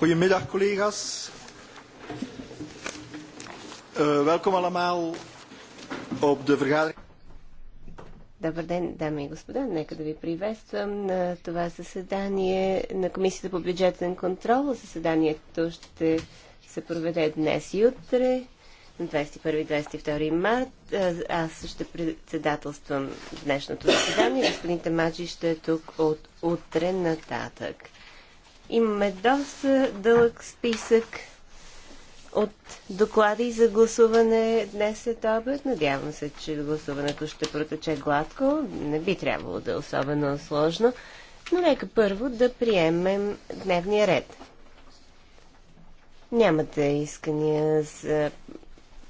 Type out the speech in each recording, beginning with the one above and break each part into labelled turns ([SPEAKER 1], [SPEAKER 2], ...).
[SPEAKER 1] Goedemiddag collega's. Eh, welkom allemaal op de vergadering.
[SPEAKER 2] Добър ден, дами и господа. Нека да ви приветствам на това заседание на Комисията по бюджетен контрол. Заседанието ще се проведе днес и утре, 21-22 март. Аз ще председателствам днешното заседание. Господин Тамаджи ще е тук от утре нататък. Имаме доста дълъг списък от доклади за гласуване днес след обед. Надявам се, че гласуването ще протече гладко. Не би трябвало да е особено сложно. Но нека първо да приемем дневния ред. Нямате искания за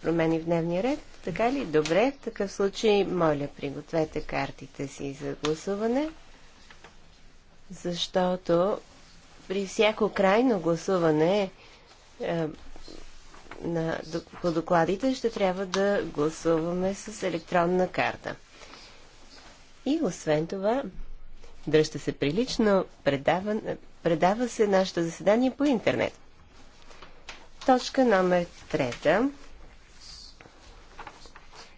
[SPEAKER 2] промени в дневния ред? Така ли? Добре. В такъв случай, моля, пригответе картите си за гласуване, защото при всяко крайно гласуване е, на, по докладите ще трябва да гласуваме с електронна карта. И освен това, дръжте се прилично, предава, предава се нашето заседание по интернет. Точка номер трета.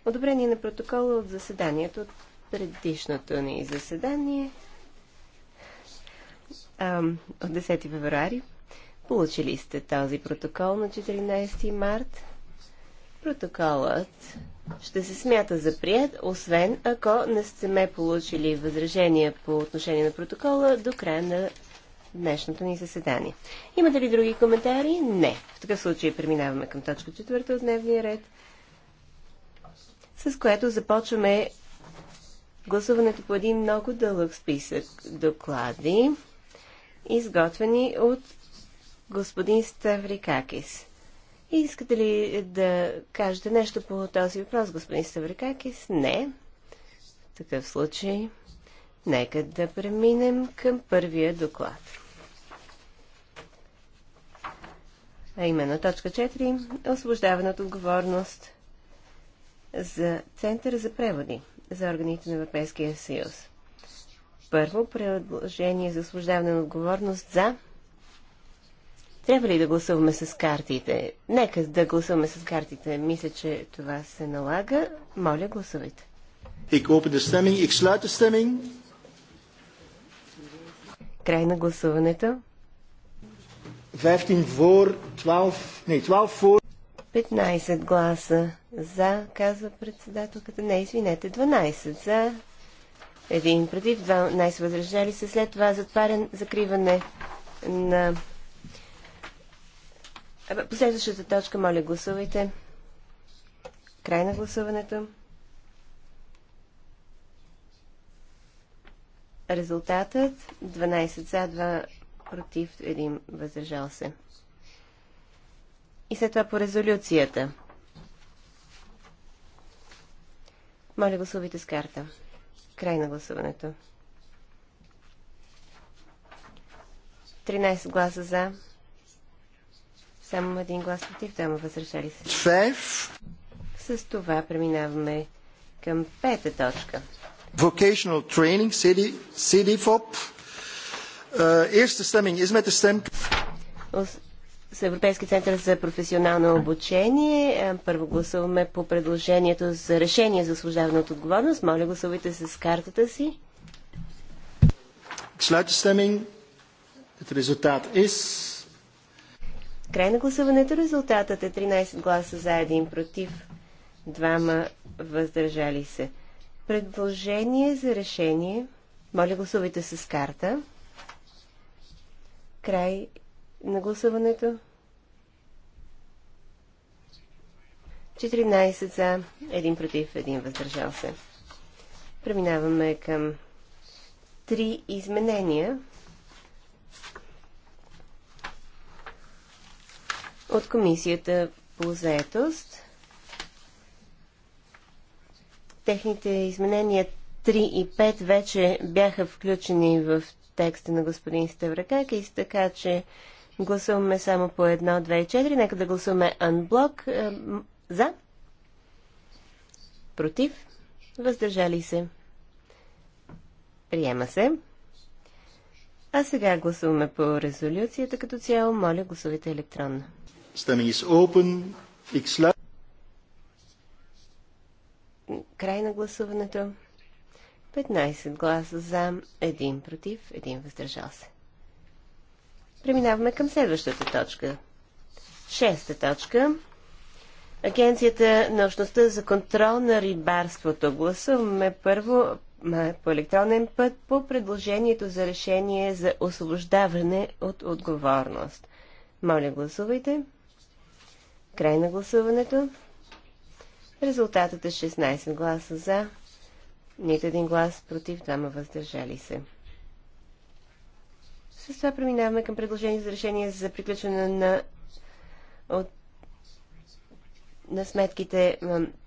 [SPEAKER 2] Одобрение на протокола от заседанието от предишното ни заседание – от 10 феврари. Получили сте този протокол на 14 март. Протоколът ще се смята за прият, освен ако не сте ме получили възражения по отношение на протокола до края на днешното ни заседание. Имате ли други коментари? Не. В такъв случай преминаваме към точка четвърта от дневния ред, с което започваме гласуването по един много дълъг списък доклади изготвени от господин Ставрикакис. Искате ли да кажете нещо по този въпрос, господин Ставрикакис? Не. В такъв случай, нека да преминем към първия доклад. А именно точка 4. Освобождаване от отговорност за Център за преводи за органите на Европейския съюз. Първо, предложение за освобождаване на отговорност за. Трябва ли да гласуваме с картите? Нека да гласуваме с картите. Мисля, че това се налага. Моля, гласувайте.
[SPEAKER 1] Ik open de stemming. Ik sluit de stemming.
[SPEAKER 2] Край на гласуването.
[SPEAKER 1] 15 voor, 12, 12 voor.
[SPEAKER 2] 15 гласа за, казва председателката. Не, извинете, 12 за, един против, 12 възражали се. След това затварен, закриване на последващата точка. Моля, гласувайте. Край на гласуването. Резултатът 12 за, 2 против, 1 въздържал се. И след това по резолюцията. Моля, гласувайте с карта. Край на гласуването. 13 гласа за. Само един глас против, двама възрешали се. Шеф. С това преминаваме към пета точка. Vocational Training, CD, CDFOP. Е, Eerste stemming is met de stem с Европейски център за професионално обучение. Е, първо гласуваме по предложението за решение за служебна от отговорност. Моля, гласувайте с картата си. Край на гласуването резултатът е 13 гласа за 1 против, 2 въздържали се. Предложение за решение. Моля, гласувайте с карта. Край на гласуването. 14 за, 1 против, 1 въздържал се. Преминаваме към три изменения от Комисията по заетост. Техните изменения 3 и 5 вече бяха включени в текста на господин Ставракакис, така че Гласуваме само по едно, две и 4. Нека да гласуваме анблок. Е, за? Против? Въздържали се? Приема се. А сега гласуваме по резолюцията като цяло. Моля, гласувайте електронно. Край на гласуването. 15 гласа за, 1 против, 1 въздържал се. Преминаваме към следващата точка. Шеста точка. Агенцията на общността за контрол на рибарството. Гласуваме първо по електронен път по предложението за решение за освобождаване от отговорност. Моля, гласувайте. Край на гласуването. Резултатът е 16 гласа за, нито един глас против, двама въздържали се. С това преминаваме към предложение за решение за приключване на, от, на сметките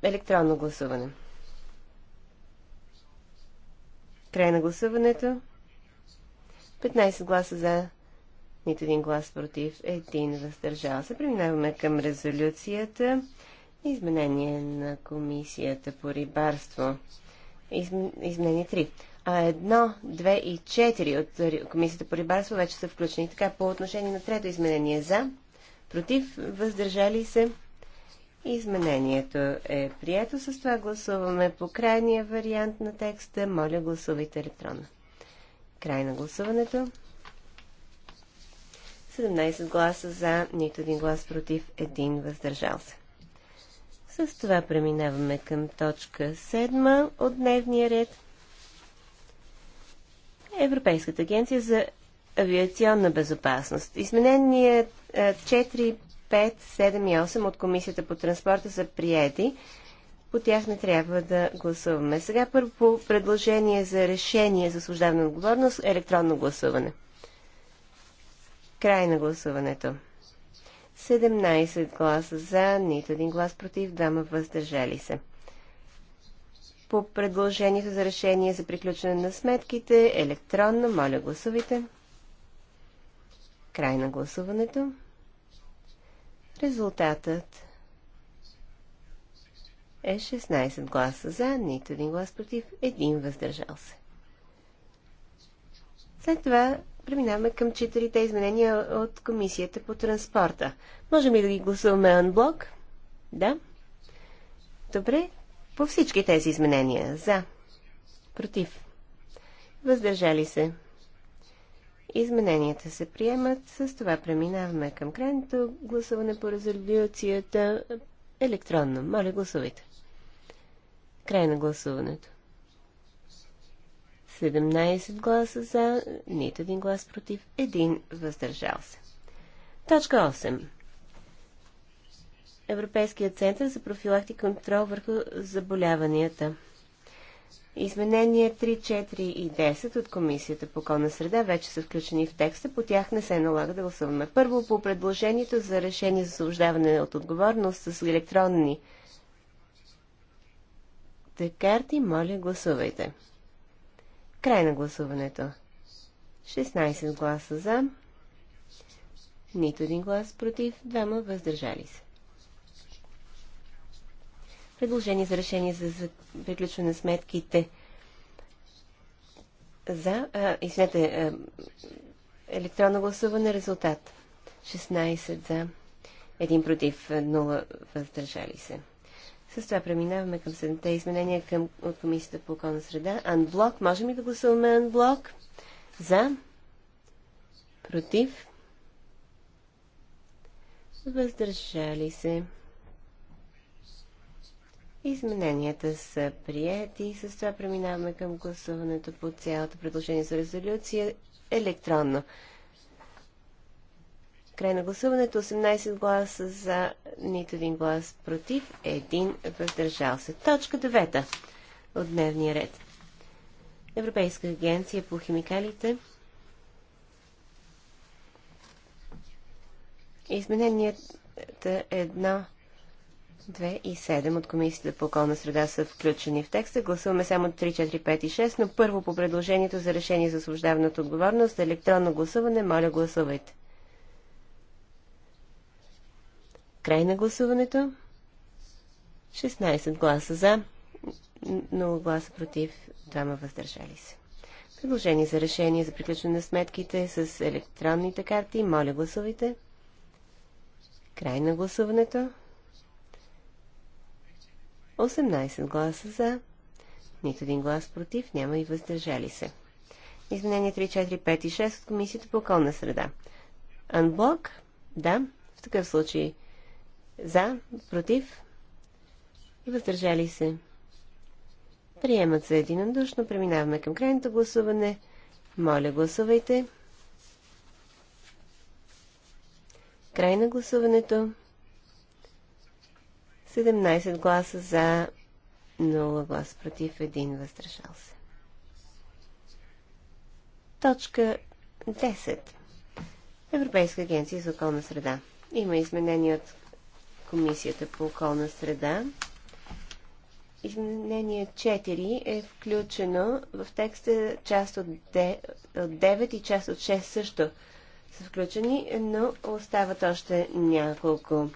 [SPEAKER 2] електронно гласуване. Край на гласуването. 15 гласа за, нито един глас против, един въздържал се. Преминаваме към резолюцията. Изменение на комисията по рибарство. Изм... Изменение 3. А едно, две и 4 от Комисията по рибарство вече са включени. Така, по отношение на трето изменение за, против, въздържали се. Изменението е прието. С това гласуваме по крайния вариант на текста. Моля, гласувайте електронно. Край на гласуването. 17 гласа за, нито един глас против, един въздържал се. С това преминаваме към точка 7 от дневния ред – Европейската агенция за авиационна безопасност. Изменения 4, 5, 7 и 8 от Комисията по транспорта са приети. По тях не трябва да гласуваме. Сега първо по предложение за решение за служебна отговорност електронно гласуване. Край на гласуването. 17 гласа за, нито един глас против, двама въздържали се по предложението за решение за приключване на сметките. Електронно, моля гласувайте. Край на гласуването. Резултатът е 16 гласа за, нито един глас против, един въздържал се. След това преминаваме към четирите изменения от Комисията по транспорта. Можем ли да ги гласуваме анблок? Да. Добре, по всички тези изменения. За. Против. Въздържали се. Измененията се приемат. С това преминаваме към крайното гласуване по резолюцията електронно. Моля, гласувайте. Край на гласуването. 17 гласа за, нито един глас против, един въздържал се. Точка 8. Европейския център за профилактика и контрол върху заболяванията. Изменения 3, 4 и 10 от Комисията по околна среда вече са включени в текста. По тях не се налага да гласуваме. Първо по предложението за решение за освобождаване от отговорност с електронни карти, моля гласувайте. Край на гласуването. 16 гласа за, нито един глас против, двама въздържали се. Предложение за решение за, за приключване на сметките за, а, извинете, а, електронно гласуване, резултат 16 за, 1 против, 0 въздържали се. С това преминаваме към следните изменения към, от Комисията по околна среда. Анблок, можем ли да гласуваме анблок? За, против, въздържали се. Измененията са прияти и с това преминаваме към гласуването по цялото предложение за резолюция електронно. Край на гласуването 18 гласа за, нито един глас против, един въздържал се. Точка 9 от дневния ред. Европейска агенция по химикалите. Измененията едно 2 и 7 от Комисията по околна среда са включени в текста. Гласуваме само 3, 4, 5 и 6, но първо по предложението за решение за освобождаването отговорност за електронно гласуване, моля гласувайте. Край на гласуването. 16 гласа за, 0 гласа против, 2 въздържали се. Предложение за решение за приключване на сметките с електронните карти. Моля гласувайте. Край на гласуването. 18 гласа за, нито един глас против, няма и въздържали се. Изменения 3, 4, 5 и 6 от Комисията по околна среда. Анблок? Да. В такъв случай за, против и въздържали се. Приемат се единодушно. Преминаваме към крайното гласуване. Моля, гласувайте. Край на гласуването. 17 гласа за, 0 гласа против, 1 въздържал се. Точка 10. Европейска агенция за околна среда. Има изменения от Комисията по околна среда. Изменение 4 е включено в текста част от 9 и част от 6 също са включени, но остават още няколко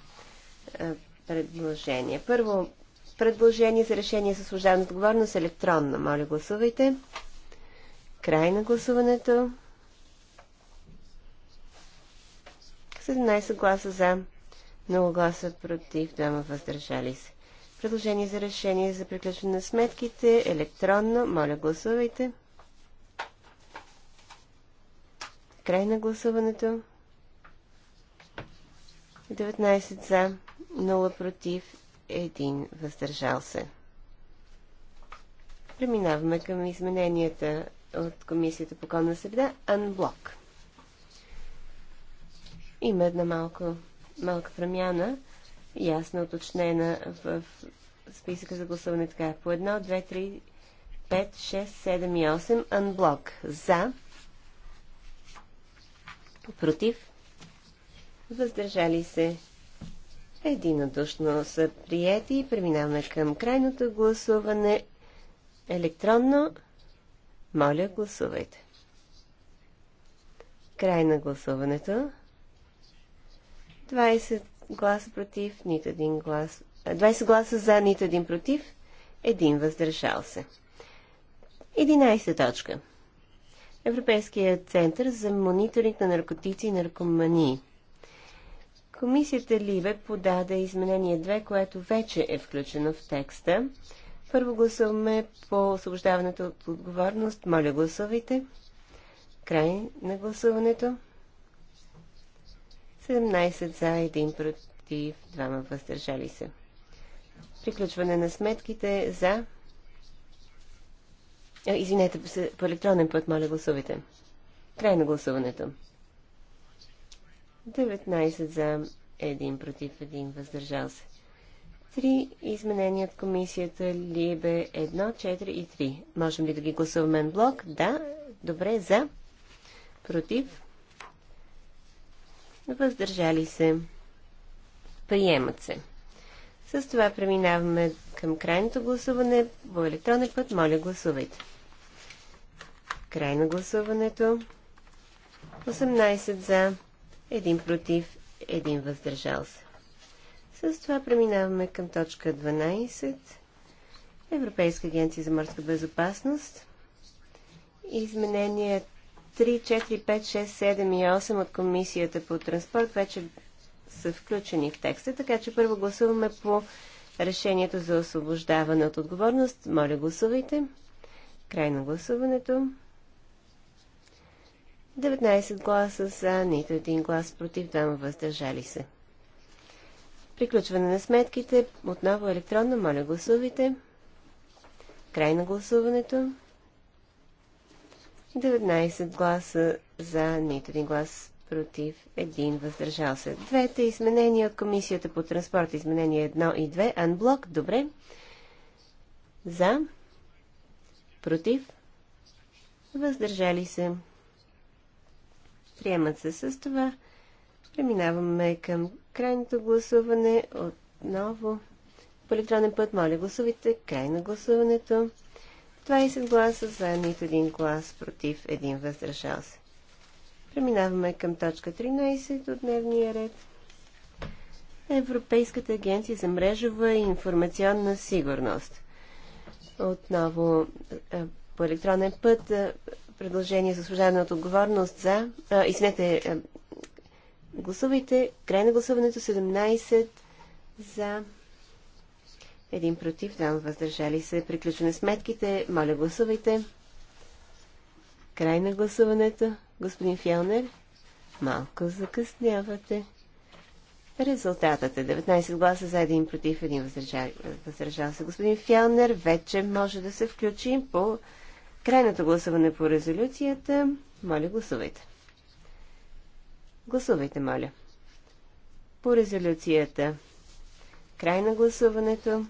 [SPEAKER 2] предложения. Първо, предложение за решение за служебна отговорност електронно. Моля, гласувайте. Край на гласуването. 17 гласа за, 0 гласа против, 2 въздържали се. Предложение за решение за приключване на сметките електронно. Моля, гласувайте. Край на гласуването. 19 за, 0 против, 1 въздържал се. Преминаваме към измененията от Комисията по конна среда Анблок. Има една малко, малка промяна, ясно уточнена в списъка за гласуване така. Е. По 1, 2, 3, 5, 6, 7 и 8 Анблок. За. Против. Въздържали се единодушно са прияти. Преминаваме към крайното гласуване. Електронно, моля, гласувайте. Край на гласуването. 20 гласа против, нито един глас. 20 гласа за, нито един против, един въздържал се. 11 точка. Европейският център за мониторинг на наркотици и наркомании. Комисията Либе подаде изменение 2, което вече е включено в текста. Първо гласуваме по освобождаването от отговорност. Моля гласувайте. Край на гласуването. 17 за, 1 против, 2 въздържали се. Приключване на сметките за. Извинете, по електронен път, моля гласувайте. Край на гласуването. 19 за, 1 против, 1 въздържал се. 3 изменения от комисията Либе 1, 4 и 3. Можем ли да ги гласуваме на блок? Да. Добре, за. Против. Въздържали се. Приемат се. С това преминаваме към крайното гласуване по електронен път. Моля, гласувайте. Край на гласуването. 18 за, един против, един въздържал се. С това преминаваме към точка 12. Европейска агенция за морска безопасност. Изменения 3, 4, 5, 6, 7 и 8 от Комисията по транспорт вече са включени в текста, така че първо гласуваме по решението за освобождаване от отговорност. Моля, гласувайте. Край на гласуването. 19 гласа за, нито един глас против, двама въздържали се. Приключване на сметките. Отново електронно. Моля, гласувайте. Край на гласуването. 19 гласа за, нито един глас против, един въздържал се. Двете изменения от Комисията по транспорт, изменения 1 и 2, анблок, добре. За, против, въздържали се. Приемат се с това. Преминаваме към крайното гласуване. Отново по електронен път, моля гласувайте. Край на гласуването. 20 гласа за, нито един глас против, един въздържал се. Преминаваме към точка 13 от дневния ред. Европейската агенция за мрежова и информационна сигурност. Отново по електронен път предложение за служебна отговорност за... извинете, гласувайте. Край на гласуването 17 за... Един против, двама въздържали се. Приключване сметките. Моля, гласувайте. Край на гласуването. Господин Фелнер, малко закъснявате. Резултатът е 19 гласа за един против, един въздържал, въздържал се. Господин Фялнер вече може да се включи по Крайното гласуване по резолюцията. Моля, гласувайте. Гласувайте, моля. По резолюцията. Край на гласуването.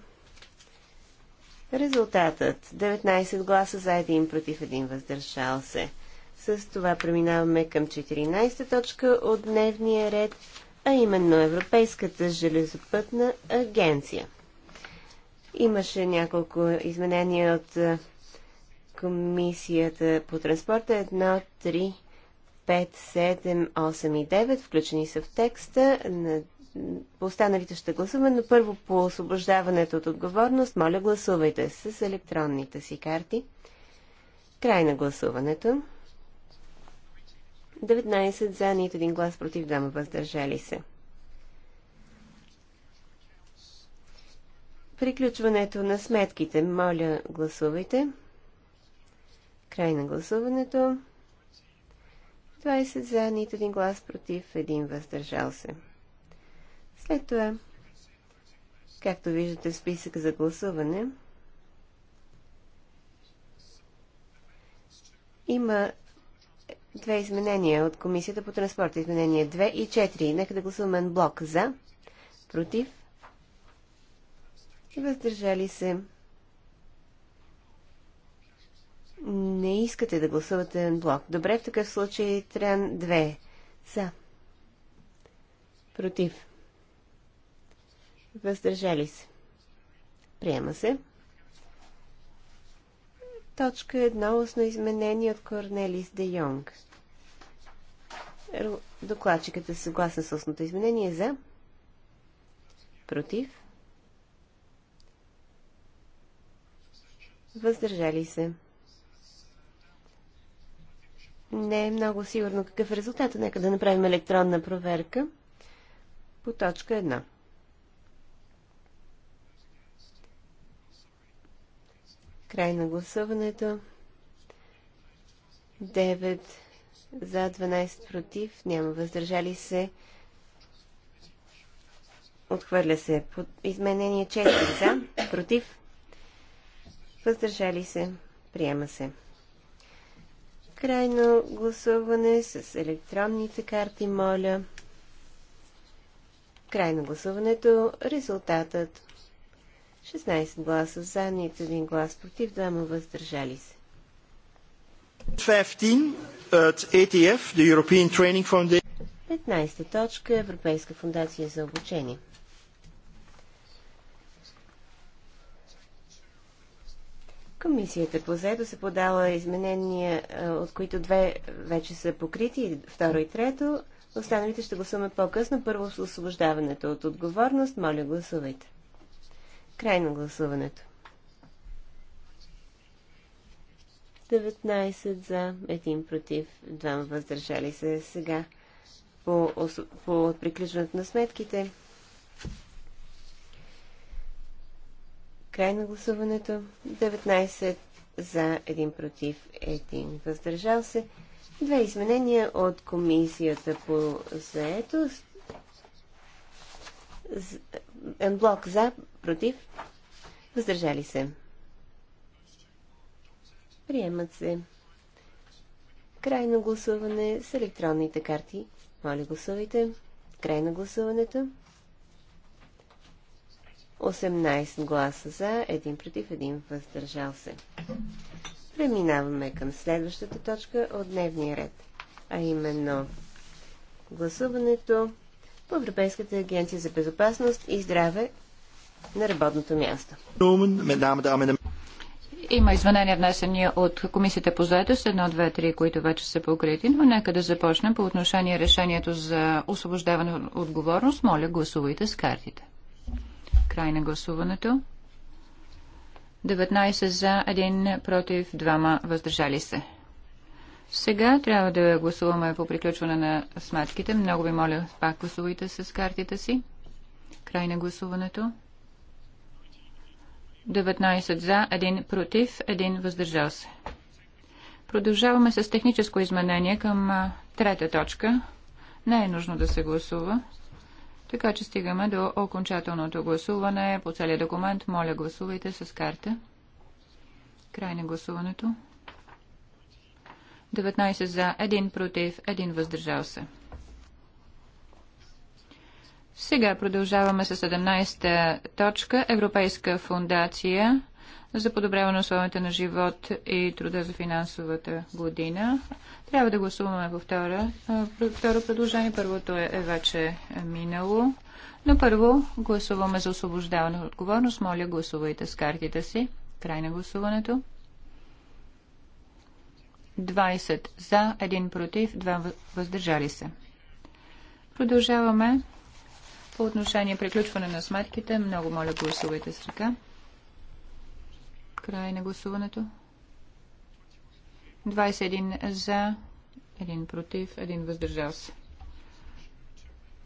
[SPEAKER 2] Резултатът 19 гласа за 1 против 1 въздържал се. С това преминаваме към 14 точка от дневния ред, а именно Европейската железопътна агенция. Имаше няколко изменения от Комисията по транспорта 1, 3, 5, 7, 8 и 9, включени са в текста. На... По останалите ще гласуваме, но първо по освобождаването от отговорност, моля гласувайте с електронните си карти. Край на гласуването. 19 за, нито един глас против, двама въздържали се. Приключването на сметките. Моля, гласувайте. Край на гласуването. 20 за, нито един глас против, един въздържал се. След това, както виждате в списък за гласуване, има две изменения от Комисията по транспорт. Изменения 2 и 4. Нека да гласуваме блок за, против, въздържали се. Не искате да гласувате блок. Добре, в такъв случай Тран 2. За. Против. Въздържали се. Приема се. Точка едно Осно изменение от Корнелис де Йонг. Докладчиката е съгласна с осното изменение за. Против. Въздържали се не е много сигурно какъв е резултатът. Нека да направим електронна проверка по точка 1. Край на гласуването. 9 за 12 против, няма въздържали се. Отхвърля се. Под изменение 4 за, против, въздържали се, приема се. Крайно гласуване с електронните карти, моля. Крайно гласуването. Резултатът 16 гласа за, нито един глас против, двама въздържали се.
[SPEAKER 3] 15 ETF, the European Training Foundation.
[SPEAKER 2] 15 точка Европейска фундация за обучение. Комисията по заедо се подала изменения, от които две вече са покрити, второ и трето. Останалите ще гласуваме по-късно. Първо с освобождаването от отговорност. Моля, гласувайте. Край на гласуването. 19 за, 1 против, 2 въздържали се сега по, по приключването на сметките. Край на гласуването. 19 за, 1 против, 1 въздържал се. Две изменения от комисията по заетост. Е, блок за, против, въздържали се. Приемат се. Крайно гласуване с електронните карти. Моля гласувайте. Край на гласуването. 18 гласа за, 1 против, 1 въздържал се. Преминаваме към следващата точка от дневния ред, а именно гласуването по Европейската агенция за безопасност и здраве на работното място.
[SPEAKER 1] Има извънения внесени от Комисията по заедост, едно, две, три, които вече са покрити, но нека да започнем по отношение решението за освобождаване от отговорност. Моля, гласувайте с картите. Край на гласуването. 19 за, 1 против, 2 въздържали се. Сега трябва да гласуваме по приключване на сметките. Много ви моля, пак гласувайте с картите си. Край на гласуването. 19 за, 1 против, 1 въздържал се. Продължаваме с техническо изменение към трета точка. Не е нужно да се гласува. Така че стигаме до окончателното гласуване по целият документ. Моля, гласувайте с карта. Край на гласуването. 19 за, 1 против, 1 въздържал се. Сега продължаваме с 17 точка. Европейска фундация за подобряване на условията на живот и труда за финансовата година. Трябва да гласуваме по втора, второ предложение. Първото е, е вече минало. Но първо гласуваме за освобождаване от отговорност. Моля, гласувайте с картите си. Край на гласуването. 20 за, 1 против, 2 въздържали се. Продължаваме по отношение приключване на сметките. Много моля, гласувайте с ръка. Край на гласуването. 21 за, 1 против, 1 въздържал се.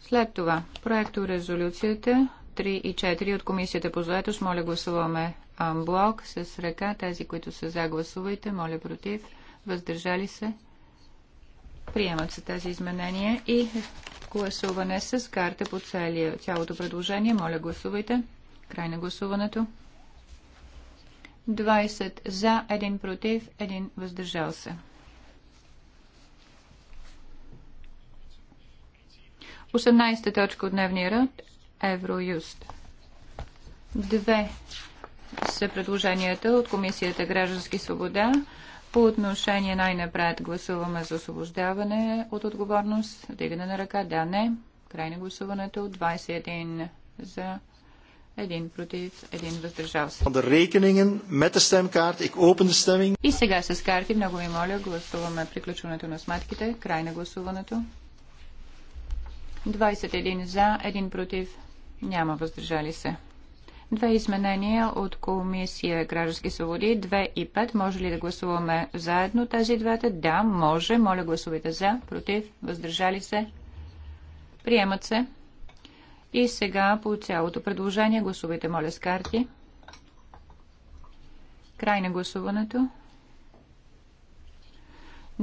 [SPEAKER 1] След това, проекто резолюцията 3 и 4 от Комисията по заедост. Моля гласуваме амблок с ръка. Тези, които са за, гласувайте. Моля против, въздържали се. Приемат се тези изменения и гласуване с карта по цялото предложение. Моля гласувайте. Край на гласуването. 20 за, 1 против, 1 въздържал се. Осемнайста точка от дневния ред Евроюст. Две са предложенията от Комисията Граждански свобода. По отношение най-напред гласуваме за освобождаване от отговорност. Дигане на ръка. Да, не. Край на гласуването. 21 за един против, един въздържал се. И сега с карти, много ви моля, гласуваме приключването на сметките, край на гласуването. 21 за, 1 против, няма въздържали се. Две изменения от Комисия Граждански свободи, 2 и 5. Може ли да гласуваме заедно тези двете? Да, може. Моля гласувайте за, против, въздържали се. Приемат се. И сега по цялото предложение гласувайте, моля, с карти. Край на гласуването.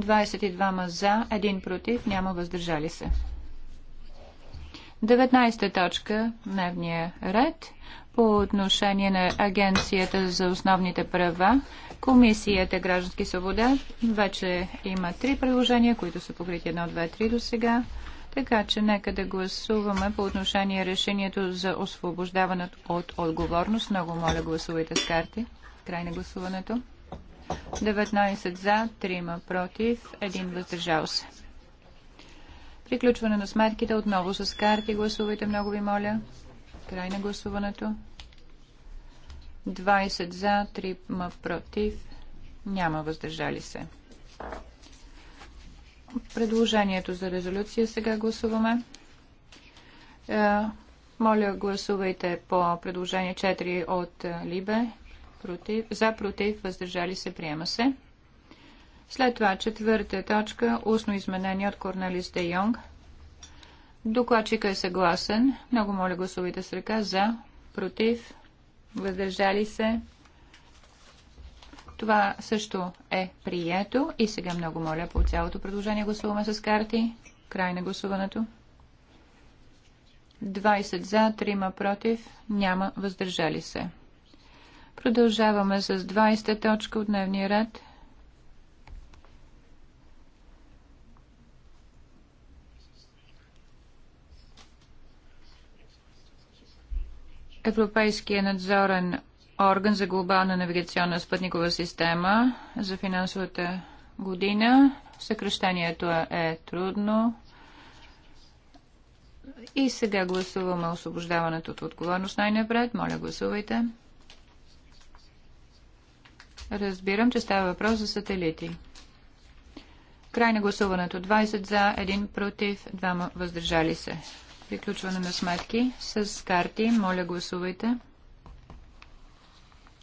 [SPEAKER 1] 22 за, 1 против, няма въздържали се. 19 точка дневния ред по отношение на Агенцията за основните права, Комисията граждански свобода. Вече има три предложения, които са покрити 1, 2, 3 до сега. Така че нека да гласуваме по отношение решението за освобождаването от отговорност. Много моля гласувайте с карти. Край на гласуването. 19 за, 3 против, 1 въздържал се. Приключване на сметките отново с карти. Гласувайте, много ви моля. Край на гласуването. 20 за, 3 против, няма въздържали се. Предложението за резолюция сега гласуваме. Е, моля, гласувайте по предложение 4 от е, Либе. Против, за, против, въздържали се, приема се. След това четвърта точка, устно изменение от Корнелис Де Йонг. Докладчика е съгласен. Много моля гласувайте с ръка за, против, въздържали се, това също е прието. И сега много моля по цялото предложение гласуваме с карти. Край на гласуването. 20 за, 3 против, няма въздържали се. Продължаваме с 20 та точка от дневния ред. Европейския надзорен орган за глобална навигационна спътникова система за финансовата година. Съкръщението е трудно. И сега гласуваме освобождаването от отговорност най-напред. Моля, гласувайте. Разбирам, че става въпрос за сателити. Край на гласуването. 20 за, 1 против, 2 въздържали се. Приключване на сметки с карти. Моля, гласувайте.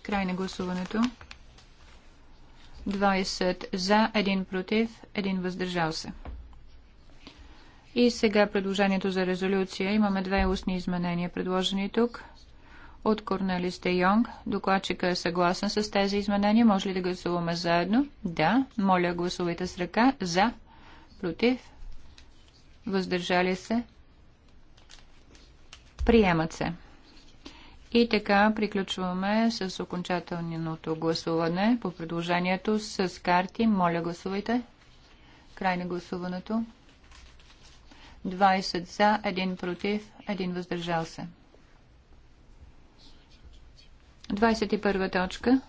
[SPEAKER 1] Край на гласуването. 20 за, 1 против, 1 въздържал се. И сега предложението за резолюция. Имаме две устни изменения, предложени тук от Корнелис Де Йонг. Докладчика е съгласен с тези изменения. Може ли да гласуваме заедно? Да. Моля, гласувайте с ръка. За. Против. Въздържали се. Приемат се. И така приключваме с окончателното гласуване по предложението с карти. Моля, гласувайте. Край на гласуването. 20 за, 1 против, 1 въздържал се. 21 точка.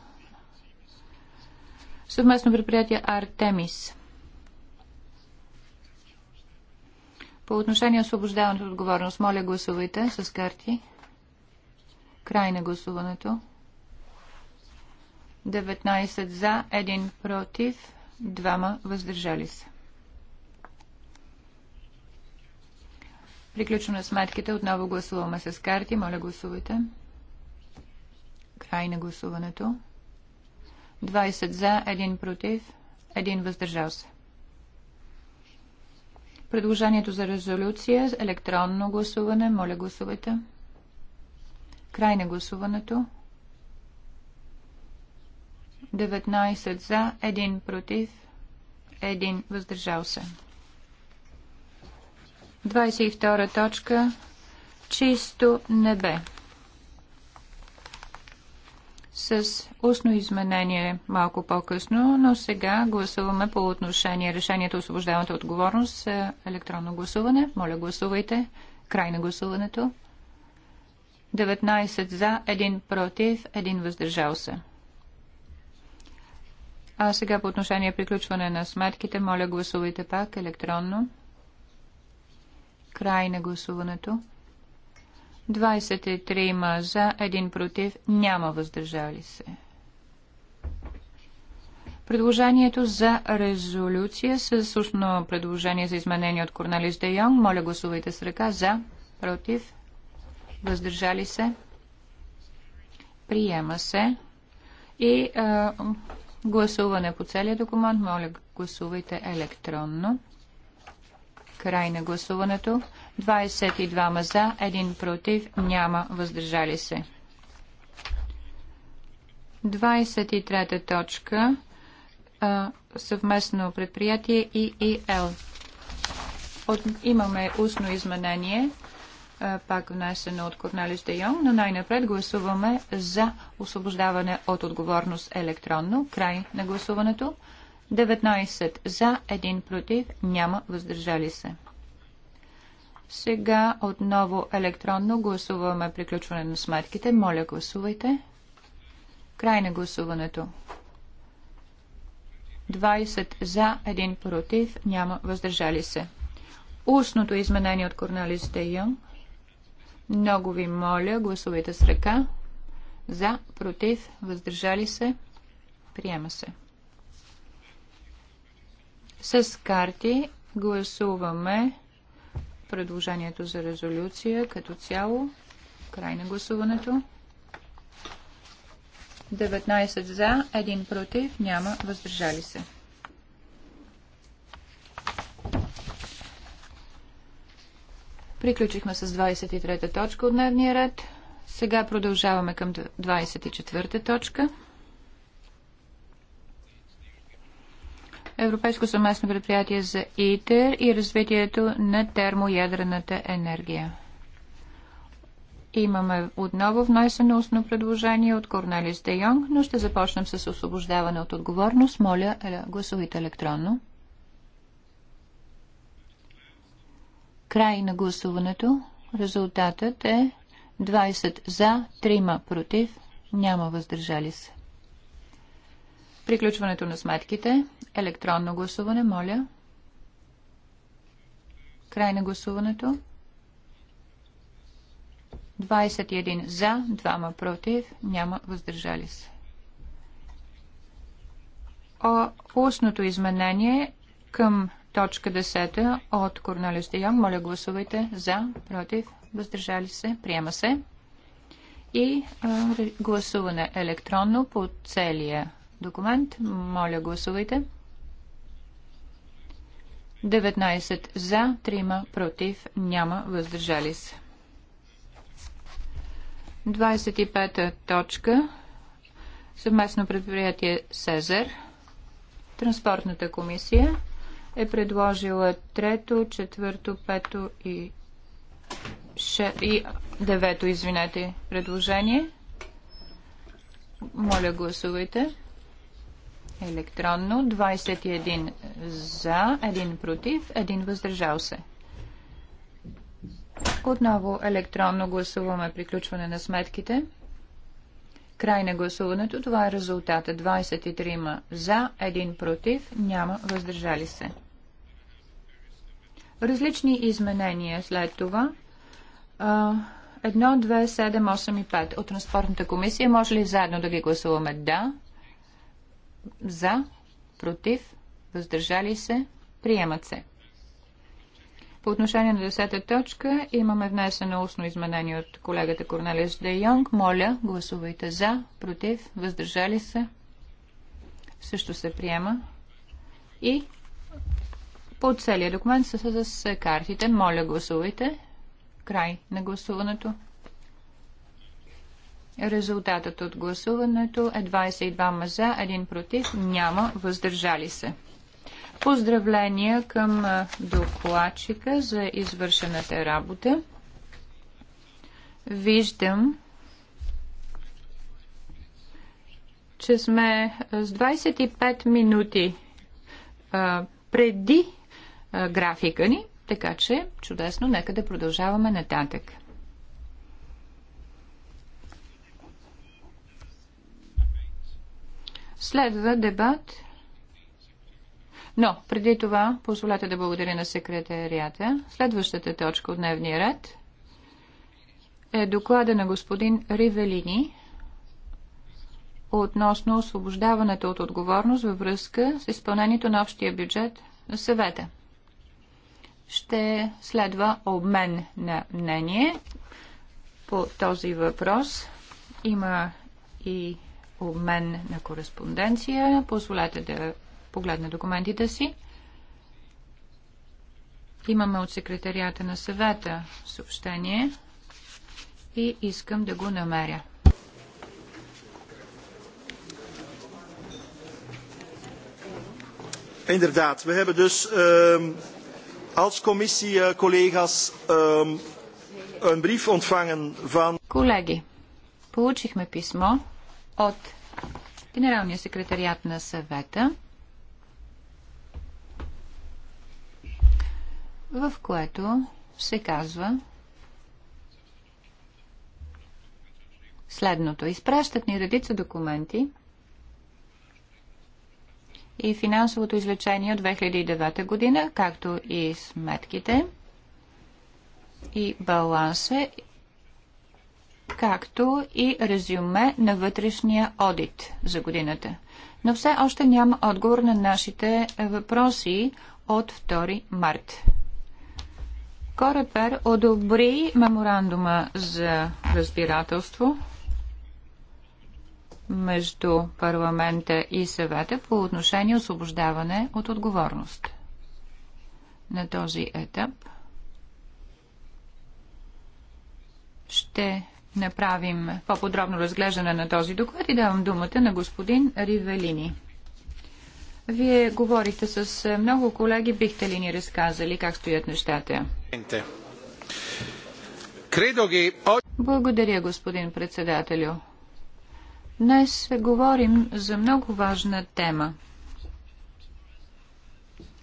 [SPEAKER 1] Съвместно предприятие Артемис. По отношение освобождаването от отговорност, моля гласувайте с карти. Край на гласуването. 19 за, 1 против, 2 въздържали се. Приключваме сметките. Отново гласуваме с карти. Моля, гласувайте. Край на гласуването. 20 за, 1 против, 1 въздържал се. Предложението за резолюция, електронно гласуване. Моля, гласувайте. Край на гласуването. 19 за, 1 против, 1 въздържал се. 22 точка. Чисто небе. С устно изменение малко по-късно, но сега гласуваме по отношение решението освобождаваната отговорност електронно гласуване. Моля гласувайте. Край на гласуването. 19 за, 1 против, 1 въздържал се. А сега по отношение приключване на сметките, моля гласувайте пак електронно. Край на гласуването. 23 има за, 1 против, няма въздържали се. Предложението за резолюция с предложение за изменение от Корнелис Де Йонг. Моля гласувайте с ръка за, против, въздържали се, приема се. И а, гласуване по целия документ. Моля, гласувайте електронно. Край на гласуването. 22 за, 1 против, няма въздържали се. 23 точка а, съвместно предприятие ИИЛ. От, имаме устно изменение пак внесена от Корнелис Де Йонг, но най-напред гласуваме за освобождаване от отговорност електронно. Край на гласуването. 19 за, 1 против, няма въздържали се. Сега отново електронно гласуваме приключване на сметките. Моля, гласувайте. Край на гласуването. 20 за, 1 против, няма въздържали се. Устното изменение от Корнелис Де Йонг много ви моля, гласувайте с ръка. За, против, въздържали се, приема се. С карти гласуваме предложението за резолюция като цяло. Край на гласуването. 19 за, 1 против, няма въздържали се. Приключихме с 23-та точка от дневния ред. Сега продължаваме към 24-та точка. Европейско съместно предприятие за ИТЕР и развитието на термоядрената енергия. Имаме отново внесено устно предложение от Корнелис Де Йонг, но ще започнем с освобождаване от отговорност. Моля, е, гласувайте електронно. Край на гласуването. Резултатът е 20 за, 3 против, няма въздържали се. Приключването на сметките. Електронно гласуване, моля. Край на гласуването. 21 за, 2 против, няма въздържали се. О, устното изменение към Точка 10 от Корнелиус Де Йонг. Моля гласувайте за, против, въздържали се, приема се. И а, гласуване електронно по целия документ. Моля гласувайте. 19 за, 3 против, няма въздържали се. 25 точка. Съвместно предприятие Сезер. Транспортната комисия е предложила трето, четвърто, пето и, ше... и девето, извинете, предложение. Моля, гласувайте. Електронно. 21 за, 1 против, 1 въздържал се. Отново електронно гласуваме приключване на сметките. Край на гласуването. Това е резултата. 23 за, 1 против, няма въздържали се. Различни изменения след това. 1, 2, 7, 8 и 5 от Транспортната комисия. Може ли заедно да ги гласуваме? Да. За. Против. Въздържали се. Приемат се. По отношение на 10-та точка имаме внесено устно изменение от колегата Корнелис Де Йонг. Моля, гласувайте за, против, въздържали се. Също се приема. И по целия документ се с картите. Моля, гласувайте. Край на гласуването. Резултатът от гласуването е 22 за, 1 против, няма въздържали се. Поздравления към докладчика за извършената работа. Виждам, че сме с 25 минути а, преди графика ни, така че чудесно, нека да продължаваме нататък. Следва дебат. Но, преди това, позволете да благодаря на секретарията. Следващата точка от дневния ред е доклада на господин Ривелини относно освобождаването от отговорност във връзка с изпълнението на общия бюджет на съвета ще следва обмен на мнение по този въпрос. Има и обмен на кореспонденция. Позволете да погледна документите си. Имаме от секретарията на съвета съобщение и искам да го намеря.
[SPEAKER 2] Inderdaad, we hebben dus uh, als commissie, collega's, ehm, een brief ontvangen van...
[SPEAKER 1] Колеги, получихме писмо от Генералния секретариат на съвета, в което се казва следното. Изпращат ни редица документи, и финансовото извлечение от 2009 година, както и сметките и баланса, както и резюме на вътрешния одит за годината. Но все още няма отговор на нашите въпроси от 2 март. Корепер одобри меморандума за разбирателство между парламента и съвета по отношение освобождаване от отговорност. На този етап ще направим по-подробно разглеждане на този доклад и давам думата на господин Ривелини. Вие говорихте с много колеги, бихте ли ни разказали как стоят нещата? Благодаря, господин председателю. Днес говорим за много важна тема.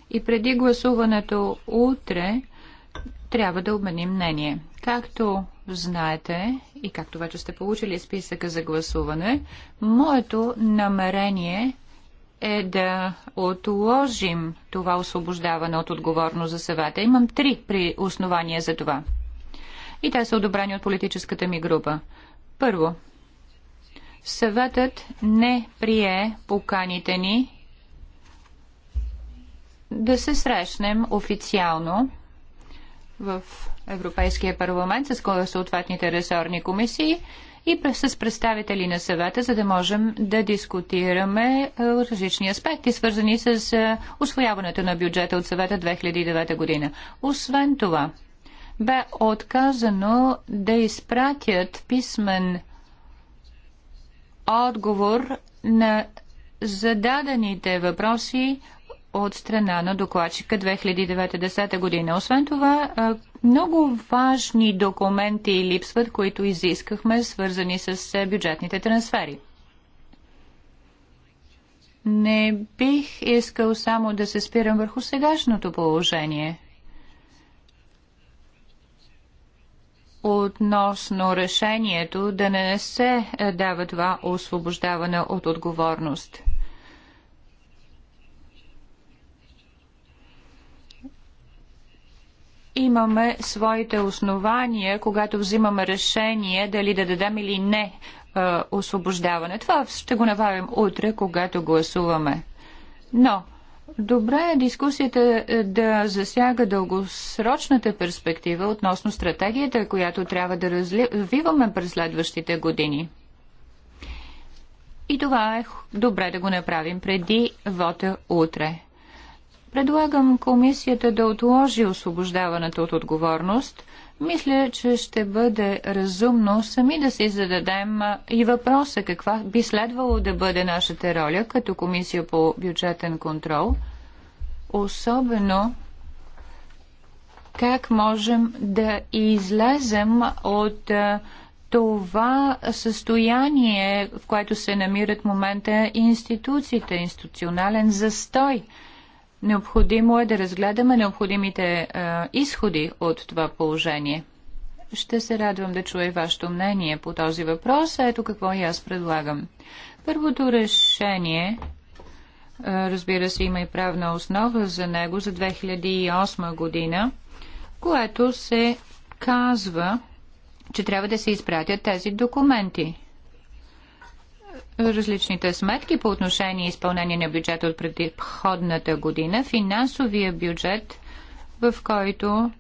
[SPEAKER 1] И преди гласуването утре трябва да обменим мнение. Както знаете и както вече сте получили списъка за гласуване, моето намерение е да отложим това освобождаване от отговорност за съвета. Имам три при основания за това. И те са одобрени от политическата ми група. Първо, Съветът не прие поканите ни да се срещнем официално в Европейския парламент с съответните ресорни комисии и с представители на съвета, за да можем да дискутираме е, различни аспекти, свързани с е, освояването на бюджета от съвета 2009 година. Освен това, бе отказано да изпратят писмен отговор на зададените въпроси от страна на докладчика 2009 година. Освен това, много важни документи липсват, които изискахме, свързани с е, бюджетните трансфери. Не бих искал само да се спирам върху сегашното положение. относно решението да не се е, дава това освобождаване от отговорност. Имаме своите основания, когато взимаме решение дали да дадем или не е, освобождаване. Това ще го направим утре, когато гласуваме. Но Добре е дискусията е, да засяга дългосрочната перспектива относно стратегията, която трябва да развиваме през следващите години. И това е добре да го направим преди вота утре. Предлагам комисията да отложи освобождаването от отговорност – мисля, че ще бъде разумно сами да си зададем и въпроса каква би следвало да бъде нашата роля като комисия по бюджетен контрол, особено как можем да излезем от това състояние, в което се намират в момента институциите, институционален застой – Необходимо е да разгледаме необходимите а, е, изходи от това положение. Ще се радвам да чуя вашето мнение по този въпрос. Ето какво и аз предлагам. Първото решение, а, е, разбира се, има и правна основа за него за 2008 година, което се казва, че трябва да се изпратят тези документи различните сметки по отношение изпълнение на бюджета от предходната година, финансовия бюджет, в който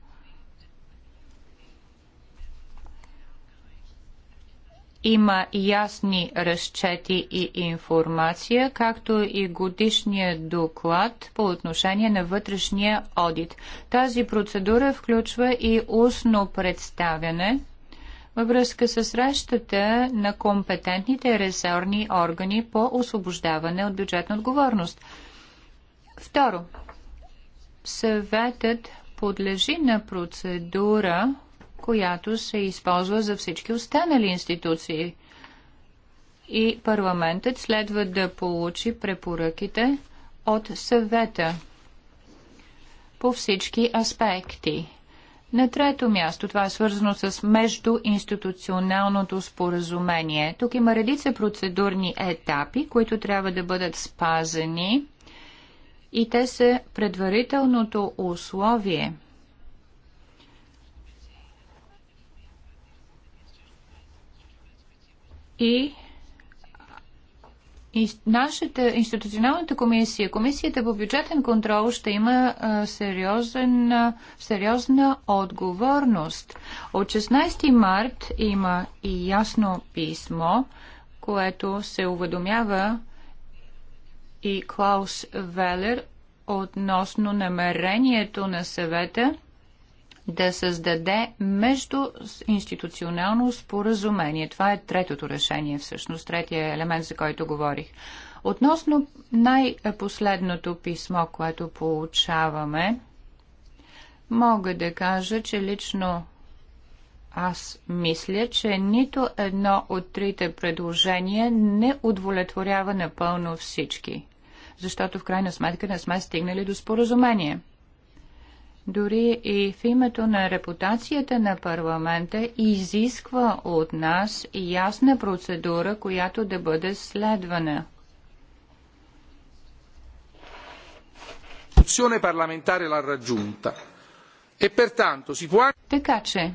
[SPEAKER 1] има ясни разчети и информация, както и годишния доклад по отношение на вътрешния одит. Тази процедура включва и устно представяне – във връзка с срещата на компетентните ресорни органи по освобождаване от бюджетна отговорност. Второ, съветът подлежи на процедура, която се използва за всички останали институции. И парламентът следва да получи препоръките от съвета по всички аспекти на трето място, това е свързано с междуинституционалното споразумение. Тук има редица процедурни етапи, които трябва да бъдат спазени и те са предварителното условие и нашата институционалната комисия, комисията по бюджетен контрол ще има сериозен, сериозна отговорност. От 16 март има и ясно писмо, което се уведомява и Клаус Велер относно намерението на съвета да създаде междуинституционално споразумение. Това е третото решение, всъщност, третия елемент, за който говорих. Относно най-последното писмо, което получаваме, мога да кажа, че лично аз мисля, че нито едно от трите предложения не удовлетворява напълно всички, защото в крайна сметка не сме стигнали до споразумение – дори и в името на репутацията на парламента, изисква от нас ясна процедура, която да бъде следвана. E така че,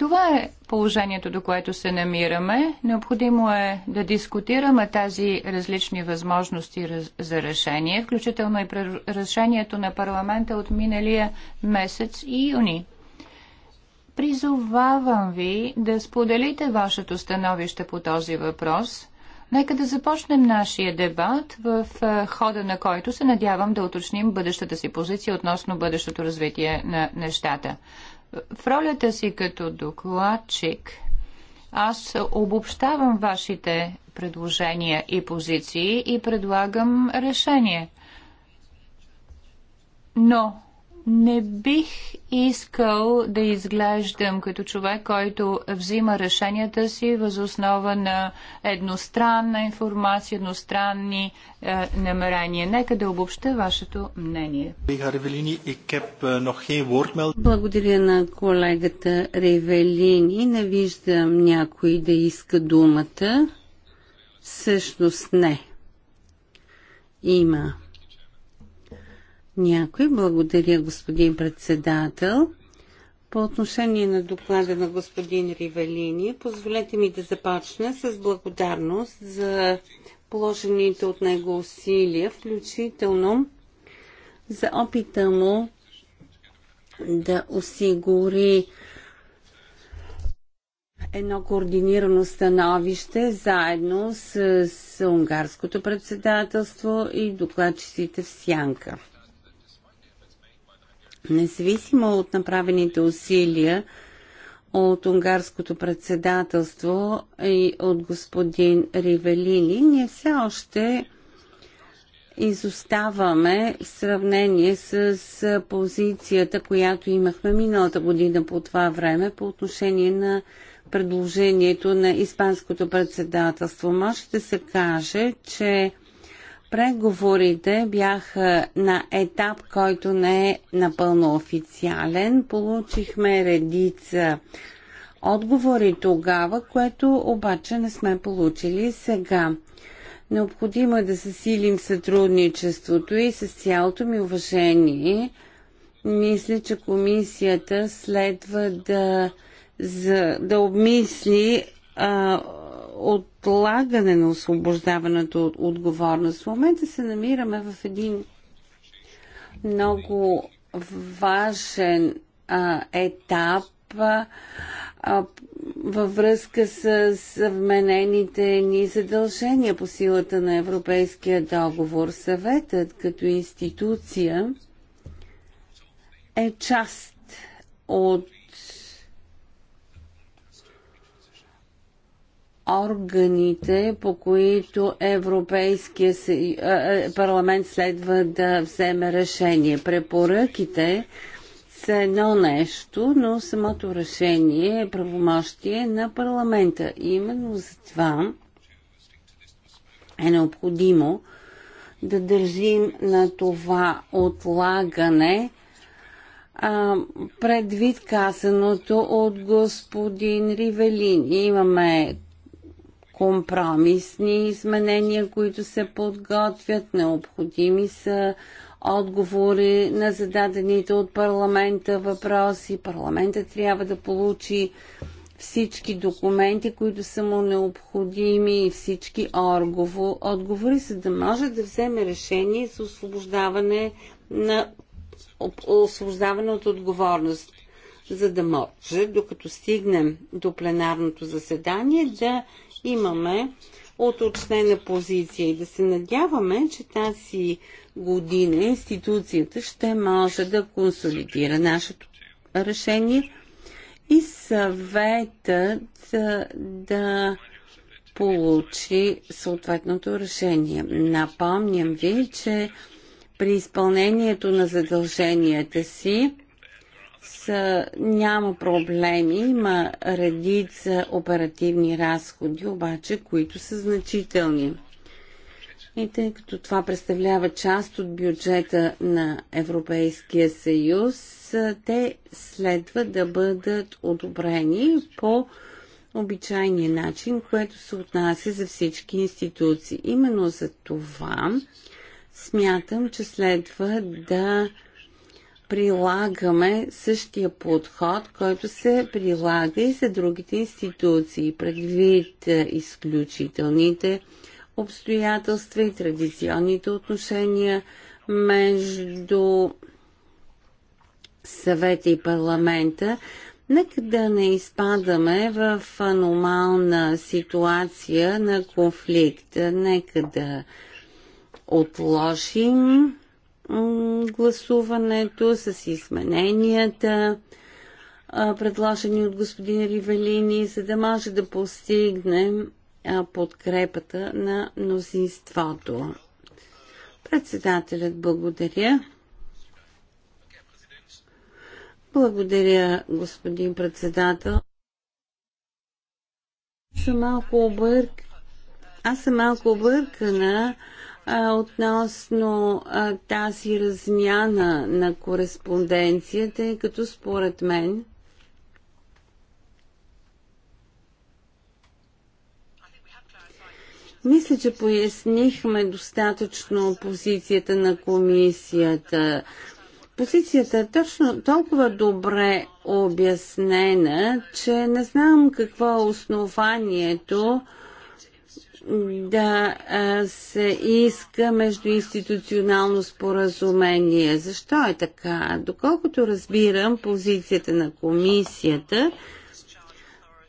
[SPEAKER 1] това е положението, до което се намираме. Необходимо е да дискутираме тези различни възможности за решение, включително и решението на парламента от миналия месец и юни. Призовавам ви да споделите вашето становище по този въпрос. Нека да започнем нашия дебат, в е, хода на който се надявам да уточним бъдещата си позиция относно бъдещото развитие на нещата. В ролята си като докладчик аз обобщавам вашите предложения и позиции и предлагам решение. Но не бих искал да изглеждам като човек, който взима решенията си възоснова на едностранна информация, едностранни е, намерения. Нека да обобща вашето мнение. Е,
[SPEAKER 3] Благодаря на колегата Ревелини. Не виждам някой да иска думата. Всъщност не. Има някой. Благодаря, господин председател. По отношение на доклада на господин Ривелини, позволете ми да започна с благодарност за положените от него усилия, включително за опита му да осигури едно координирано становище заедно с, с унгарското председателство и докладчиците в Сянка. Независимо от направените усилия от унгарското председателство и от господин Ривелини, ние все още изоставаме в сравнение с позицията, която имахме миналата година по това време по отношение на предложението на Испанското председателство. Може да се каже, че Преговорите бяха на етап, който не е напълно официален. Получихме редица отговори тогава, което обаче не сме получили сега. Необходимо е да засилим сътрудничеството и с цялото ми уважение. Мисля, че комисията следва да, за, да обмисли а, отлагане на освобождаването от отговорност. В момента се намираме в един много важен а, етап а, във връзка с вменените ни задължения по силата на Европейския договор. Съветът като институция е част от органите, по които Европейския е, е, парламент следва да вземе решение. Препоръките са едно нещо, но самото решение е правомощие на парламента. И именно за това е необходимо да държим на това отлагане а, предвид казаното от господин Ривелин. Имаме компромисни изменения, които се подготвят, необходими са отговори на зададените от парламента въпроси. Парламента трябва да получи всички документи, които са му необходими и всички отговори, за да може да вземе решение за освобождаване на освобождаване от отговорност, за да може, докато стигнем до пленарното заседание, да имаме уточнена позиция и да се надяваме, че тази година институцията ще може да консолидира нашето решение и съветът да получи съответното решение. Напомням ви, че при изпълнението на задълженията си са, няма проблеми, има редица оперативни разходи, обаче, които са значителни. И тъй като това представлява част от бюджета на Европейския съюз, те следва да бъдат одобрени по обичайния начин, което се отнася за всички институции. Именно за това смятам, че следва да прилагаме същия подход, който се прилага и за другите институции, предвид е, изключителните обстоятелства и традиционните отношения между съвета и парламента. Нека да не изпадаме в аномална ситуация на конфликт. Нека да отложим гласуването с измененията, предложени от господин Ривелини, за да може да постигнем подкрепата на мнозинството. Председателят благодаря. Благодаря, господин председател. Съм малко обърк... Аз съм малко объркана относно а, тази размяна на кореспонденцията, тъй като според мен мисля, че пояснихме достатъчно позицията на комисията. Позицията е точно толкова добре обяснена, че не знам какво е основанието да се иска междуинституционално споразумение. Защо е така? Доколкото разбирам позицията на комисията,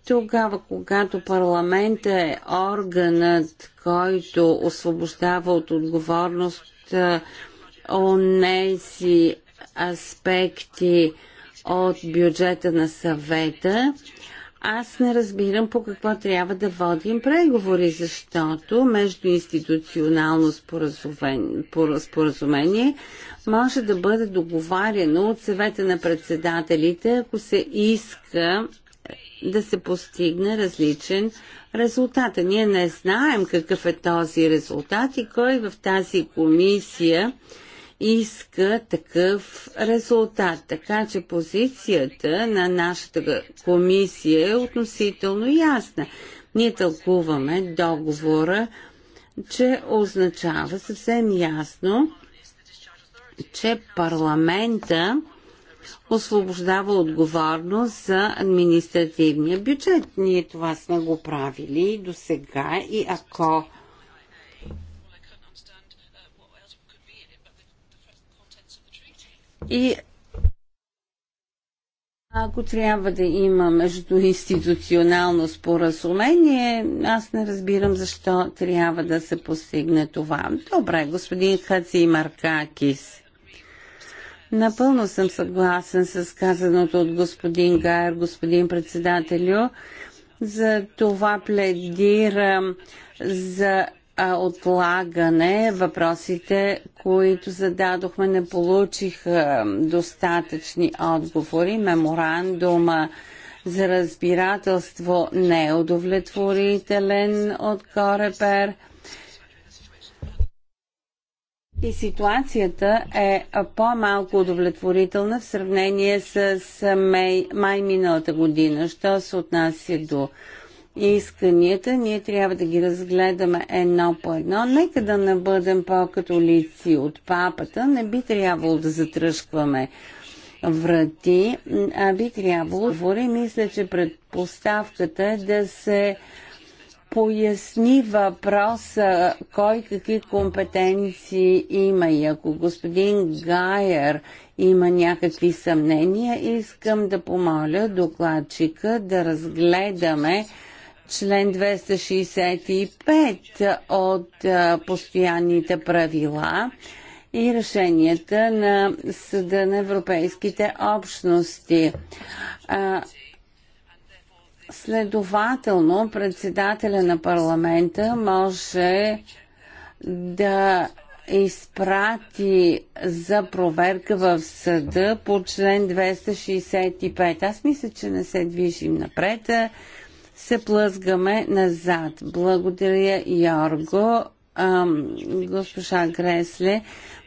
[SPEAKER 3] тогава, когато парламента е органът, който освобождава от отговорност онези аспекти от бюджета на съвета, аз не разбирам по какво трябва да водим преговори, защото между институционално споразумение може да бъде договаряно от съвета на председателите, ако се иска да се постигне различен резултат. А ние не знаем какъв е този резултат и кой в тази комисия иска такъв резултат. Така че позицията на нашата комисия е относително ясна. Ние тълкуваме договора, че означава съвсем ясно, че парламента освобождава отговорност за административния бюджет. Ние това сме го правили до сега и ако И ако трябва да има междуинституционално споразумение, аз не разбирам защо трябва да се постигне това. Добре, господин Хаци Маркакис. Напълно съм съгласен с казаното от господин Гайер, господин председателю. За това пледирам за отлагане, въпросите, които зададохме, не получиха достатъчни отговори. Меморандума за разбирателство не е удовлетворителен от Корепер. И ситуацията е по-малко удовлетворителна в сравнение с май, май миналата година. Що се отнася до исканията, ние трябва да ги разгледаме едно по едно. Нека да не бъдем по-католици от папата, не би трябвало да затръшкваме врати, а би трябвало да Мисля, че предпоставката е да се поясни въпроса кой какви компетенции има и ако господин Гайер има някакви съмнения, искам да помоля докладчика да разгледаме член 265 от постоянните правила и решенията на Съда на Европейските общности. Следователно, председателя на парламента може да изпрати за проверка в съда по член 265. Аз мисля, че не се движим напред, се плъзгаме назад. Благодаря, Йорго, ам, госпожа Гресле.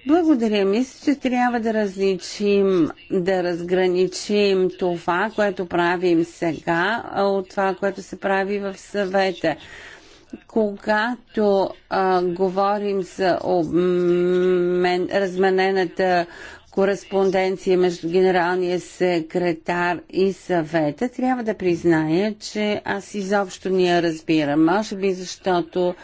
[SPEAKER 3] Благодаря. Мисля, че трябва да различим, да разграничим това, което правим сега, от това, което се прави в съвета. Когато а, говорим за обмен, разменената кореспонденция между генералния секретар и съвета, трябва да призная, че аз изобщо не я разбирам. Може би защото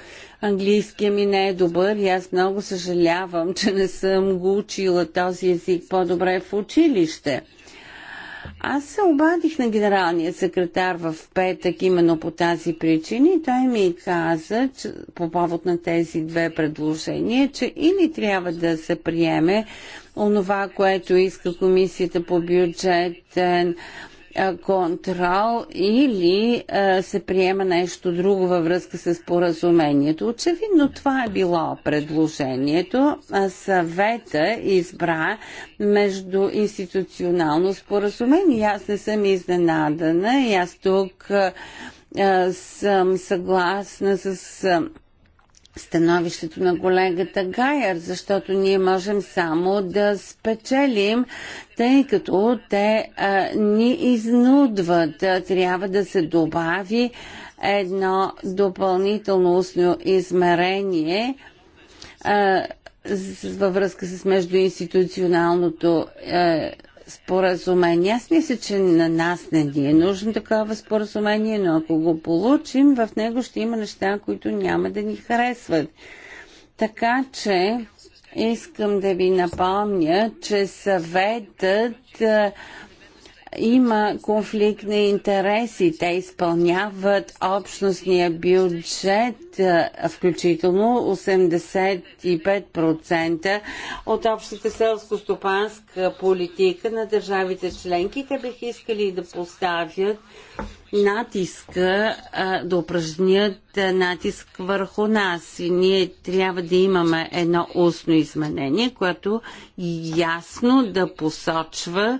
[SPEAKER 3] английския ми не е добър и аз много съжалявам, че не съм го учила този език по-добре в училище. Аз се обадих на генералния секретар в петък именно по тази причина и той ми каза, че, по повод на тези две предложения, че или трябва да се приеме онова, което иска комисията по бюджетен контрол или се приема нещо друго във връзка с споразумението. Очевидно това е било предложението. Съвета избра между институционално споразумение. Аз не съм изненадана и аз тук съм съгласна с становището на колегата Гайер, защото ние можем само да спечелим, тъй като те а, ни изнудват. Трябва да се добави едно допълнително устно измерение а, във връзка с междуинституционалното а, е, споразумение. Аз мисля, че на нас не ни е нужно такова споразумение, но ако го получим, в него ще има неща, които няма да ни харесват. Така че искам да ви напомня, че съветът има конфликт на интереси. Те изпълняват общностния бюджет, включително 85% от общата селско-стопанска политика на държавите членки. Те бих искали да поставят натиска, да упражнят натиск върху нас. И ние трябва да имаме едно устно изменение, което ясно да посочва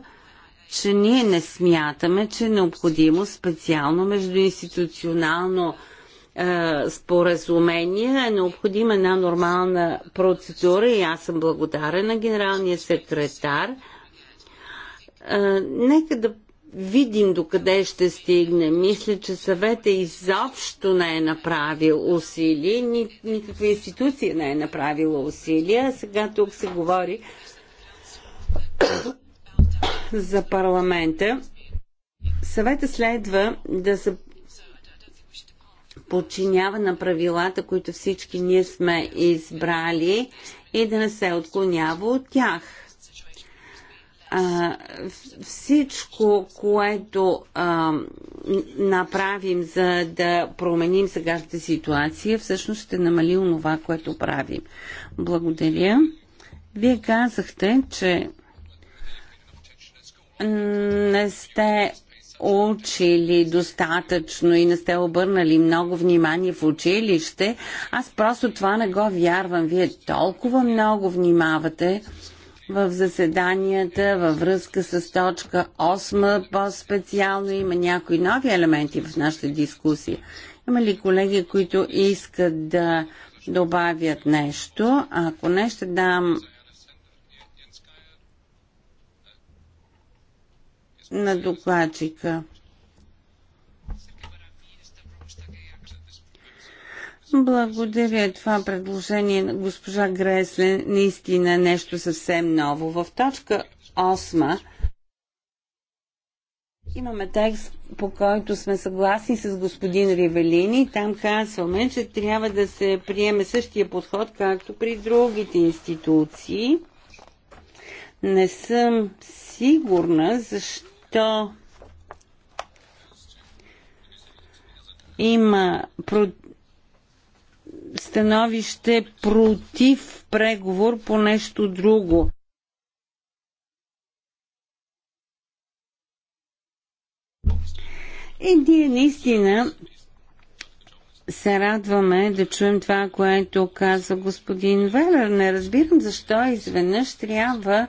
[SPEAKER 3] че ние не смятаме, че е необходимо специално междуинституционално е, споразумение, е необходима една нормална процедура и аз съм благодарен на генералния секретар. Е, нека да видим докъде ще стигне. Мисля, че съвета изобщо не е направил усилия, ни, никаква институция не е направила усилия. Сега тук се говори за парламента. Съвета следва да се подчинява на правилата, които всички ние сме избрали и да не се отклонява от тях. А, всичко, което а, направим за да променим сегашната ситуация, всъщност ще намали онова, което правим. Благодаря. Вие казахте, че не сте учили достатъчно и не сте обърнали много внимание в училище. Аз просто това не го вярвам. Вие толкова много внимавате в заседанията във връзка с точка 8 по-специално има някои нови елементи в нашата дискусия. Има ли колеги, които искат да добавят нещо? Ако не, ще дам на докладчика. Благодаря. Това предложение на госпожа Гресле наистина нещо съвсем ново. В точка 8 имаме текст, по който сме съгласни с господин Ривелини. Там казваме, че трябва да се приеме същия подход, както при другите институции. Не съм сигурна защо то има становище против преговор по нещо друго. И ние наистина се радваме да чуем това, което каза господин Велер. Не разбирам защо изведнъж трябва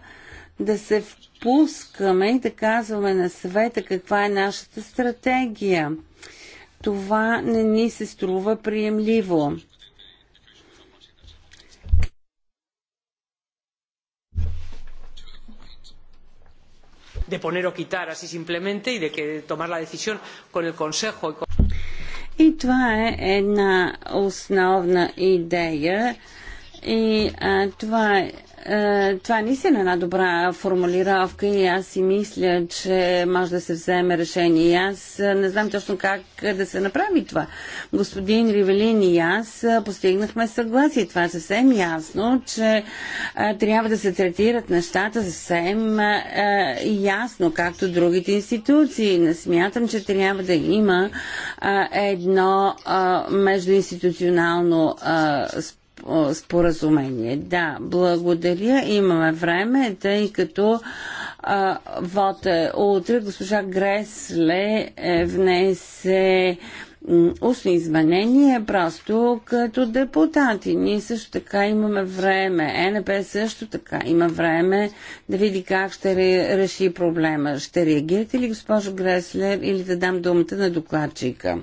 [SPEAKER 3] да се впускаме и да казваме на съвета каква е нашата стратегия. Това не ни се струва приемливо. de poner o quitar así simplemente y de que tomar la decisión con el Consejo. И това е една основна идея и а, това е е, това е наистина една добра формулировка и аз си мисля, че може да се вземе решение. И аз е, не знам точно как да се направи това. Господин Ривелин и аз постигнахме съгласие. Това е съвсем ясно, че трябва да се третират нещата съвсем ясно, както другите институции. Не смятам, че трябва да има едно междуинституционално споразумение споразумение. Да, благодаря. Имаме време, тъй като а, вота утре госпожа Гресле е внесе устни изменения, просто като депутати. Ние също така имаме време. Е НП също така има време да види как ще ре, реши проблема. Ще реагирате ли, госпожо Греслер, или да дам думата на докладчика?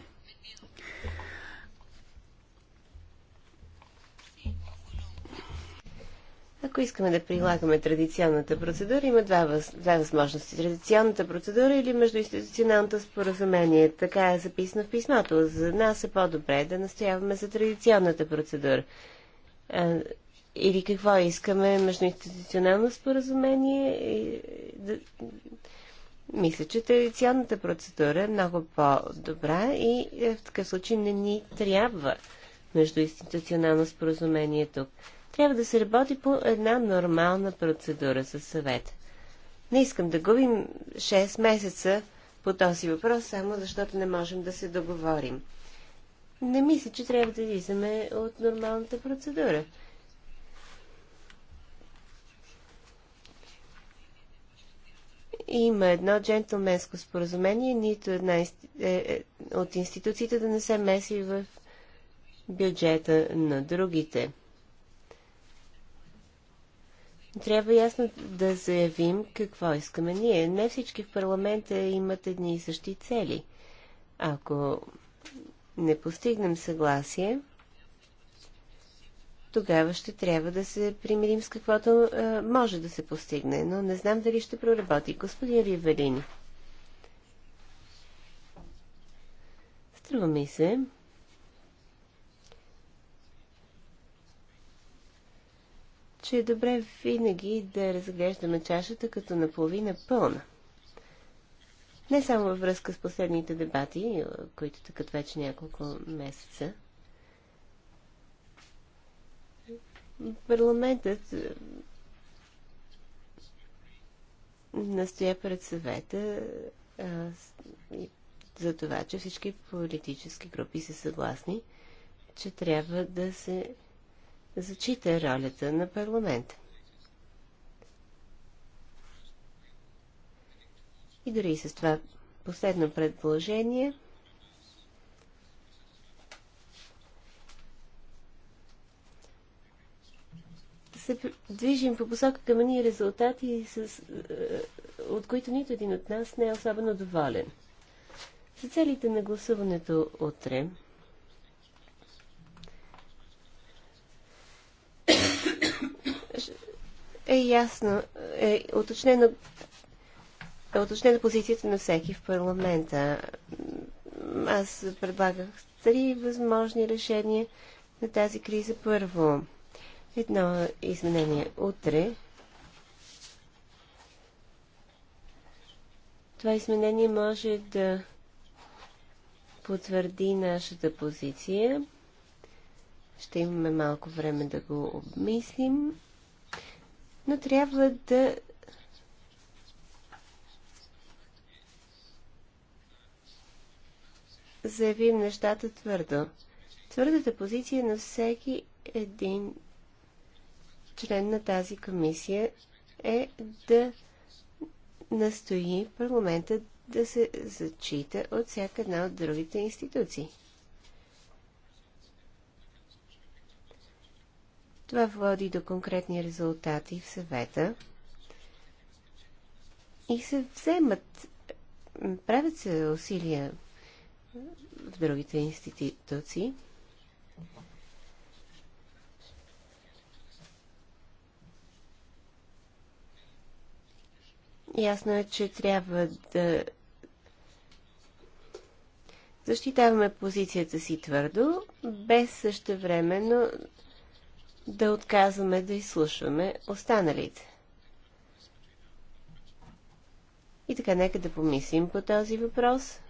[SPEAKER 2] Ако искаме да прилагаме традиционната процедура, има два, въз... два възможности. Традиционната процедура или междуинституционалното споразумение. Така е записано в писмото. За нас е по-добре да настояваме за традиционната процедура. А, или какво искаме? Междуинституционално споразумение? И, да... Мисля, че традиционната процедура е много по-добра и е, в такъв случай не ни трябва междуинституционално споразумение тук. Трябва да се работи по една нормална процедура със съвет. Не искам да губим 6 месеца по този въпрос, само защото не можем да се договорим. Не мисля, че трябва да излизаме от нормалната процедура. Има едно джентлменско споразумение, нито една е, е, от институциите да не се меси в бюджета на другите трябва ясно да заявим какво искаме ние. Не всички в парламента имат едни и същи цели. Ако не постигнем съгласие, тогава ще трябва да се примирим с каквото а, може да се постигне, но не знам дали ще проработи. Господин Ривелини. Струва ми се, че е добре винаги да разглеждаме чашата като наполовина пълна. Не само във връзка с последните дебати, които тъкат вече няколко месеца. Парламентът е, настоя пред съвета е, за това, че всички политически групи са съгласни, че трябва да се зачита ролята на парламента. И дори с това последно предположение се движим по посока към ние резултати, с, е, от които нито един от нас не е особено доволен. За целите на гласуването утре, е ясно, е уточнена, е уточнена позицията на всеки в парламента. Аз предлагах три възможни решения на тази криза. Първо, едно изменение утре. Това изменение може да потвърди нашата позиция. Ще имаме малко време да го обмислим но трябва да заявим нещата твърдо. Твърдата позиция е на всеки един член на тази комисия е да настои парламента да се зачита от всяка една от другите институции. Това води до конкретни резултати в съвета и се вземат, правят се усилия в другите институции. Ясно е, че трябва да защитаваме позицията си твърдо, без същевременно да отказваме да изслушваме останалите. И така, нека да помислим по този въпрос.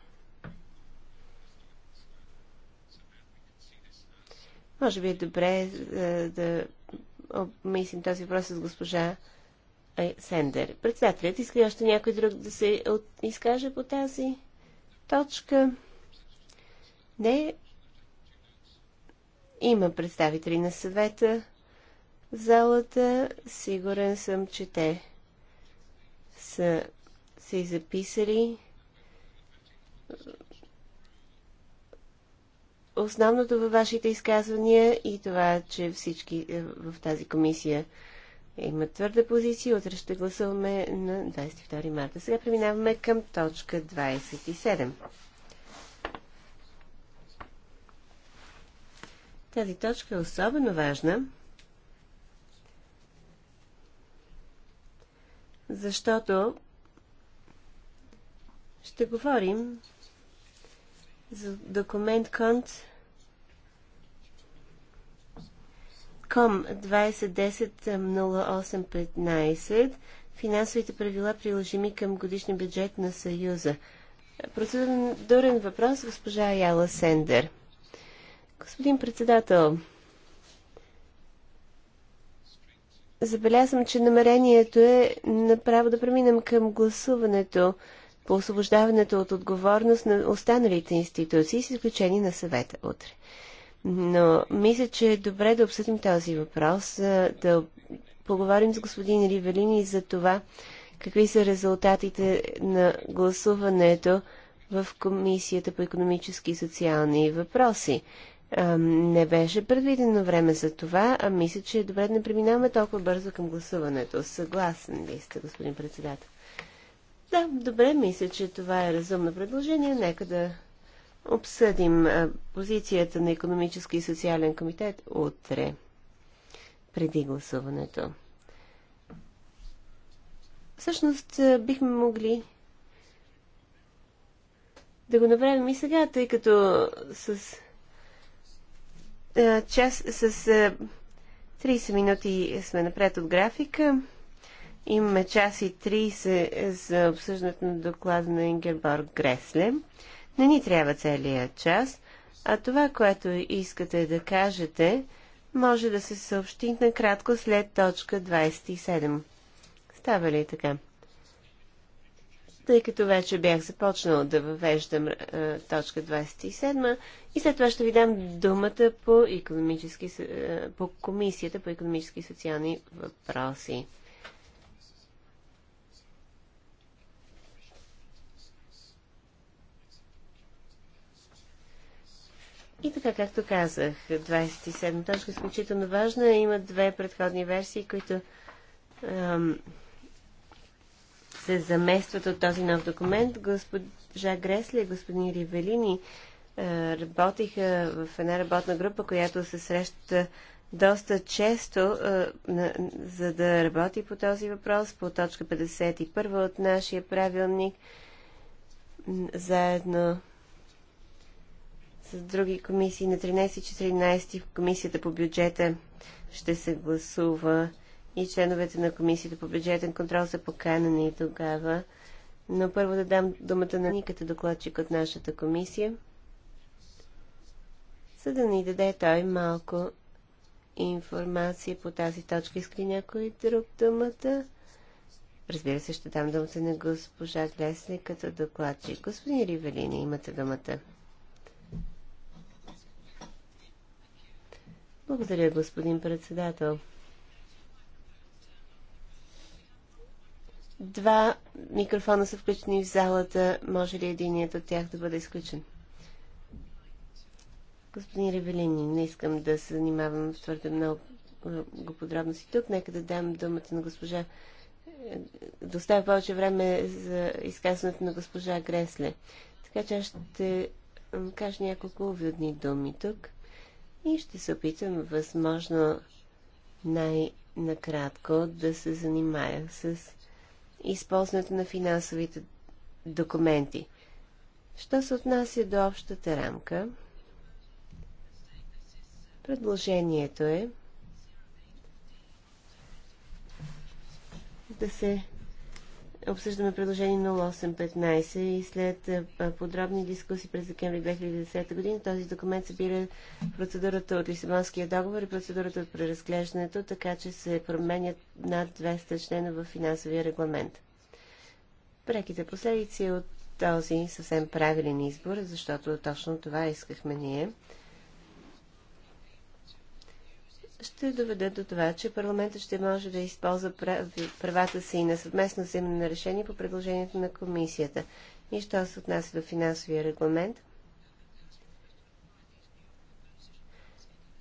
[SPEAKER 2] Може би е добре е, да, да мислим този въпрос с госпожа е, Сендер. Председателят иска още някой друг да се от... изкаже по тази точка. Не, има представители на съвета в залата. Сигурен съм, че те са се и записали. Основното във вашите изказвания и това, че всички е, в тази комисия имат твърда позиция. Утре ще гласуваме на 22 марта. Сега преминаваме към точка 27. Тази точка е особено важна, защото ще говорим за документ Конт Ком 2010-08-15 финансовите правила приложими към годишния бюджет на Съюза. Процедурен въпрос, госпожа Яла Сендер. Господин председател, забелязвам, че намерението е направо да преминем към гласуването по освобождаването от отговорност на останалите институции, с изключение на съвета утре. Но мисля, че е добре да обсъдим този въпрос, да поговорим с господин Ривелини за това, какви са резултатите на гласуването в Комисията по економически и социални въпроси не беше предвидено време за това, а мисля, че е добре да не преминаваме толкова бързо към гласуването. Съгласен ли сте, господин председател? Да, добре, мисля, че това е разумно предложение. Нека да обсъдим позицията на економически и социален комитет утре, преди гласуването. Всъщност, бихме могли да го направим и сега, тъй като с е, час с 30 е, минути сме напред от графика. Имаме час и 30 за обсъждането на доклада на Ингерборг Гресле. Не ни трябва целият час, а това, което искате да кажете, може да се съобщи накратко след точка 27. Става ли така? тъй като вече бях започнала да въвеждам а, е, точка 27 и след това ще ви дам думата по, економически, а, е, по Комисията по економически и социални въпроси. И така, както казах, 27 точка е изключително важна. Има две предходни версии, които се заместват от този нов документ. Госпожа Гресли и господин Ривелини е, работиха в една работна група, която се среща доста често, е, за да работи по този въпрос, по точка 51 от нашия правилник, заедно с други комисии на 13-14 в комисията по бюджета ще се гласува и членовете на Комисията по бюджетен контрол са поканени тогава. Но първо да дам думата на Никата докладчик от нашата комисия, за да ни даде той малко информация по тази точка. Искри някой друг думата? Разбира се, ще дам думата на госпожа Глесни като докладчик. Господин Ривелини, имате думата. Благодаря, господин председател. Два микрофона са включени в залата. Може ли единият от тях да бъде изключен? Господин Ревелини, не искам да се занимавам твърде много е, го подробности тук. Нека да дам думата на госпожа е, доставя повече време за изказването на госпожа Гресле. Така че аз ще кажа няколко уведни думи тук и ще се опитам възможно най-накратко да се занимая с използването на финансовите документи. Що се отнася до общата рамка, предложението е да се обсъждаме предложение 0815 и след е, подробни дискусии през декември 2010 година този документ събира процедурата от Лисабонския договор и процедурата от преразглеждането, така че се променят над 200 члена в финансовия регламент. Преките последици от този съвсем правилен избор, защото точно това искахме ние ще доведе до това, че парламентът ще може да използва правата си на съвместно вземане на решение по предложението на комисията. И що се отнася до финансовия регламент?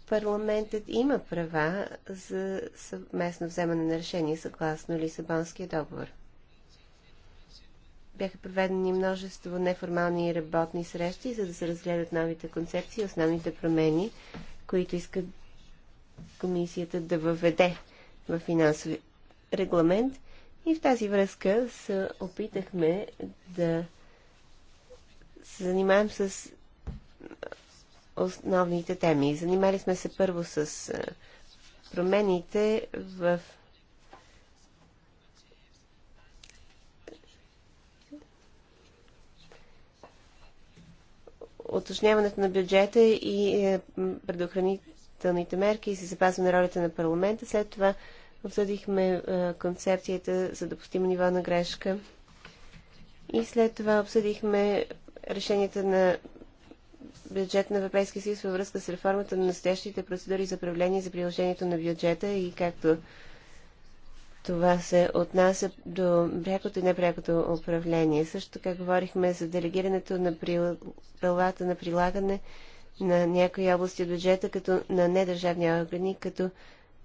[SPEAKER 2] Парламентът има права за съвместно вземане на решение съгласно Лисабонския договор. Бяха проведени множество неформални работни срещи, за да се разгледат новите концепции и основните промени, които искат комисията да въведе в финансови регламент. И в тази връзка се опитахме да се занимаем с основните теми. Занимали сме се първо с е, промените в уточняването на бюджета и е, предохранителните законодателните мерки и се запазваме ролята на парламента. След това обсъдихме концепцията за допустимо ниво на грешка и след това обсъдихме решенията на бюджет на Европейския съюз във връзка с реформата на настоящите процедури за правление за приложението на бюджета и както това се отнася до прякото и непрякото управление. Също така говорихме за делегирането на правата на прилагане на някои области от бюджета като на недържавни органи, като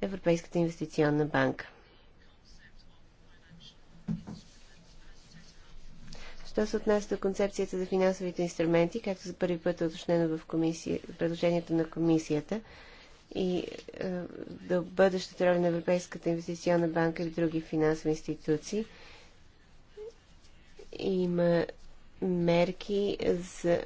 [SPEAKER 2] Европейската инвестиционна банка. Що се отнася до концепцията за финансовите инструменти, както за първи път е уточнено в комисия, предложението на комисията и е, до бъдещето роля на Европейската инвестиционна банка и други финансови институции, има мерки за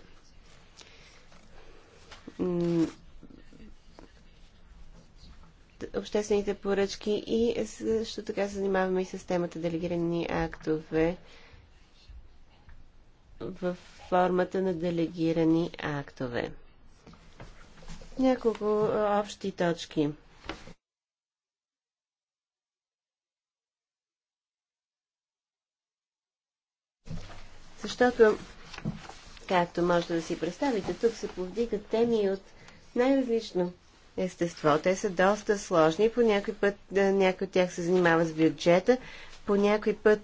[SPEAKER 2] обществените поръчки и също така се занимаваме и с темата делегирани актове в формата на делегирани актове. Няколко общи точки. Защото Както може да си представите, тук се повдигат теми от най-различно естество. Те са доста сложни. По някой път някой от тях се занимава с бюджета, по някой път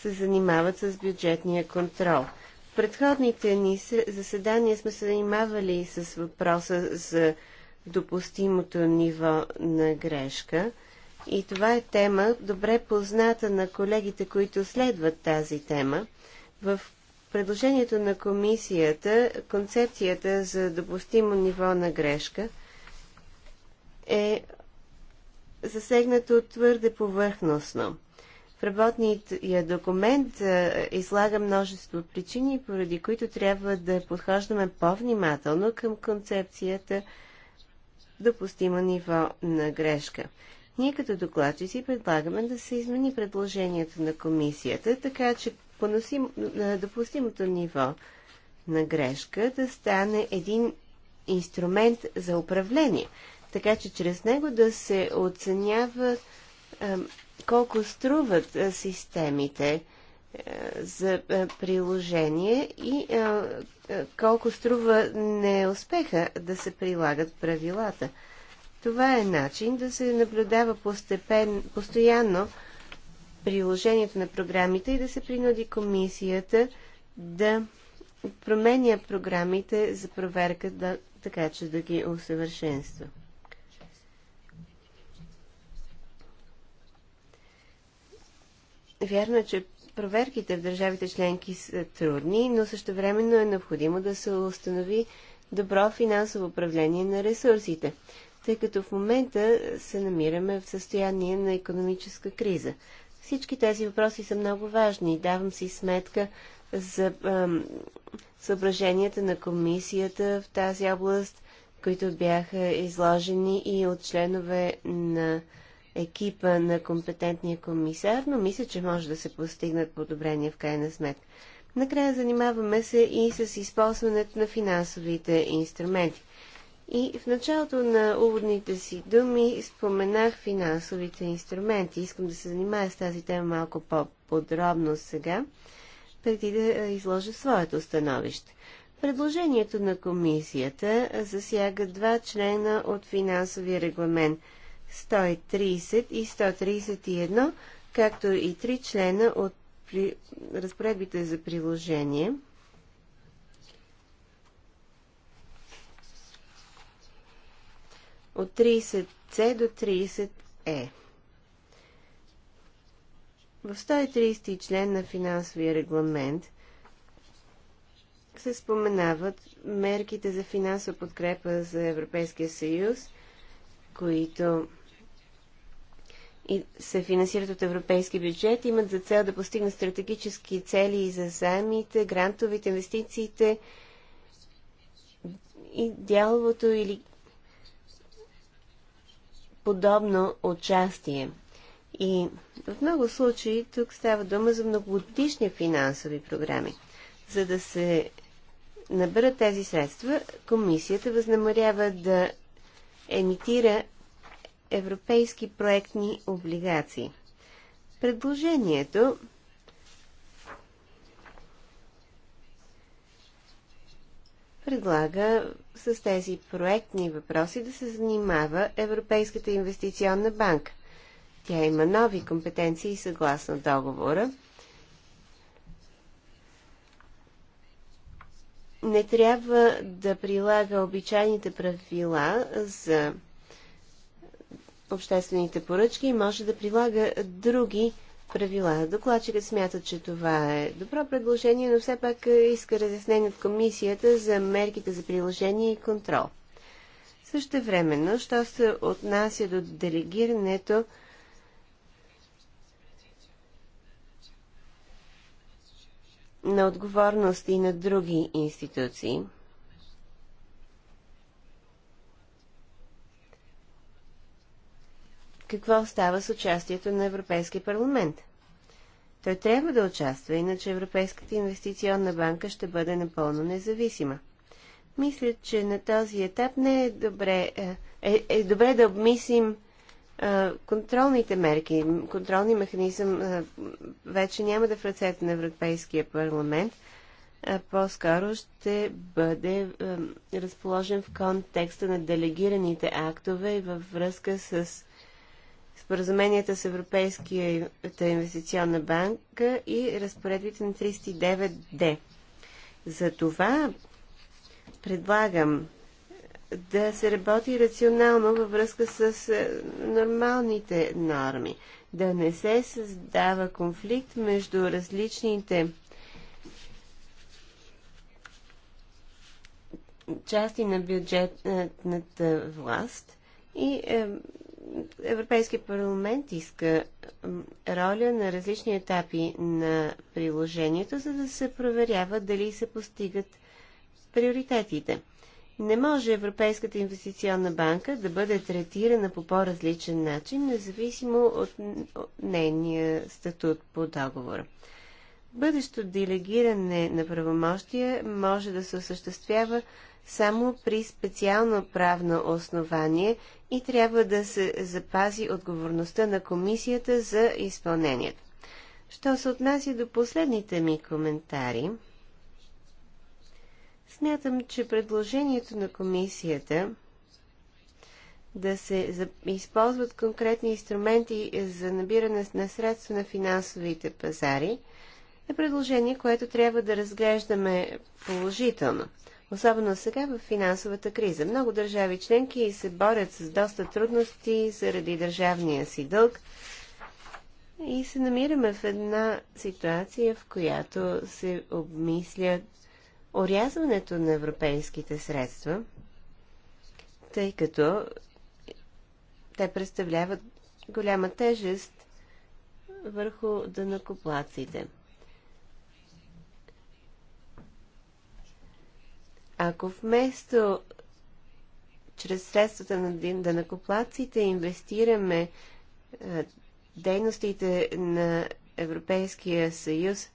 [SPEAKER 2] се занимават с бюджетния контрол. В предходните ни заседания сме се занимавали с въпроса за допустимото ниво на грешка. И това е тема, добре позната на колегите, които следват тази тема. В предложението на комисията, концепцията за допустимо ниво на грешка е засегнато твърде повърхностно. В работния документ излага множество причини, поради които трябва да подхождаме по-внимателно към концепцията допустимо ниво на грешка. Ние като докладчици предлагаме да се измени предложението на комисията, така че поносим, допустимото ниво на грешка да стане един инструмент за управление, така че чрез него да се оценява е, колко струват е, системите е, за приложение и колко струва неуспеха да се прилагат правилата. Това е начин да се наблюдава постепен, постоянно приложението на програмите и да се принуди комисията да променя програмите за проверка, да, така че да ги усъвършенства. Вярно е, че проверките в държавите членки са трудни, но също времено е необходимо да се установи добро финансово управление на ресурсите, тъй като в момента се намираме в състояние на економическа криза. Всички тези въпроси са много важни. Давам си сметка за ам, съображенията на комисията в тази област, които бяха изложени и от членове на екипа на компетентния комисар, но мисля, че може да се постигнат подобрения в крайна сметка. Накрая занимаваме се и с използването на финансовите инструменти. И в началото на уводните си думи споменах финансовите инструменти. Искам да се занимая с тази тема малко по-подробно сега, преди да изложа своето становище. Предложението на комисията засяга два члена от финансовия регламент 130 и 131, както и три члена от при... разпоредбите за приложение – от 30C до 30E. Е. В 130 член на финансовия регламент се споменават мерките за финансова подкрепа за Европейския съюз, които и се финансират от европейски бюджет, имат за цел да постигнат стратегически цели и за заемите, грантовите, инвестициите и дяловото или подобно участие. И в много случаи тук става дума за многогодишни финансови програми. За да се наберат тези средства, комисията възнамерява да емитира европейски проектни облигации. Предложението предлага с тези проектни въпроси да се занимава Европейската инвестиционна банка. Тя има нови компетенции съгласно договора. Не трябва да прилага обичайните правила за обществените поръчки и може да прилага други правила. Докладчикът смята, че това е добро предложение, но все пак иска разяснение от комисията за мерките за приложение и контрол. Също времено, що се отнася до делегирането на отговорност и на други институции – какво става с участието на Европейския парламент. Той трябва да участва, иначе Европейската инвестиционна банка ще бъде напълно независима. Мисля, че на този етап не е добре, е, е, е добре да обмислим е, контролните мерки. Контролни механизъм е, вече няма да в ръцете на Европейския парламент, а по-скоро ще бъде е, разположен в контекста на делегираните актове и във връзка с споразуменията с Европейската инвестиционна банка и разпоредбите на 39D. това предлагам да се работи рационално във връзка с е, нормалните норми, да не се създава конфликт между различните части на бюджетната власт и е, Европейския парламент иска роля на различни етапи на приложението, за да се проверява дали се постигат приоритетите. Не може Европейската инвестиционна банка да бъде третирана по по-различен начин, независимо от нейния статут по договора. Бъдещо делегиране на правомощия може да се осъществява само при специално правно основание, и трябва да се запази отговорността на комисията за изпълнението. Що се отнася до последните ми коментари, смятам, че предложението на комисията да се използват конкретни инструменти за набиране на средства на финансовите пазари е предложение, което трябва да разглеждаме положително особено сега в финансовата криза. Много държави членки се борят с доста трудности заради държавния си дълг и се намираме в една ситуация, в която се обмисля орязването на европейските средства, тъй като те представляват голяма тежест върху дънакоплаците. Ако вместо чрез средствата на данакоплаците инвестираме е, дейностите на Европейския съюз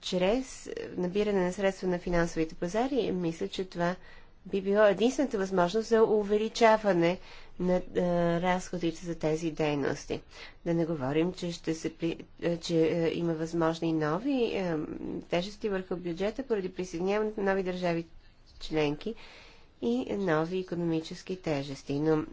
[SPEAKER 2] чрез набиране на средства на финансовите пазари, мисля, че това би било единствената възможност за увеличаване на е, разходите за тези дейности. Да не говорим, че, ще се е, че е, има възможни нови тежести върху бюджета поради присъединяването на нови държави членки и нови економически тежести. Но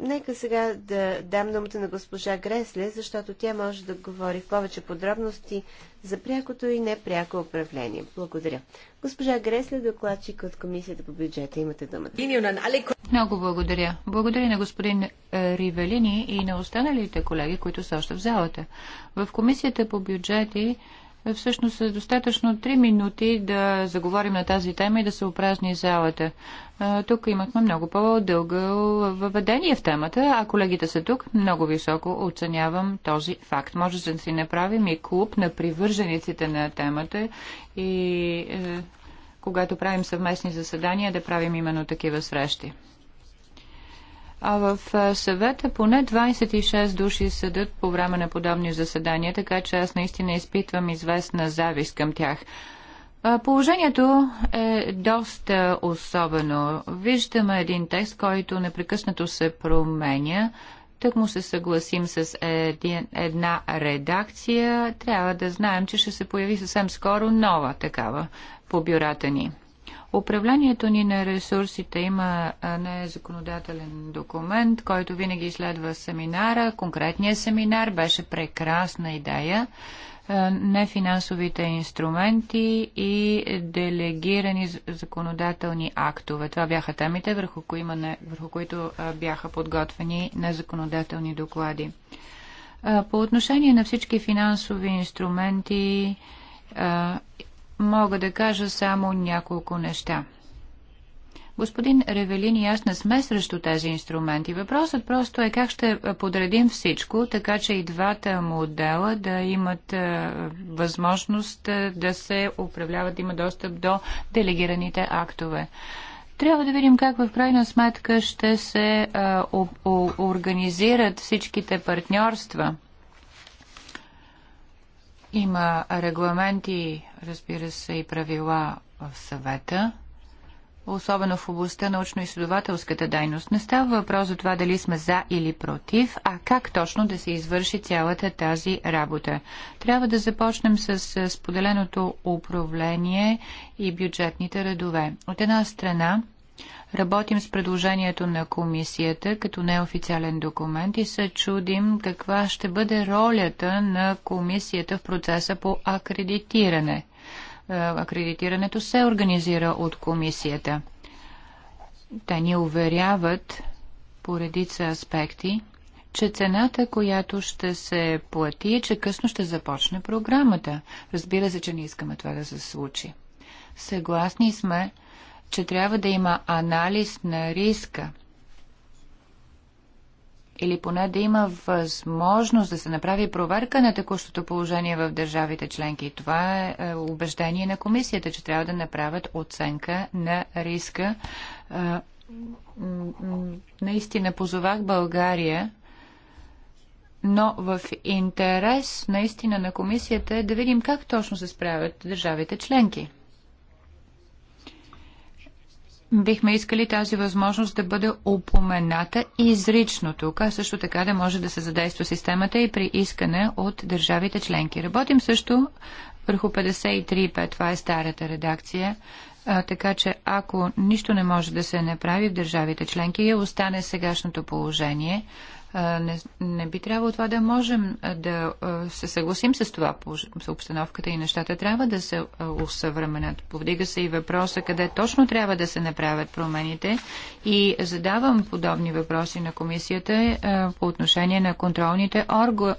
[SPEAKER 2] Нека сега да дам думата на госпожа Гресле, защото тя може да говори в повече подробности за прякото и непряко управление. Благодаря. Госпожа Гресле, докладчик от Комисията по бюджета. Имате думата.
[SPEAKER 1] Много благодаря. Благодаря на господин е, Ривелини и на останалите колеги, които са още в залата. В Комисията по бюджети е, всъщност е достатъчно 3 минути да заговорим на тази тема и да се опразни залата. Е, тук имахме много по-дълго въведение в темата, а колегите са тук. Много високо оценявам този факт. Може да си направим и клуб на привържениците на темата и е, когато правим съвместни заседания, да правим именно такива срещи. А в съвета поне 26 души съдат по време на подобни заседания, така че аз наистина изпитвам известна завист към тях. Положението е доста особено. Виждаме един текст, който непрекъснато се променя. Тък му се съгласим с един, една редакция. Трябва да знаем, че ще се появи съвсем скоро нова такава по бюрата ни. Управлението ни на ресурсите има незаконодателен документ, който винаги следва семинара. Конкретният семинар беше прекрасна идея. Нефинансовите инструменти и делегирани законодателни актове. Това бяха темите, върху, кои има, върху които бяха подготвени незаконодателни доклади. По отношение на всички финансови инструменти мога да кажа само няколко неща. Господин Ревелин и аз не сме срещу тези инструменти. Въпросът просто е как ще подредим всичко, така че и двата модела да имат е, възможност е, да се управляват, да има достъп до делегираните актове. Трябва да видим как в крайна сметка ще се а, е, о, о, организират всичките партньорства има регламенти, разбира се, и правила в съвета, особено в областта научно-изследователската дейност. Не става въпрос за това дали сме за или против, а как точно да се извърши цялата тази работа. Трябва да започнем с споделеното управление и бюджетните редове. От една страна, Работим с предложението на комисията като неофициален документ и се чудим каква ще бъде ролята на комисията в процеса по акредитиране. Е, акредитирането се организира от комисията. Те ни уверяват по редица аспекти, че цената, която ще се плати, е, че късно ще започне програмата. Разбира се, че не искаме това да се случи. Съгласни сме, че трябва да има анализ на риска или поне да има възможност да се направи проверка на текущото положение в държавите членки. Това е, е убеждение на комисията, че трябва да направят оценка на риска. Е, наистина позовах България, но в интерес наистина на комисията е да видим как точно се справят държавите членки бихме искали тази възможност да бъде упомената изрично тук, а също така да може да се задейства системата и при искане от държавите членки. Работим също върху 53.5, това е старата редакция, а, така че ако нищо не може да се направи в държавите членки, е остане сегашното положение – не, не би трябвало това да можем да се съгласим с това. С обстановката и нещата трябва да се усъвременят. Повдига се и въпроса къде точно трябва да се направят промените и задавам подобни въпроси на комисията по отношение на контролните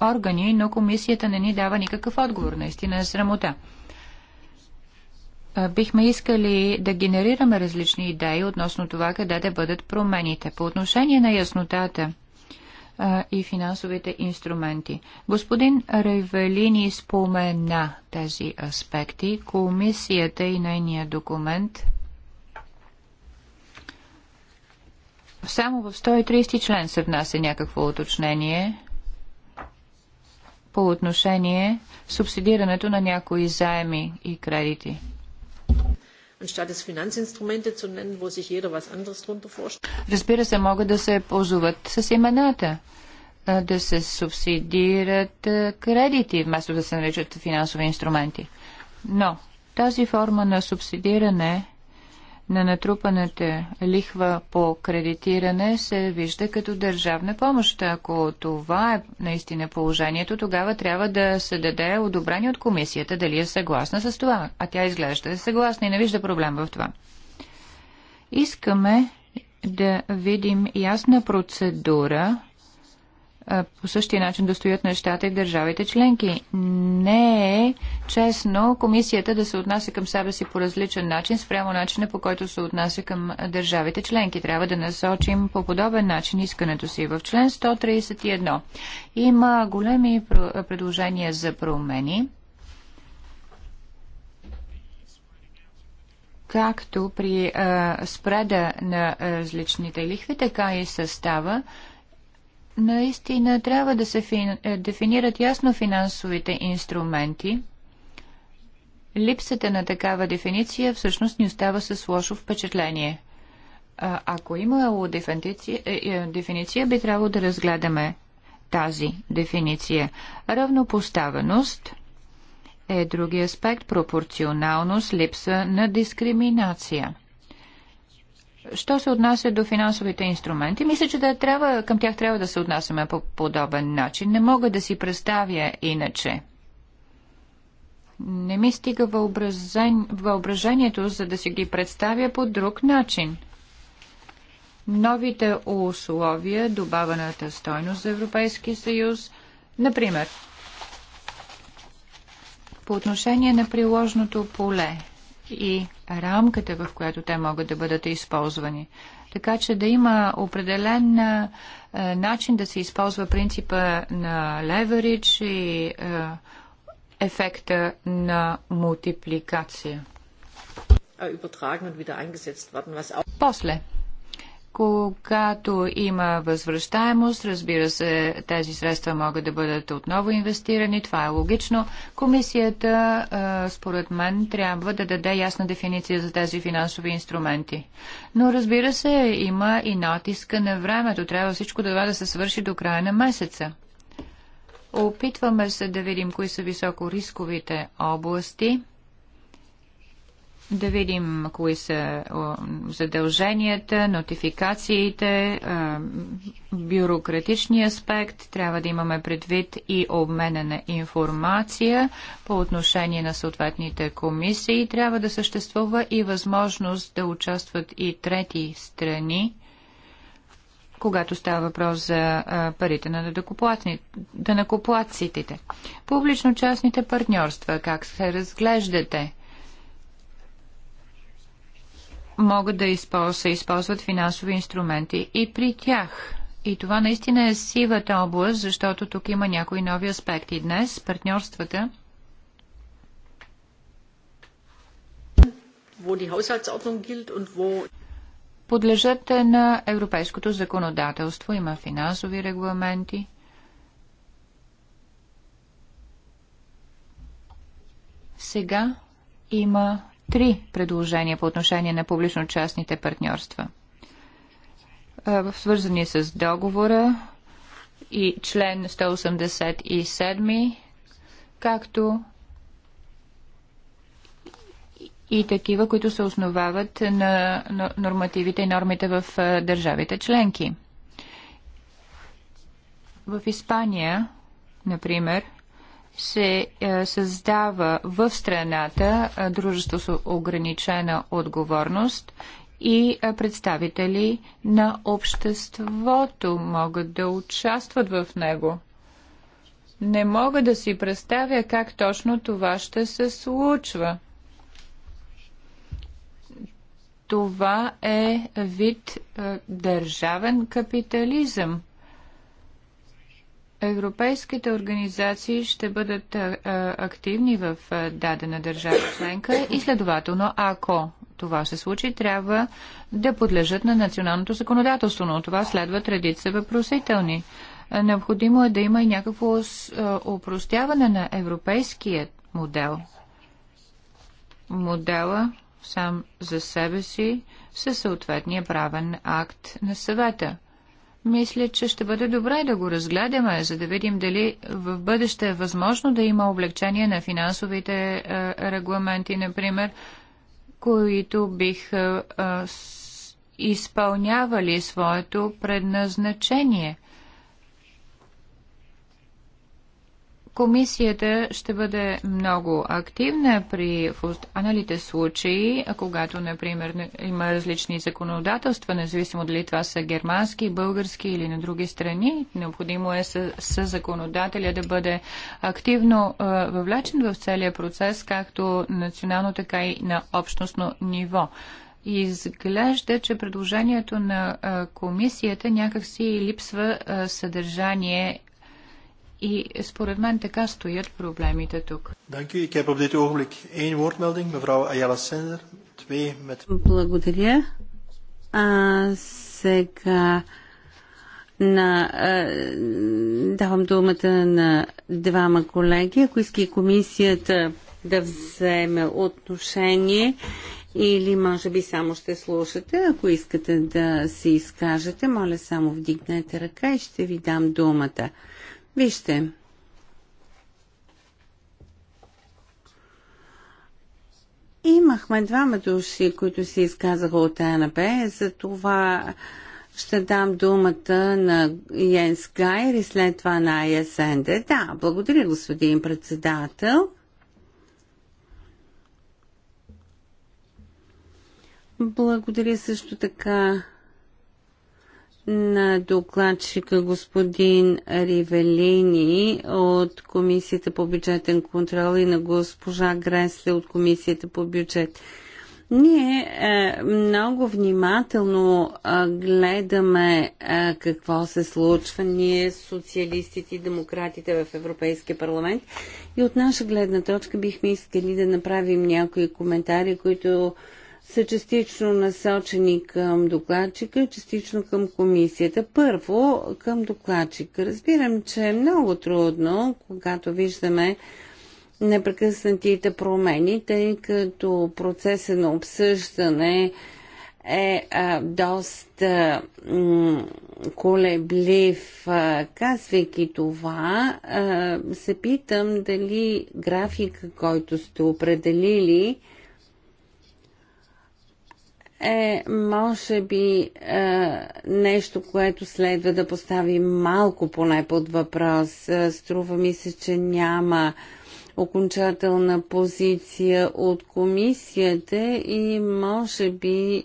[SPEAKER 1] органи, но комисията не ни дава никакъв отговор. Наистина е срамота бихме искали да генерираме различни идеи относно това къде да бъдат промените. По отношение на яснотата, а, и финансовите инструменти. Господин Ревелини спомена тези аспекти. Комисията и нейния документ само в 130 член се внася някакво уточнение по отношение субсидирането на някои заеми и кредити
[SPEAKER 3] anstatt es Finanzinstrumente zu nennen, wo sich jeder was anderes darunter vorstellt.
[SPEAKER 1] Разбира се, могат да се ползват с имената, да се субсидират кредити, вместо да се наричат финансови инструменти. Но тази форма на субсидиране на натрупаната лихва по кредитиране се вижда като държавна помощ. Ако това е наистина положението, тогава трябва да се даде одобрение от комисията дали е съгласна с това. А тя изглежда е съгласна и не вижда проблем в това. Искаме да видим ясна процедура по същия начин да стоят нещата и в държавите членки. Не е честно комисията да се отнася към себе си по различен начин, спрямо начина по който се отнася към държавите членки. Трябва да насочим по подобен начин искането си. В член 131 има големи предложения за промени. както при а, спреда на различните лихви, така и състава наистина трябва да се фин... Е, дефинират ясно финансовите инструменти. Липсата на такава дефиниция всъщност ни остава с лошо впечатление. А, ако имало дефиниция, е, е, дефиниция, би трябвало да разгледаме тази дефиниция. Равнопоставеност е други аспект, пропорционалност, липса на дискриминация – Що се отнася до финансовите инструменти, мисля, че да трябва, към тях трябва да се отнасяме по подобен начин. Не мога да си представя иначе. Не ми стига въобразен, въображението, за да си ги представя по друг начин. Новите условия, добавената стойност за Европейски съюз, например, по отношение на приложното поле – и рамката, в която те могат да бъдат използвани. Така че да има определен е, начин да се използва принципа на леверидж и е, ефекта на мултипликация. После когато има възвръщаемост, разбира се, тези средства могат да бъдат отново инвестирани, това е логично. Комисията, според мен, трябва да даде ясна дефиниция за тези финансови инструменти. Но, разбира се, има и натиска на времето. Трябва всичко това да се свърши до края на месеца. Опитваме се да видим кои са високо рисковите области – да видим кои са задълженията, нотификациите, бюрократичния аспект. Трябва да имаме предвид и обмена на информация по отношение на съответните комисии. Трябва да съществува и възможност да участват и трети страни когато става въпрос за парите на данакоплатците. Публично-частните партньорства, как се разглеждате? могат да използват, се използват финансови инструменти и при тях. И това наистина е сивата област, защото тук има някои нови аспекти. Днес партньорствата подлежат на европейското законодателство, има финансови регламенти. Сега има три предложения по отношение на публично-частните партньорства, свързани с договора и член 187, както и такива, които се основават на нормативите и нормите в държавите членки. В Испания, например, се е, създава в страната е, дружество с ограничена отговорност и е, представители на обществото могат да участват в него. Не мога да си представя как точно това ще се случва. Това е вид е, държавен капитализъм. Европейските организации ще бъдат а, активни в а, дадена държава членка и следователно, ако това се случи, трябва да подлежат на националното законодателство, но това следва традиция въпросителни. Необходимо е да има и някакво упростяване на европейския модел. Модела сам за себе си със съответния правен акт на съвета – мисля, че ще бъде добре да го разгледаме, за да видим дали в бъдеще е възможно да има облегчение на финансовите е, регламенти, например, които бих е, е, изпълнявали своето предназначение – Комисията ще бъде много активна при в останалите случаи, когато, например, има различни законодателства, независимо дали това са германски, български или на други страни. Необходимо е със законодателя да бъде активно е, въвлечен в целия процес, както национално, така и на общностно ниво. Изглежда, че предложението на комисията някакси липсва съдържание и според мен така стоят проблемите тук. Благодаря. А
[SPEAKER 3] сега на, а, давам думата на двама колеги. Ако иска комисията да вземе отношение или може би само ще слушате, ако искате да се изкажете, моля само вдигнете ръка и ще ви дам думата. Вижте. Имахме двама души, които се изказаха от АНБ, за това ще дам думата на Йенс Гайер и след това на Ая Сенде. Да, благодаря, господин председател. Благодаря също така на докладчика господин Ривелини от Комисията по бюджетен контрол и на госпожа Гресле от Комисията по бюджет. Ние е, много внимателно е, гледаме е, какво се случва ние, социалистите и демократите в Европейския парламент и от наша гледна точка бихме искали да направим някои коментари, които е, са частично насочени към докладчика и частично към комисията. Първо към докладчика. Разбирам, че е много трудно, когато виждаме непрекъснатите промени, тъй като процеса на обсъждане е а, доста м- колеблив. казвайки това, а, се питам дали графика, който сте определили, е, може би, е, нещо, което следва да поставим малко поне под въпрос. Е, струва ми се, че няма окончателна позиция от комисията и може би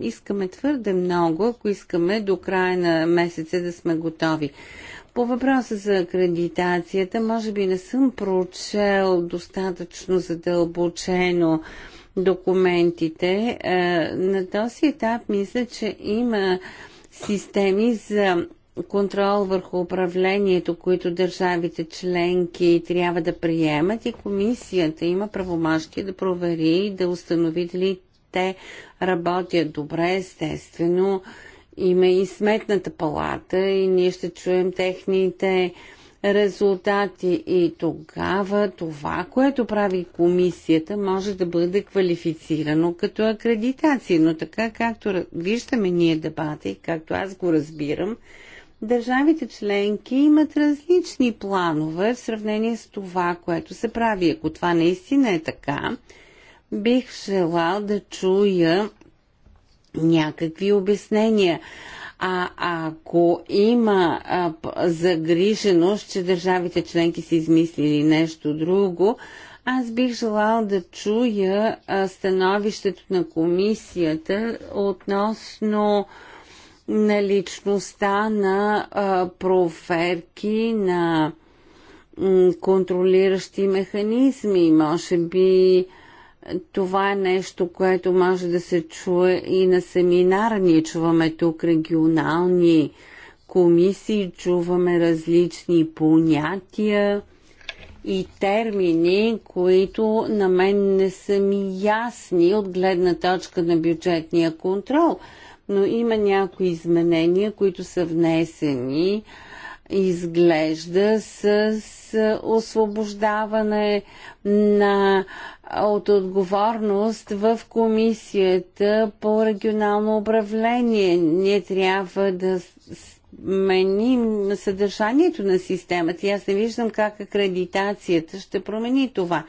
[SPEAKER 3] искаме твърде много, ако искаме до края на месеца да сме готови. По въпроса за акредитацията, може би не съм прочел достатъчно задълбочено документите. Е, на този етап мисля, че има системи за контрол върху управлението, които държавите членки трябва да приемат и комисията има правомашки да провери и да установи дали те работят добре, естествено. Има и сметната палата и ние ще чуем техните резултати и тогава това, което прави комисията, може да бъде квалифицирано като акредитация. Но така както виждаме ние дебата и както аз го разбирам, държавите членки имат различни планове в сравнение с това, което се прави. Ако това наистина е така, бих желал да чуя някакви обяснения. А ако има а, загриженост, че държавите членки са измислили нещо друго, аз бих желал да чуя а, становището на комисията относно наличността на а, проверки на контролиращи механизми. Може би а, това е нещо, което може да се чуе и на семинара. Ние чуваме тук регионални комисии, чуваме различни понятия и термини, които на мен не са ми ясни от гледна точка на бюджетния контрол. Но има някои изменения, които са внесени изглежда с освобождаване на, от отговорност в Комисията по регионално управление. Ние трябва да сменим съдържанието на системата. И аз не виждам как акредитацията ще промени това.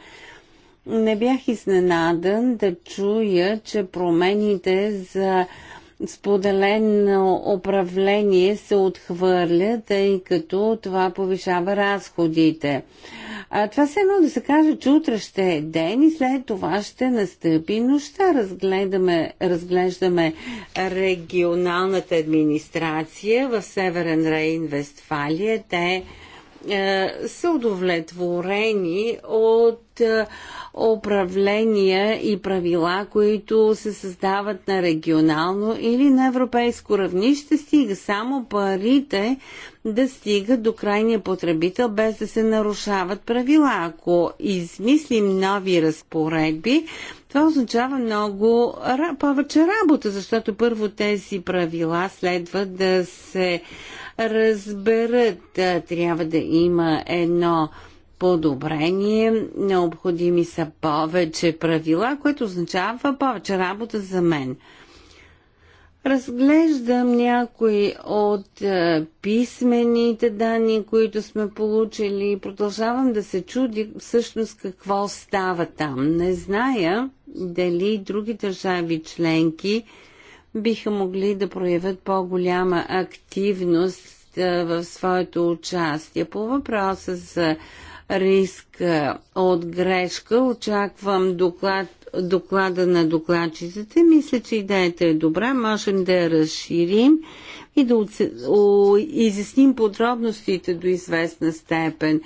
[SPEAKER 3] Не бях изненадан да чуя, че промените за споделено управление се отхвърля, тъй като това повишава разходите. А, това се едно да се каже, че утре ще е ден и след това ще настъпи нощта. Разгледаме, разглеждаме регионалната администрация в Северен Рейн, Вестфалия. Те е, са удовлетворени от е, управления и правила, които се създават на регионално или на европейско равнище, стига само парите да стигат до крайния потребител, без да се нарушават правила. Ако измислим нови разпоредби, това означава много повече работа, защото първо тези правила следва да се разберат. Трябва да има едно подобрение, необходими са повече правила, което означава повече работа за мен. Разглеждам някои от е, писмените данни, които сме получили. Продължавам да се чуди всъщност какво става там. Не зная дали други държави членки биха могли да проявят по-голяма активност в своето участие. По въпроса за риск от грешка очаквам доклад, доклада на докладчиците. Мисля, че идеята е добра. Можем да я разширим и да изясним подробностите до известна степен.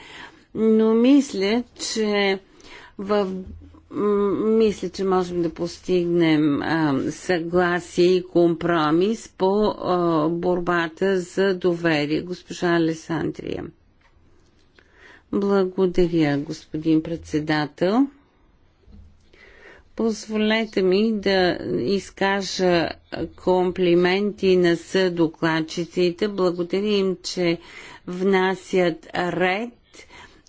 [SPEAKER 3] Но мисля, че в мисля, че можем да постигнем а, съгласие и компромис по а, борбата за доверие. Госпожа Алесандрия. Благодаря, господин председател. Позволете ми да изкажа комплименти на съдокладчиците. Благодаря им, че внасят ред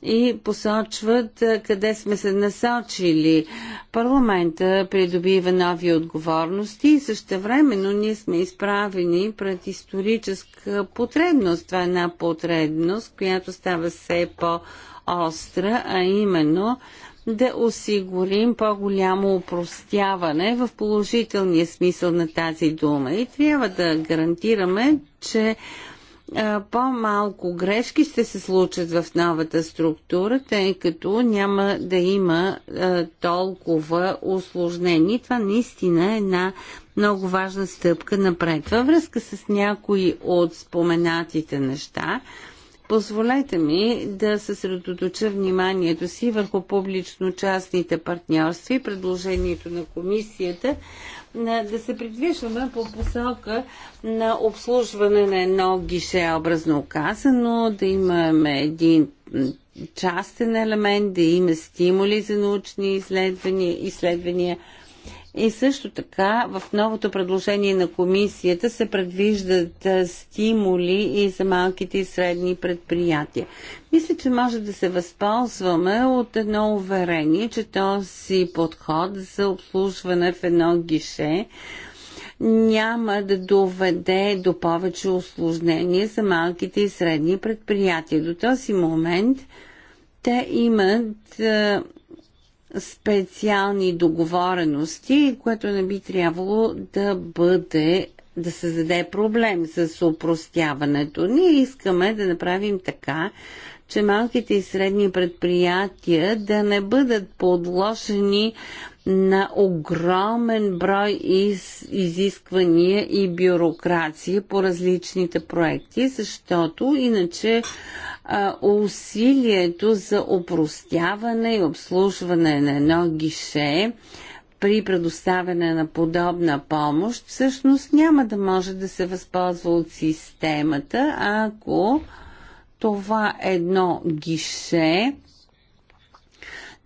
[SPEAKER 3] и посочват къде сме се насочили. Парламента придобива нови отговорности и същевременно ние сме изправени пред историческа потребност. Това е една потребност, която става все по-остра, а именно да осигурим по-голямо упростяване в положителния смисъл на тази дума. И трябва да гарантираме, че по-малко грешки ще се случат в новата структура, тъй като няма да има толкова осложнени. Това наистина е една много важна стъпка напред. Във връзка с някои от споменатите неща, Позволете ми да съсредоточа вниманието си върху публично-частните партньорства и предложението на комисията да се придвижваме по посока на обслужване на едно гишеобразно казано, да имаме един частен елемент, да има стимули за научни изследвания, изследвания и също така в новото предложение на комисията се предвиждат стимули и за малките и средни предприятия. Мисля, че може да се възползваме от едно уверение, че този подход за обслужване в едно гише няма да доведе до повече осложнение за малките и средни предприятия. До този момент те имат специални договорености, което не би трябвало да бъде да се заде проблем с упростяването. Ние искаме да направим така, че малките и средни предприятия да не бъдат подложени на огромен брой из, изисквания и бюрокрация по различните проекти, защото иначе а, усилието за опростяване и обслужване на едно гише при предоставяне на подобна помощ всъщност няма да може да се възползва от системата, ако това едно гише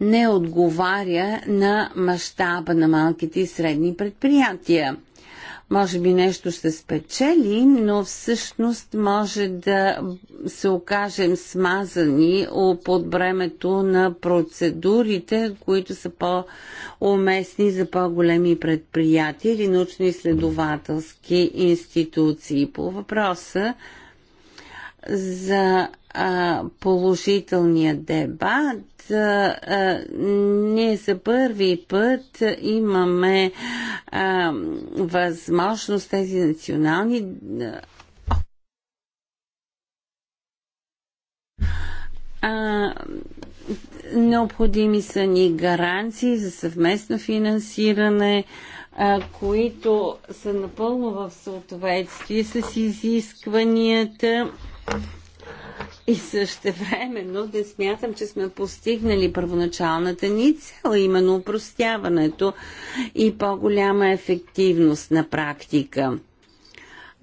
[SPEAKER 3] не отговаря на мащаба на малките и средни предприятия. Може би нещо ще спечели, но всъщност може да се окажем смазани под бремето на процедурите, които са по-уместни за по-големи предприятия или научно-изследователски институции. По въпроса за а, положителния дебат. А, а, ние за първи път имаме а, възможност тези национални. А, необходими са ни гаранции за съвместно финансиране, а, които са напълно в съответствие с изискванията и също времено не смятам, че сме постигнали първоначалната ни цел, именно упростяването и по-голяма ефективност на практика.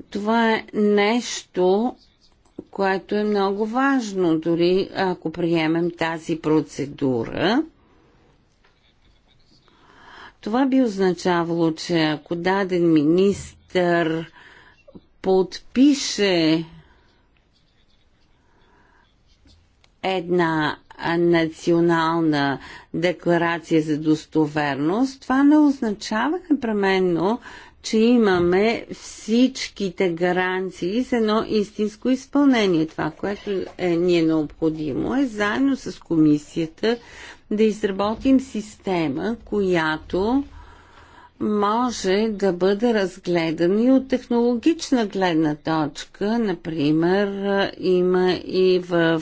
[SPEAKER 3] Това е нещо, което е много важно, дори ако приемем тази процедура. Това би означавало, че ако даден министър подпише една национална декларация за достоверност, това не означава непременно, че имаме всичките гаранции за едно истинско изпълнение. Това, което е, ни е необходимо, е заедно с комисията да изработим система, която може да бъде разгледан и от технологична гледна точка. Например, има и в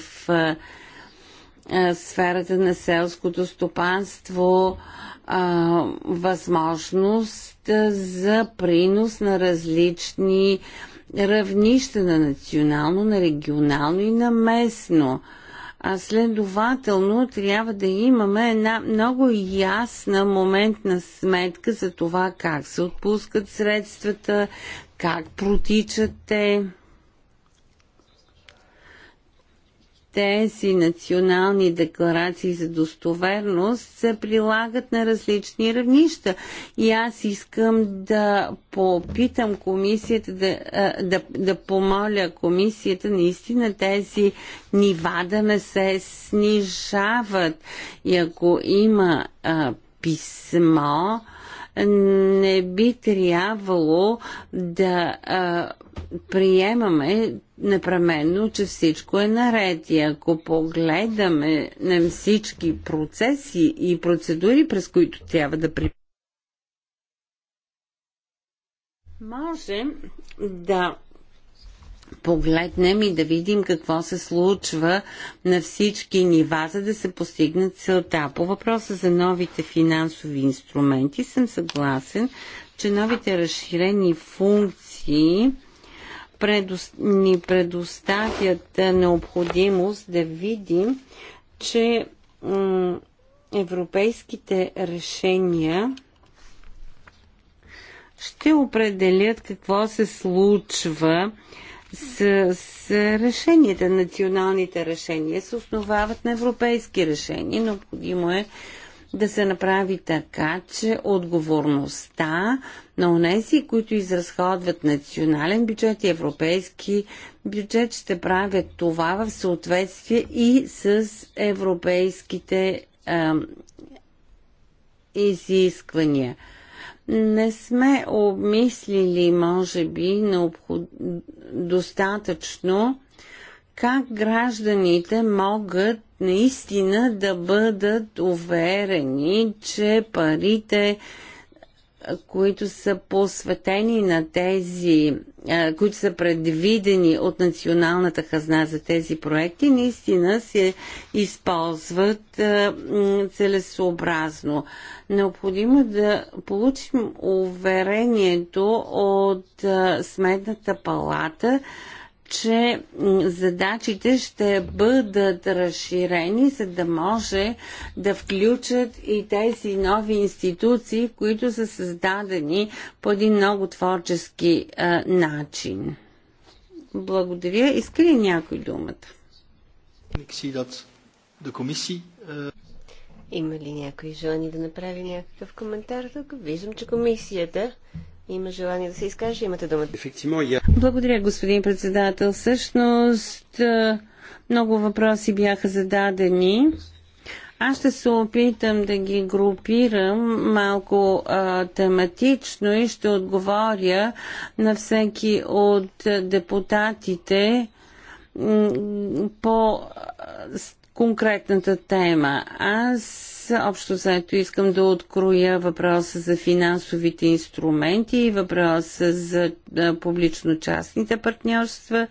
[SPEAKER 3] сферата на селското стопанство а, възможност за принос на различни равнища на национално, на регионално и на местно. А, а следователно трябва да имаме една много ясна моментна сметка за това как се отпускат средствата, как протичат те. тези национални декларации за достоверност се прилагат на различни равнища. И аз искам да попитам комисията, да, да, да помоля комисията наистина тези нива да не се снижават. И ако има а, писмо, не би трябвало да а, приемаме непременно, че всичко е наред. И ако погледаме на всички процеси и процедури, през които трябва да при... Може да погледнем и да видим какво се случва на всички нива, за да се постигнат целта. По въпроса за новите финансови инструменти съм съгласен, че новите разширени функции ни предоставят необходимост да видим, че европейските решения ще определят какво се случва с, с решенията, националните решения се основават на европейски решения. Необходимо е да се направи така, че отговорността на онези, които изразходват национален бюджет и европейски бюджет, ще правят това в съответствие и с европейските а, изисквания. Не сме обмислили, може би, необход... достатъчно как гражданите могат наистина да бъдат уверени, че парите, които са посветени на тези, които са предвидени от националната хазна за тези проекти, наистина се използват целесообразно. Необходимо е да получим уверението от Сметната палата, че задачите ще бъдат разширени, за да може да включат и тези нови институции, които са създадени по един много творчески а, начин. Благодаря. Иска ли някой думата?
[SPEAKER 2] Има ли някой желание да направи някакъв коментар тук? Виждам, че комисията има желание да се изкаже, имате думата.
[SPEAKER 3] Благодаря, господин председател. Всъщност, е, много въпроси бяха зададени. Аз ще се опитам да ги групирам малко а, е, тематично и ще отговоря на всеки от депутатите по е, конкретната тема. Аз общо заето искам да откроя въпроса за финансовите инструменти въпроса за публично-частните партньорства,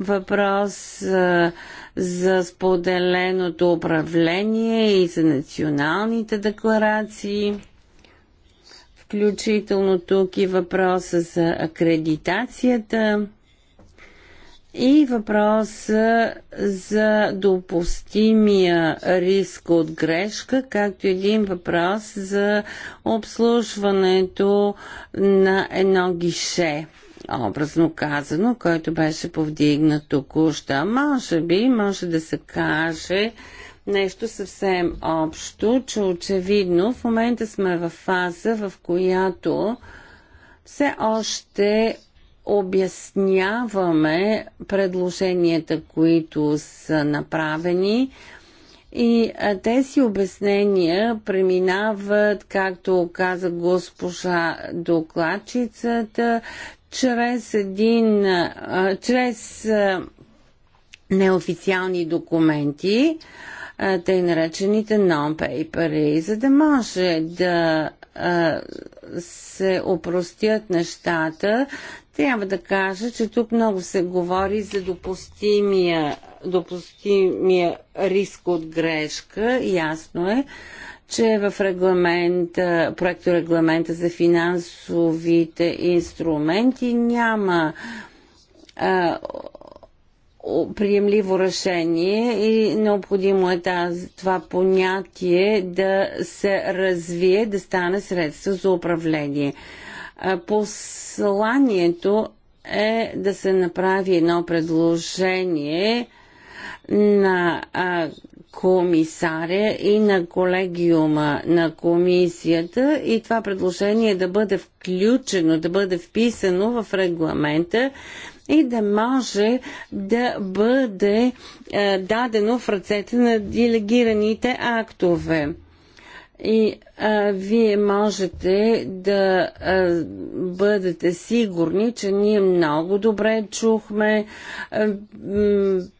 [SPEAKER 3] въпрос за споделеното управление и за националните декларации включително тук и въпроса за акредитацията и въпрос за допустимия риск от грешка, както един въпрос за обслужването на едно гише образно казано, който беше повдигнат току-що. Може би може да се каже нещо съвсем общо, че очевидно в момента сме в фаза, в която все още обясняваме предложенията, които са направени. И тези обяснения преминават, както каза госпожа докладчицата, чрез един, чрез неофициални документи, тъй наречените non-papери, за да може да се опростят нещата, трябва да кажа, че тук много се говори за допустимия, допустимия риск от грешка. Ясно е, че в регламента, проекто регламента за финансовите инструменти няма а, приемливо решение и необходимо е тази, това понятие да се развие, да стане средство за управление. Посланието е да се направи едно предложение на комисаря и на колегиума на комисията и това предложение да бъде включено, да бъде вписано в регламента и да може да бъде е, дадено в ръцете на делегираните актове. И а, вие можете да а, бъдете сигурни, че ние много добре чухме а,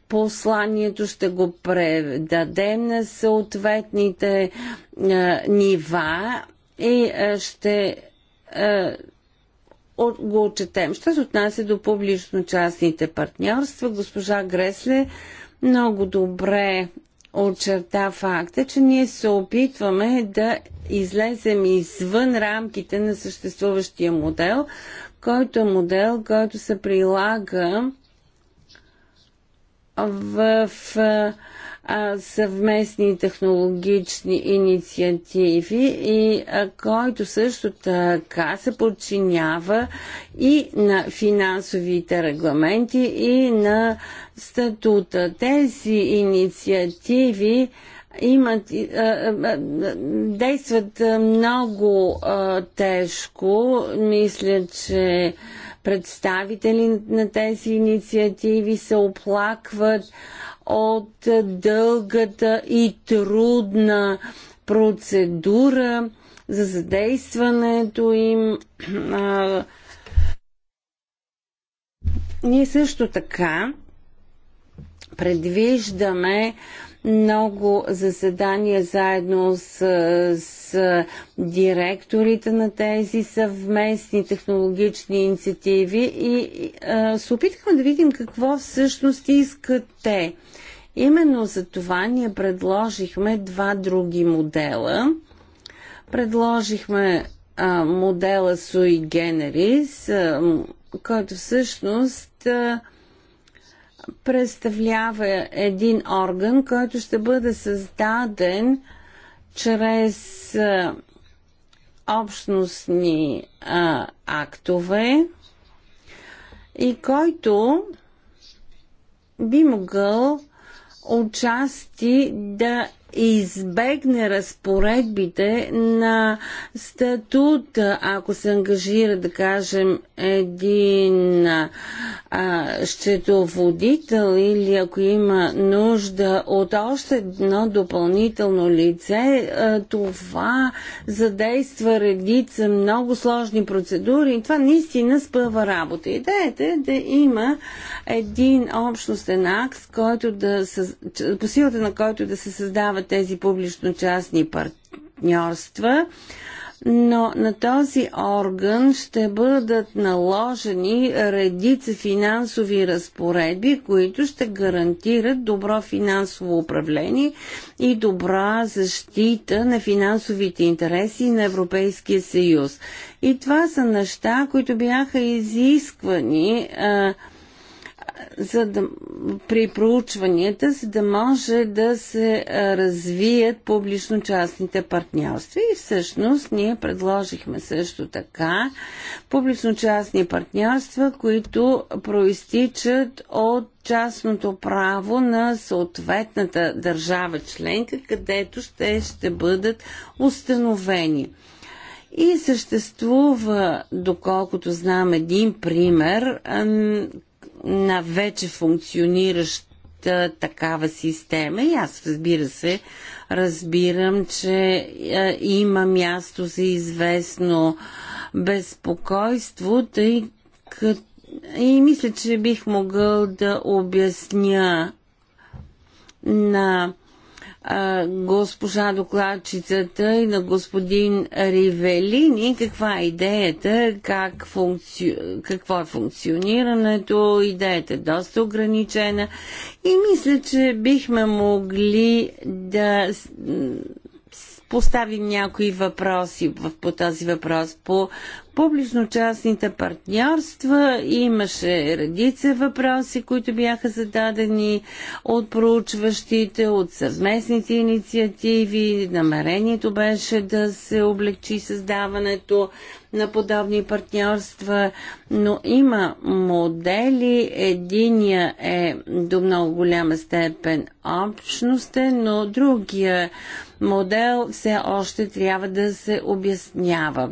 [SPEAKER 3] посланието, ще го предадем на съответните а, нива и а, ще а, го отчетем. Ще се отнася до публично-частните партньорства, госпожа Гресле много добре очерта факта, че ние се опитваме да излезем извън рамките на съществуващия модел, който е модел, който се прилага в а, съвместни технологични инициативи и а, който също така се подчинява и на финансовите регламенти и на статута. Тези инициативи имат, действат много тежко. Мисля, че представители на тези инициативи се оплакват от дългата и трудна процедура за задействането им. А, ние също така предвиждаме много заседания заедно с, с директорите на тези съвместни технологични инициативи и а, се опитахме да видим какво всъщност искат те. Именно за това ние предложихме два други модела. Предложихме а, модела Sui Generis, а, който всъщност а, представлява един орган, който ще бъде създаден чрез а, общностни а, актове и който би могъл отчасти да избегне разпоредбите на статута, ако се ангажира, да кажем, един а, счетоводител или ако има нужда от още едно допълнително лице, а, това задейства редица много сложни процедури и това наистина спъва работа. Идеята е да има един общностен акт, който да, по силата на който да се създава насърчава тези публично-частни партньорства, но на този орган ще бъдат наложени редица финансови разпоредби, които ще гарантират добро финансово управление и добра защита на финансовите интереси на Европейския съюз. И това са неща, които бяха изисквани. А, за да, при проучванията, за да може да се развият публично-частните партньорства. И всъщност ние предложихме също така публично-частни партньорства, които проистичат от частното право на съответната държава членка, където ще, ще бъдат установени. И съществува, доколкото знам, един пример, на вече функционираща такава система. И аз, разбира се, разбирам, че е, има място за известно безпокойство, тъй като и мисля, че бих могъл да обясня на госпожа докладчицата и на господин Ривелини каква е идеята, как функци... какво е функционирането, идеята е доста ограничена и мисля, че бихме могли да поставим някои въпроси по този въпрос. По публично-частните партньорства. Имаше редица въпроси, които бяха зададени от проучващите, от съвместните инициативи. Намерението беше да се облегчи създаването на подобни партньорства, но има модели. Единия е до много голяма степен общностен, но другия модел все още трябва да се обяснява.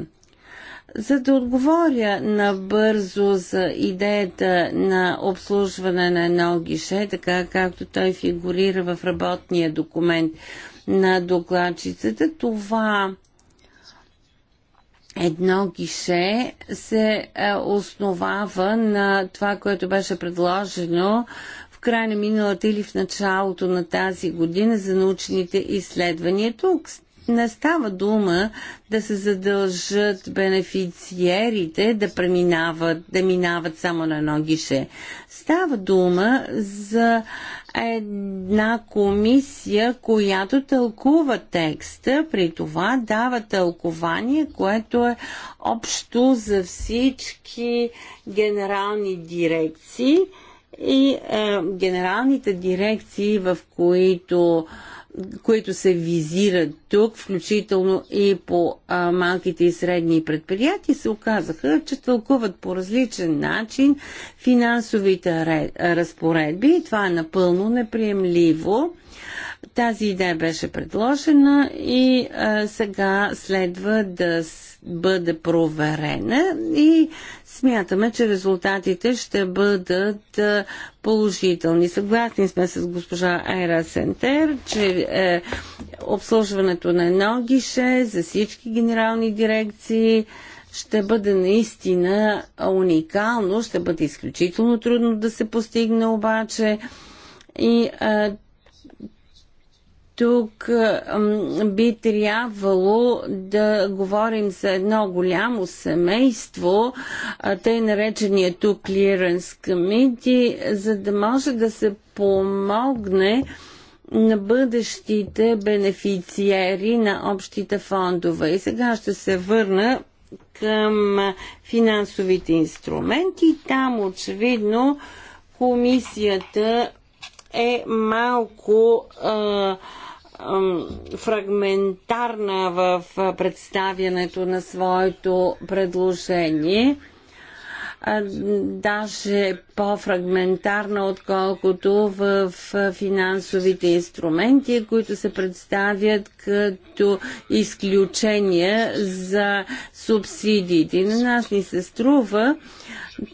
[SPEAKER 3] За да отговоря набързо за идеята на обслужване на едно гише, така както той фигурира в работния документ на докладчицата, това едно гише се е, основава на това, което беше предложено в края на миналата или в началото на тази година за научните изследвания. Тук не става дума да се задължат бенефициерите да преминават, да минават само на едно гише. Става дума за една комисия, която тълкува текста, при това дава тълкование, което е общо за всички генерални дирекции и е, генералните дирекции, в които е, които се визират тук, включително и по а, малките и средни предприятия, се оказаха, че тълкуват по различен начин финансовите разпоредби и това е напълно неприемливо. Тази идея беше предложена и а, сега следва да бъде проверена и Смятаме, че резултатите ще бъдат е, положителни. Съгласни сме с госпожа Айра Сентер, че е, обслужването на едно гише за всички генерални дирекции ще бъде наистина уникално, ще бъде изключително трудно да се постигне обаче и е, тук би трябвало да говорим за едно голямо семейство, тъй наречения тук Clearance Committee, за да може да се помогне на бъдещите бенефициери на общите фондове. И сега ще се върна към финансовите инструменти. Там очевидно комисията е малко а, фрагментарна в представянето на своето предложение даже по-фрагментарна, отколкото в финансовите инструменти, които се представят като изключения за субсидиите. На нас ни се струва,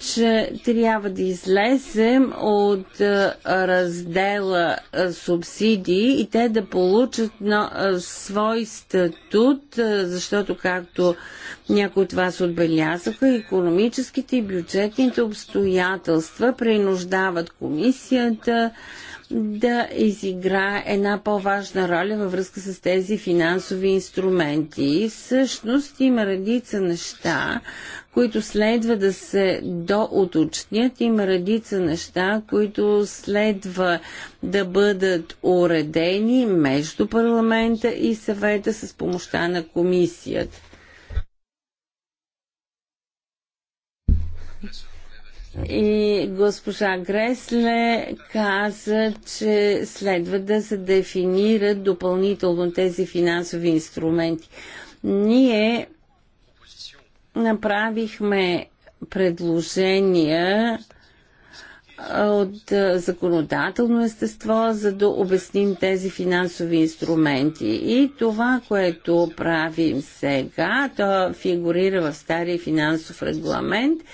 [SPEAKER 3] че трябва да излезем от раздела субсидии и те да получат на свой статут, защото както някои от вас отбелязаха, економическите и бюджетните обстоятелства принуждават комисията да изигра една по-важна роля във връзка с тези финансови инструменти. И всъщност има редица неща, които следва да се доуточнят. Има редица неща, които следва да бъдат уредени между парламента и съвета с помощта на комисията. И госпожа Гресле каза, че следва да се дефинират допълнително тези финансови инструменти. Ние направихме предложения от законодателно естество, за да обясним тези финансови инструменти. И това, което правим сега, то фигурира в стария финансов регламент –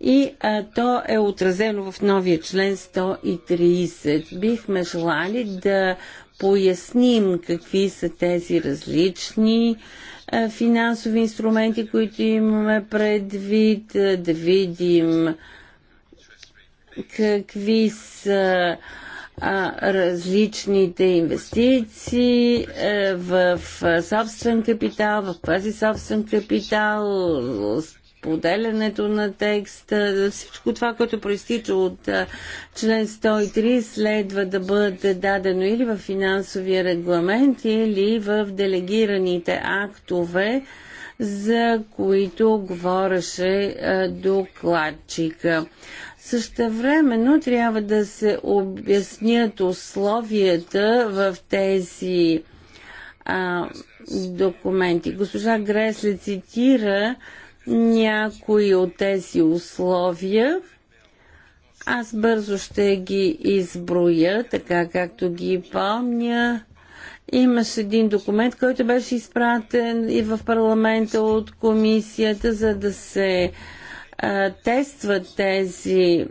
[SPEAKER 3] и а, то е отразено в новия член 130. Бихме желали да поясним какви са тези различни а, финансови инструменти, които имаме предвид, да видим какви са а, различните инвестиции а, в, в собствен капитал, в квази собствен капитал, споделянето на текста, всичко това, което проистича от член 103, следва да бъде дадено или в финансовия регламент, или в делегираните актове, за които говореше докладчика. Същевременно трябва да се обяснят условията в тези а, документи. Госпожа Гресле цитира някои от тези условия. Аз бързо ще ги изброя, така както ги помня. Имаше един документ, който беше изпратен и в парламента от комисията, за да се тестват тези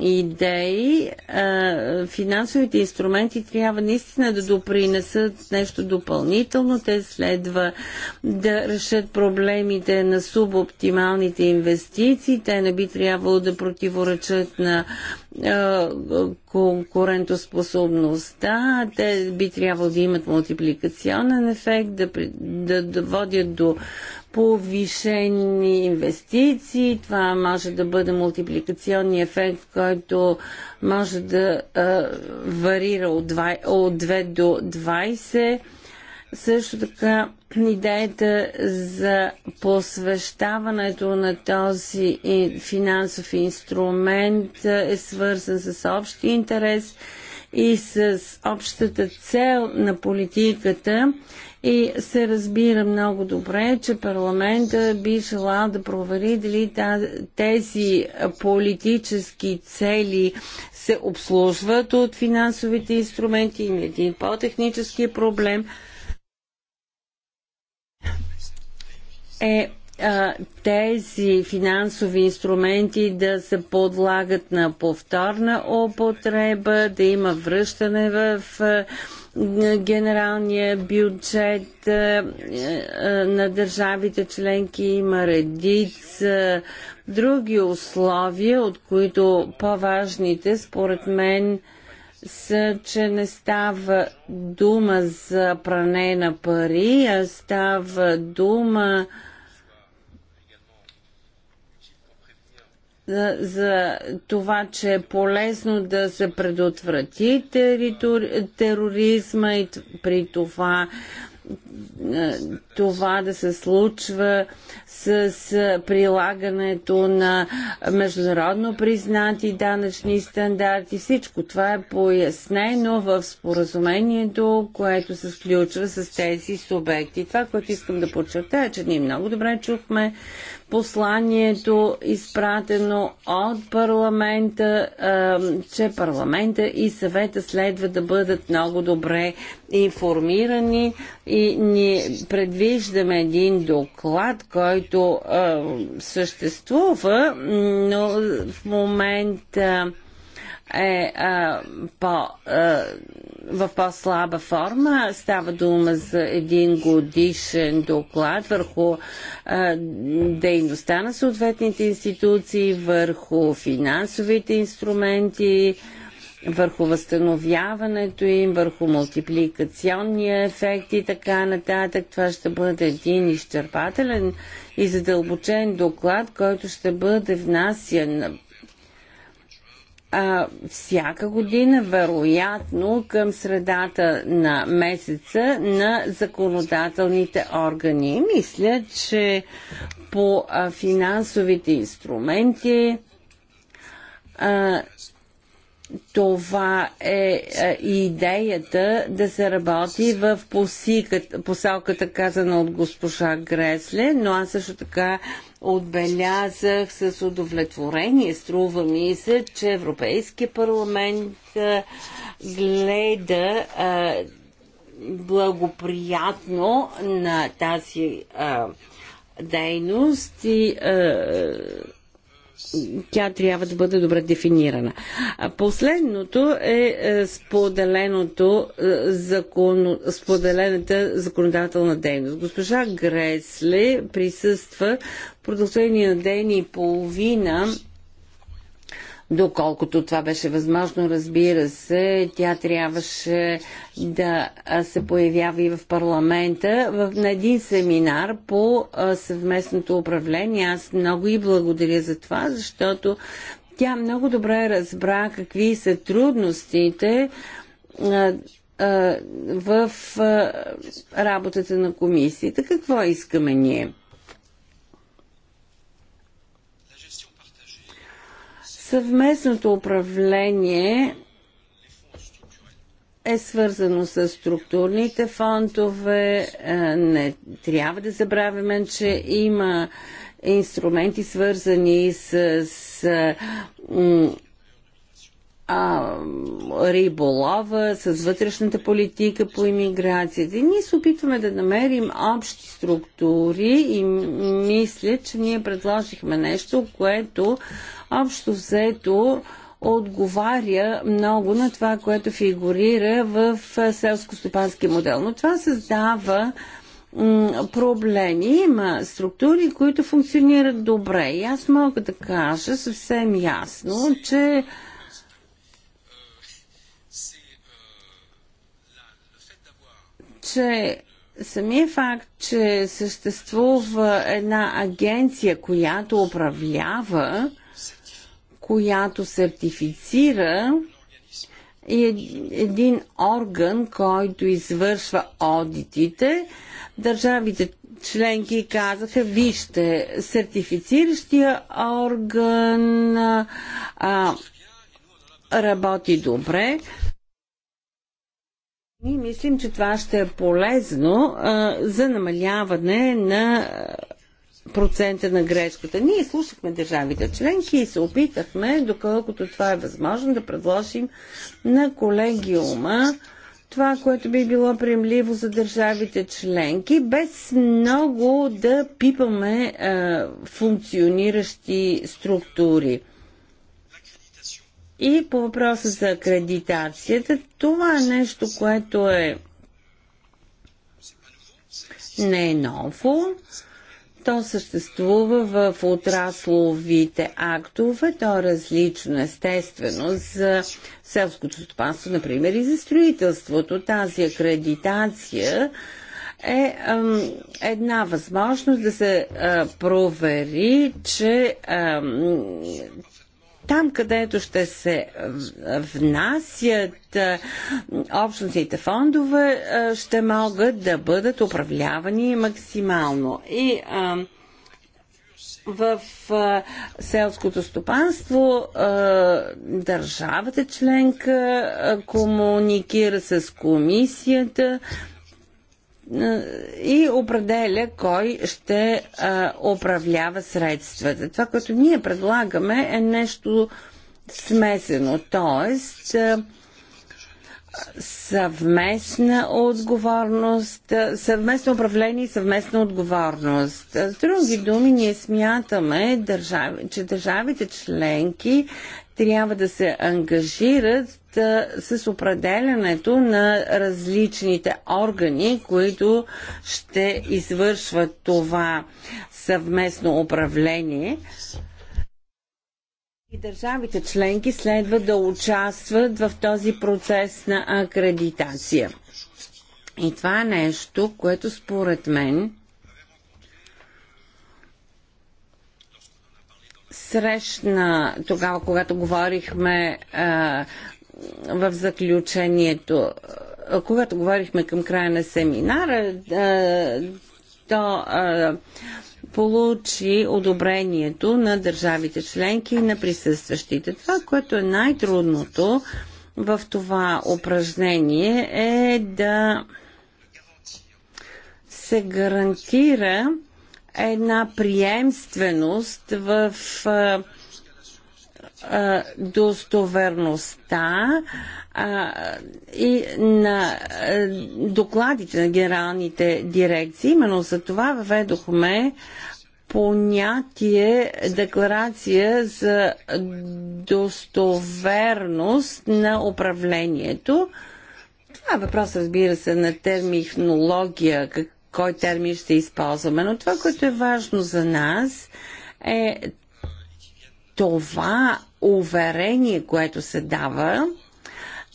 [SPEAKER 3] идеи, финансовите инструменти трябва наистина да допринесат нещо допълнително. Те следва да решат проблемите на субоптималните инвестиции. Те не би трябвало да противоречат на конкурентоспособността, те би трябвало да имат мултипликационен ефект, да, да, да водят до повишени инвестиции. Това може да бъде мултипликационния ефект, който може да а, варира от 2, от 2 до 20. Също така идеята за посвещаването на този финансов инструмент е свързан с общи интерес и с общата цел на политиката и се разбира много добре, че парламента би желал да провери дали тези политически цели се обслужват от финансовите инструменти. Има един по-технически проблем е тези финансови инструменти да се подлагат на повторна употреба, да има връщане в генералния бюджет на държавите членки има редица други условия, от които по-важните според мен са, че не става дума за пране на пари, а става дума за това, че е полезно да се предотврати тероризма и при това е, това да се случва с прилагането на международно признати данъчни стандарти. Всичко това е пояснено в споразумението, което се сключва с тези субекти. Това, което искам да подчертая, е, че ние много добре чухме посланието, изпратено от парламента, че парламента и съвета следва да бъдат много добре информирани и ни предвид виждаме един доклад, който а, съществува, но в момента е, а, по, а, в по-слаба форма. Става дума за един годишен доклад върху а, дейността на съответните институции, върху финансовите инструменти, а, върху възстановяването им, върху мултипликационния ефект и така нататък. Това ще бъде един изчерпателен и задълбочен доклад, който ще бъде внасян а, всяка година, вероятно към средата на месеца на законодателните органи. Мисля, че по а, финансовите инструменти а, това е, е идеята да се работи в посалката, казана от госпожа Гресле, но аз също така отбелязах с удовлетворение, струва ми се, че Европейския парламент е, гледа е, благоприятно на тази дейност и тя трябва да бъде добре дефинирана. Последното е, е споделеното е, закон, споделената законодателна дейност. Госпожа Гресли присъства в продължение на ден и половина доколкото това беше възможно, разбира се, тя трябваше да се появява и в парламента на един семинар по съвместното управление. Аз много и благодаря за това, защото тя много добре разбра какви са трудностите в работата на комисията. Какво искаме ние? Съвместното управление е свързано с структурните фондове. Е, не трябва да забравяме, че има инструменти свързани с, с а, риболова, с вътрешната политика по иммиграцията. И ние се опитваме да намерим общи структури и мисля, че ние предложихме нещо, което общо взето отговаря много на това, което фигурира в селско-стопански модел. Но това създава проблеми, има структури, които функционират добре. И аз мога да кажа съвсем ясно, че че самия факт, че съществува една агенция, която управлява, която сертифицира и е един орган, който извършва одитите, държавите членки казаха, вижте, сертифициращия орган а, работи добре, ние мислим, че това ще е полезно а, за намаляване на процента на грешката. Ние слушахме държавите членки и се опитахме, доколкото това е възможно, да предложим на колегиума това, което би било приемливо за държавите членки, без много да пипаме а, функциониращи структури. И по въпроса за акредитацията, това е нещо, което е не е ново. То съществува в отрасловите актове, то е различно естествено за селското стопанство, например, и за строителството. Тази акредитация е една възможност да се провери, че ам, там, където ще се внасят общностните фондове, ще могат да бъдат управлявани максимално. И в селското стопанство държавата членка комуникира с комисията и определя кой ще а, управлява средствата. Това, което ние предлагаме е нещо смесено, т.е. съвместна отговорност, съвместно управление и съвместна отговорност. С други думи, ние смятаме, държави, че държавите членки трябва да се ангажират с определянето на различните органи, които ще извършват това съвместно управление. И държавите членки следва да участват в този процес на акредитация. И това е нещо, което според мен срещна тогава, когато говорихме а, в заключението. Когато говорихме към края на семинара, то получи одобрението на държавите членки и на присъстващите. Това, което е най-трудното в това упражнение е да се гарантира една приемственост в а, достоверността а, и на а, докладите на генералните дирекции. Именно за това въведохме понятие декларация за достоверност на управлението. Това е въпрос, разбира се, на терминология, кой термин ще използваме, но това, което е важно за нас е това уверение, което се дава,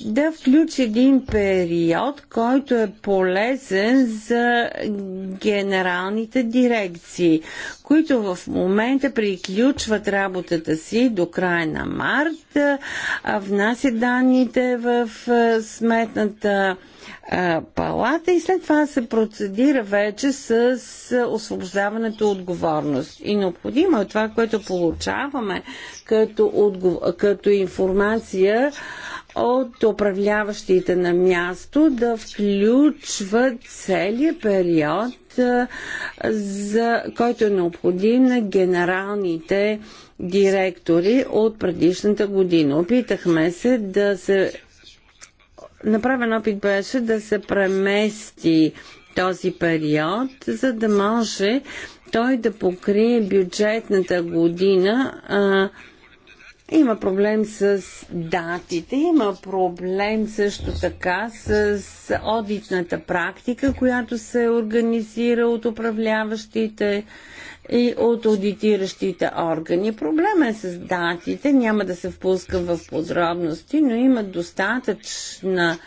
[SPEAKER 3] да включи един период, който е полезен за генералните дирекции, които в момента приключват работата си до края на март, внасят данните в сметната палата и след това се процедира вече с освобождаването от отговорност. И необходимо е това, което получаваме като, отгов... като информация от управляващите на място да включват целият период, за който е необходим на генералните директори от предишната година. Опитахме се да се. Направен опит беше да се премести този период, за да може той да покрие бюджетната година. А, има проблем с датите, има проблем също така с одитната практика, която се организира от управляващите и от аудитиращите органи. Проблема е с датите, няма да се впускам в подробности, но има достатъчна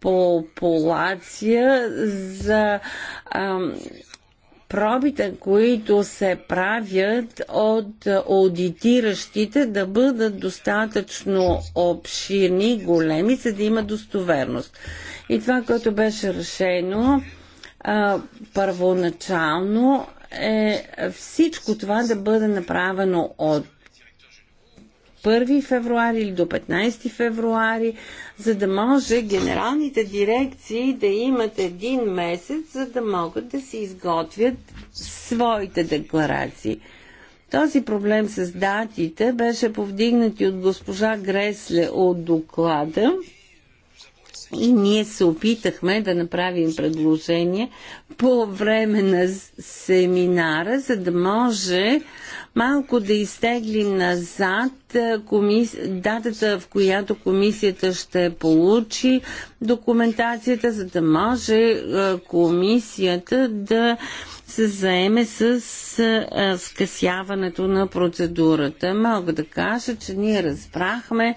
[SPEAKER 3] популация за ам, пробите, които се правят от аудитиращите, да бъдат достатъчно обширни, големи, за да има достоверност. И това, което беше решено а, първоначално, е всичко това да бъде направено от 1 февруари или до 15 февруари, за да може генералните дирекции да имат един месец, за да могат да се изготвят своите декларации. Този проблем с датите беше повдигнат и от госпожа Гресле от доклада и ние се опитахме да направим предложение по време на семинара, за да може малко да изтегли назад комис... датата, в която комисията ще получи документацията, за да може комисията да се заеме с скъсяването на процедурата. Мога да кажа, че ние разбрахме,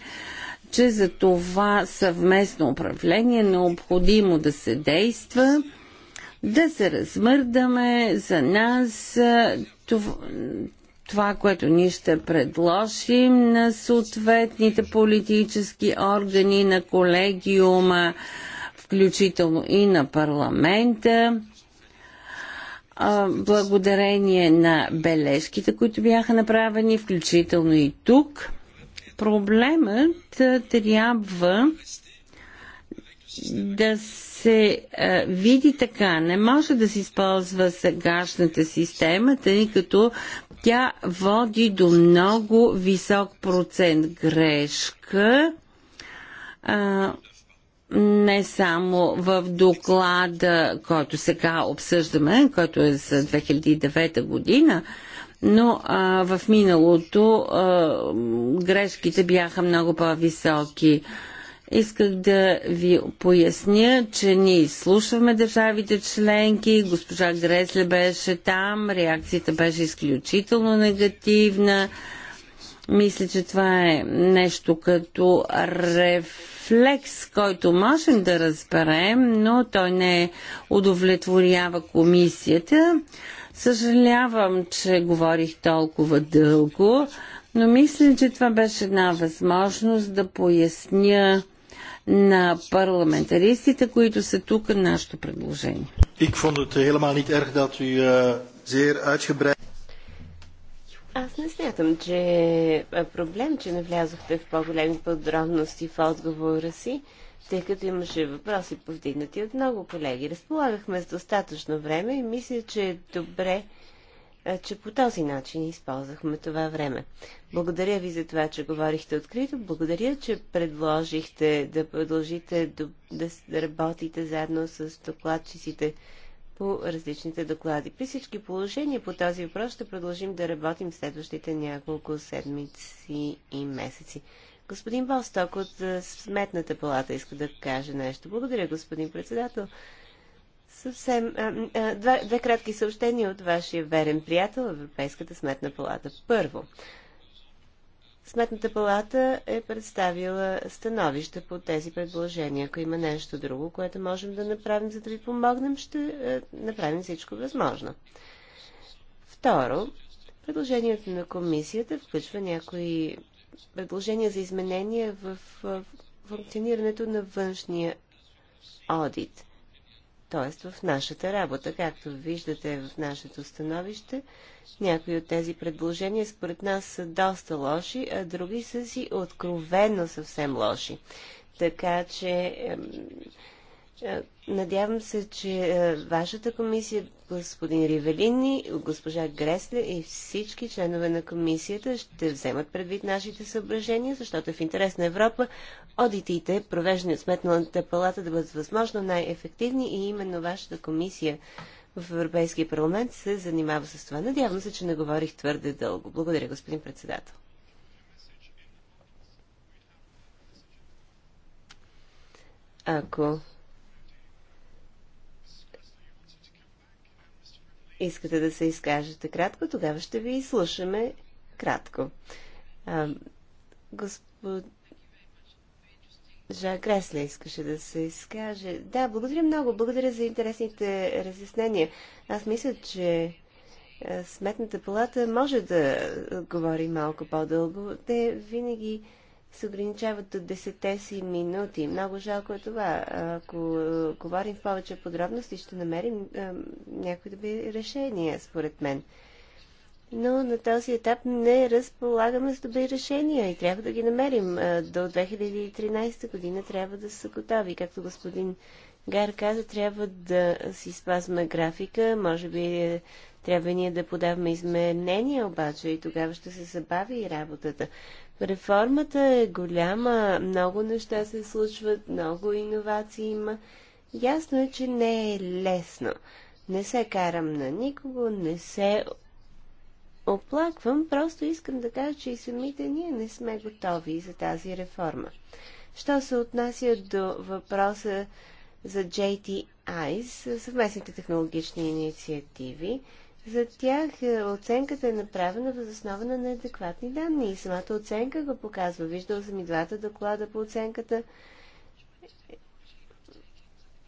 [SPEAKER 3] че за това съвместно управление е необходимо да се действа, да се размърдаме за нас. Това, това, което ние ще предложим на съответните политически органи, на колегиума, включително и на парламента. Благодарение на бележките, които бяха направени, включително и тук, проблемът трябва да се види така. Не може да се използва сегашната система, тъй като тя води до много висок процент грешка. А, не само в доклада, който сега обсъждаме, който е за 2009 година, но а, в миналото а, грешките бяха много по-високи. А, Исках да ви поясня, че ние изслушваме държавите членки. Госпожа Гресле беше там. Реакцията беше изключително негативна. Мисля, че това е нещо като рефлекс, който можем да разберем, но той не удовлетворява комисията. Съжалявам, че говорих толкова дълго, но мисля, че това беше една възможност да поясня на парламентаристите, които са тук на нашето предложение.
[SPEAKER 2] Аз не смятам, че е проблем, че не влязохте в по-големи подробности в отговора си, тъй като имаше въпроси повдигнати от много колеги. Разполагахме с достатъчно време и мисля, че е добре е, че по този начин използвахме това време. Благодаря ви за това, че говорихте открито. Благодаря, че предложихте да продължите да, да работите заедно с докладчиците по различните доклади. При всички положения по този въпрос ще продължим да работим следващите няколко седмици и месеци. Господин Босток от е, Сметната палата иска да каже нещо. Благодаря, господин председател. Съвсем а, а, две, две кратки съобщения от вашия верен приятел, Европейската сметна палата. Първо, Сметната палата е представила становище по тези предложения. Ако има нещо друго, което можем да направим, за да ви помогнем, ще е, направим всичко възможно. Второ, предложението на комисията включва някои предложения за изменения в, в функционирането на външния одит – т.е. в нашата работа. Както виждате в нашето становище, някои от тези предложения според нас са доста лоши, а други са си откровенно съвсем лоши. Така че е, надявам се, че е, вашата комисия, господин Ривелини, госпожа Гресле и всички членове на комисията ще вземат предвид нашите съображения, защото е в интерес на Европа одитите, провеждани от Сметната палата, да бъдат възможно най-ефективни и именно вашата комисия в Европейския парламент се занимава с това. Надявам се, че не говорих твърде дълго. Благодаря, господин председател. Ако искате да се изкажете кратко, тогава ще ви изслушаме кратко. А, господ... Жак Кресле искаше да се изкаже. Да, благодаря много. Благодаря за интересните разяснения. Аз мисля, че Сметната палата може да говори малко по-дълго. Те винаги се ограничават до 10 си минути. Много жалко е това. Ако е, говорим в повече подробности, ще намерим е, някои някои би решения, според мен. Но на този етап не разполагаме с добри решения и трябва да ги намерим. Е, до 2013 година трябва да са готови. Както господин Гар каза, трябва да си спазваме графика. Може би трябва ние да подаваме изменения обаче и тогава ще се забави и работата. Реформата е голяма, много неща се случват, много иновации има. Ясно е, че не е лесно. Не се карам на никого, не се оплаквам, просто искам да кажа, че и самите ние не сме готови за тази реформа. Що се отнася до въпроса за JTIs, съвместните технологични инициативи, за тях е, оценката е направена въз основа на неадекватни данни и самата оценка го показва. Виждал съм и двата доклада по оценката.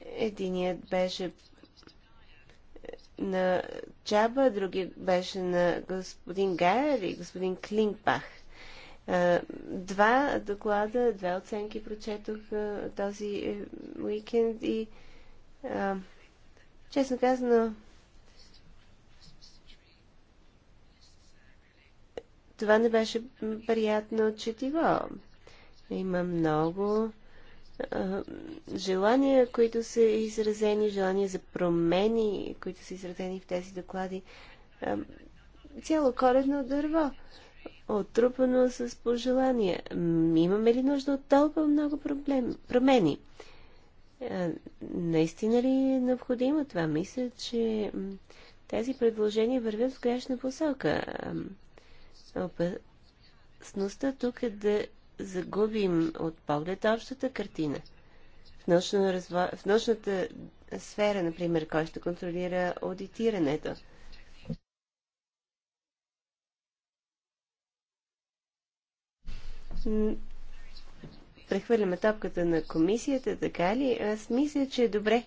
[SPEAKER 2] Единият беше на Чаба, другият беше на господин Гайер и господин Клинкбах. Е, два доклада, две оценки прочетох е, този уикенд и честно казано това не беше приятно четиво. Има много а, желания, които са изразени, желания за промени, които са изразени в тези доклади. А, цяло коредно дърво, отрупано с пожелания. Имаме ли нужда от толкова много проблем, промени? А, наистина ли е необходимо това? Мисля, че тези предложения вървят в грешна посока. Опасността тук е да загубим от поглед общата картина. В, научно разво... в научната сфера, например, кой ще контролира аудитирането? Прехвърляме топката на комисията, така ли? Аз мисля, че е добре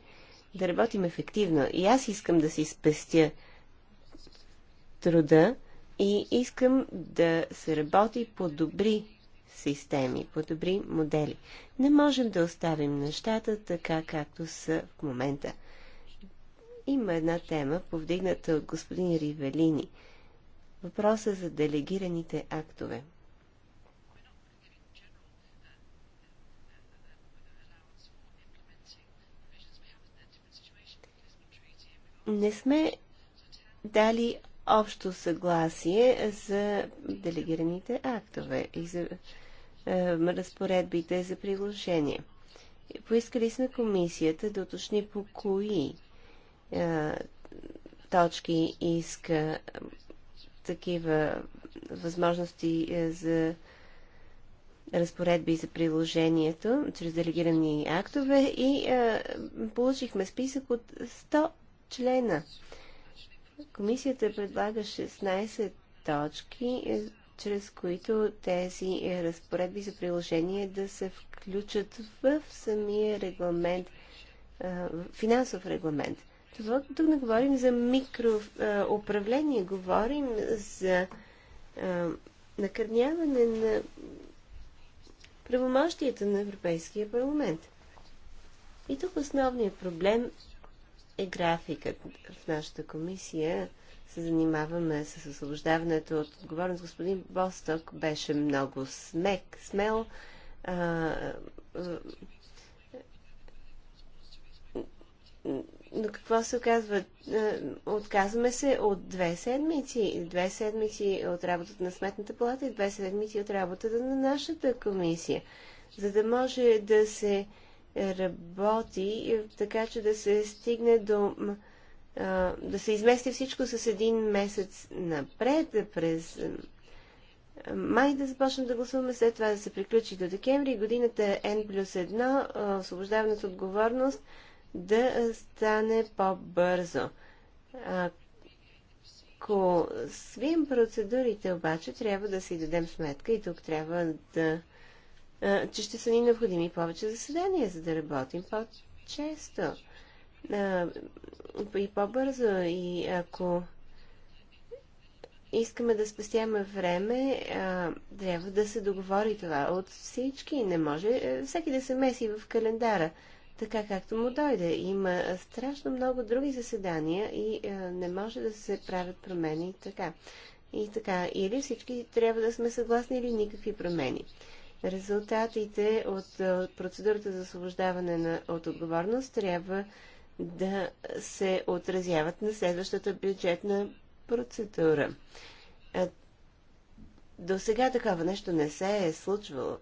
[SPEAKER 2] да работим ефективно. И аз искам да си спестя труда и искам да се работи по добри системи, по добри модели. Не можем да оставим нещата така, както са в момента. Има една тема, повдигната от господин Ривелини. Въпроса за делегираните актове. Не сме дали общо съгласие за делегираните актове и за е, разпоредбите за приложение. Поискали сме комисията да уточни по кои е, точки иска е, такива възможности е, за разпоредби за приложението чрез делегирани актове и е, получихме списък от 100 члена Комисията предлага 16 точки, е, чрез които тези е, разпоредби за приложение да се включат в самия регламент, е, финансов регламент. Това тук не говорим за микроуправление, говорим за накърняване на правомощията на Европейския парламент. И тук основният проблем е графикът. В нашата комисия се занимаваме с освобождаването от отговорност. Господин Босток беше много смек, смел. А, но какво се оказва? Отказваме се от две седмици. Две седмици от работата на Сметната палата и две седмици от работата на нашата комисия. За да може да се работи така, че да се стигне до да се измести всичко с един месец напред, през май да започнем да гласуваме, след това да се приключи до декември, годината N плюс 1, освобождаването отговорност, да стане по-бързо. Ако свим процедурите обаче, трябва да си дадем сметка и тук трябва да че ще са ни необходими повече заседания, за да работим по-често и по-бързо. И ако искаме да спестяваме време, трябва да се договори това от всички. Не може всеки да се меси в календара, така както му дойде. Има страшно много други заседания и не може да се правят промени така. И така, или всички трябва да сме съгласни, или никакви промени. Резултатите от процедурата за освобождаване на, от отговорност трябва да се отразяват на следващата бюджетна процедура. До сега такова нещо не се е случвало.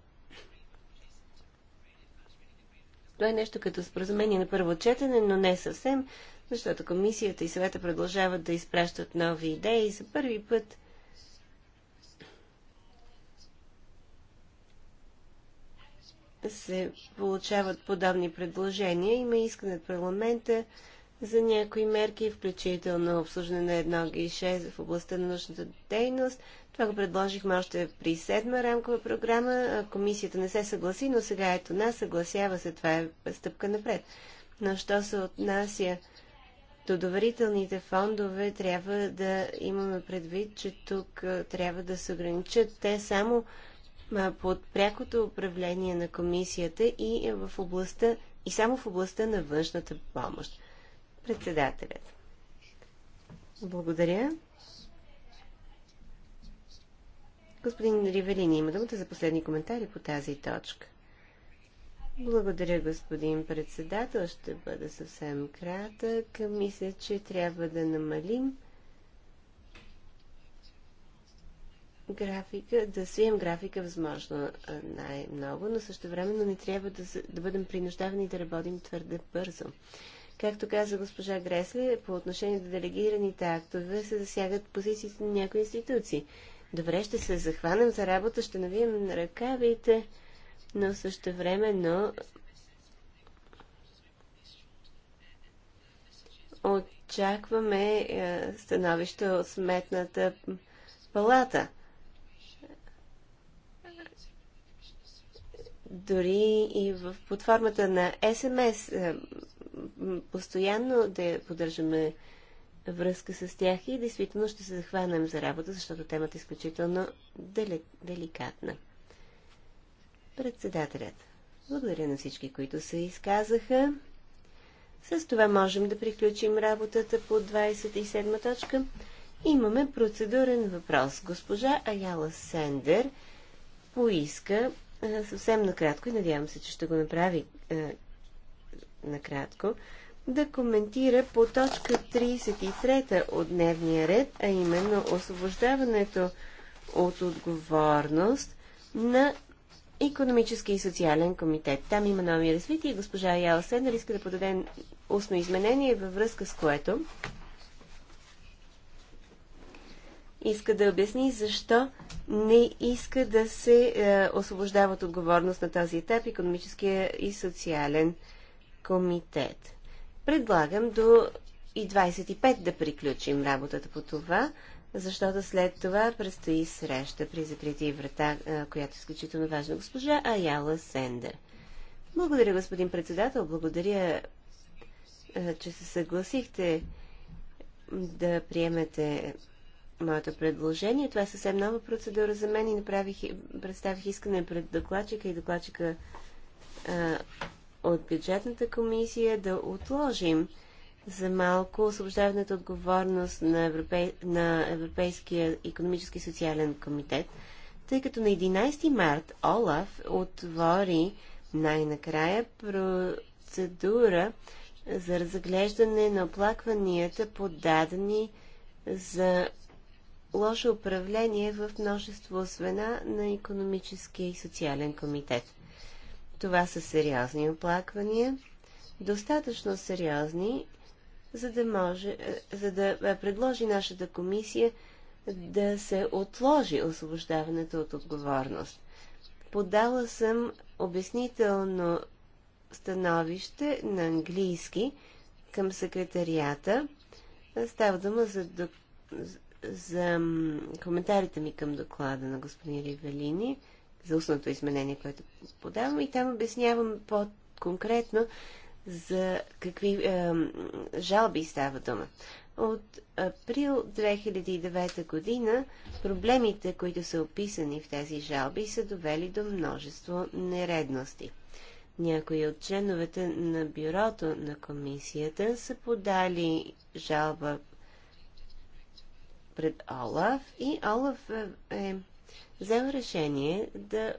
[SPEAKER 2] Това е нещо като споразумение на първо четене, но не съвсем, защото комисията и съвета продължават да изпращат нови идеи. За първи път се получават подобни предложения. Има искане от парламента за някои мерки, включително обслужване на едно 6 в областта на научната дейност. Това го предложихме още при седма рамкова програма. Комисията не се съгласи, но сега ето нас, съгласява се. Това е стъпка напред. Но що се отнася до доверителните фондове, трябва да имаме предвид, че тук трябва да се ограничат те само под прякото управление на комисията и в областта и само в областта на външната помощ. Председателят. Благодаря. Господин Ривелини, има думата за последни коментари по тази точка. Благодаря, господин председател. Ще бъда съвсем кратък. Мисля, че трябва да намалим графика, да свием графика възможно най-много, но също времено не трябва да, да бъдем принуждавани да работим твърде бързо. Както каза госпожа Гресле, по отношение до делегираните актове се засягат позициите на някои институции. Добре, ще се захванем за работа, ще навием ръкавите, но също времено очакваме становище от сметната палата – дори и в, под формата на СМС е, постоянно да поддържаме връзка с тях и действително ще се захванем за работа, защото темата е изключително деликатна. Председателят. Благодаря на всички, които се изказаха. С това можем да приключим работата по 27 точка. Имаме процедурен въпрос. Госпожа Аяла Сендер поиска съвсем накратко, и надявам се, че ще го направи е, накратко, да коментира по точка 33 от дневния ред, а именно освобождаването от отговорност на економически и социален комитет. Там има нови развитие. Госпожа Яла Седнер иска да подаде устно изменение, във връзка с което иска да обясни защо не иска да се е, освобождава от отговорност на този етап економическия и социален комитет. Предлагам до и 25 да приключим работата по това, защото след това предстои среща при закрити врата, е, която е изключително важна, госпожа Аяла Сендер. Благодаря, господин председател. Благодаря, е, че се съгласихте да приемете моето предложение. Това е съвсем нова процедура за мен и направих, представих искане пред докладчика и докладчика а, от бюджетната комисия да отложим за малко освобождаването отговорност на, Европей, на Европейския економически и социален комитет, тъй като на 11 март Олаф отвори най-накрая процедура за разглеждане на оплакванията подадени за лошо управление в множество звена на економическия и социален комитет. Това са сериозни оплаквания, достатъчно сериозни, за да, може, е, за да е, предложи нашата комисия да се отложи освобождаването от отговорност. Подала съм обяснително становище на английски към секретарията. Става дума за, за коментарите ми към доклада на господин Ривелини, за устното изменение, което подавам и там обяснявам по-конкретно за какви е, жалби става дума. От април 2009 година проблемите, които са описани в тези жалби, са довели до множество нередности. Някои от членовете на бюрото на комисията са подали жалба пред Олаф и Олаф е, е взел решение да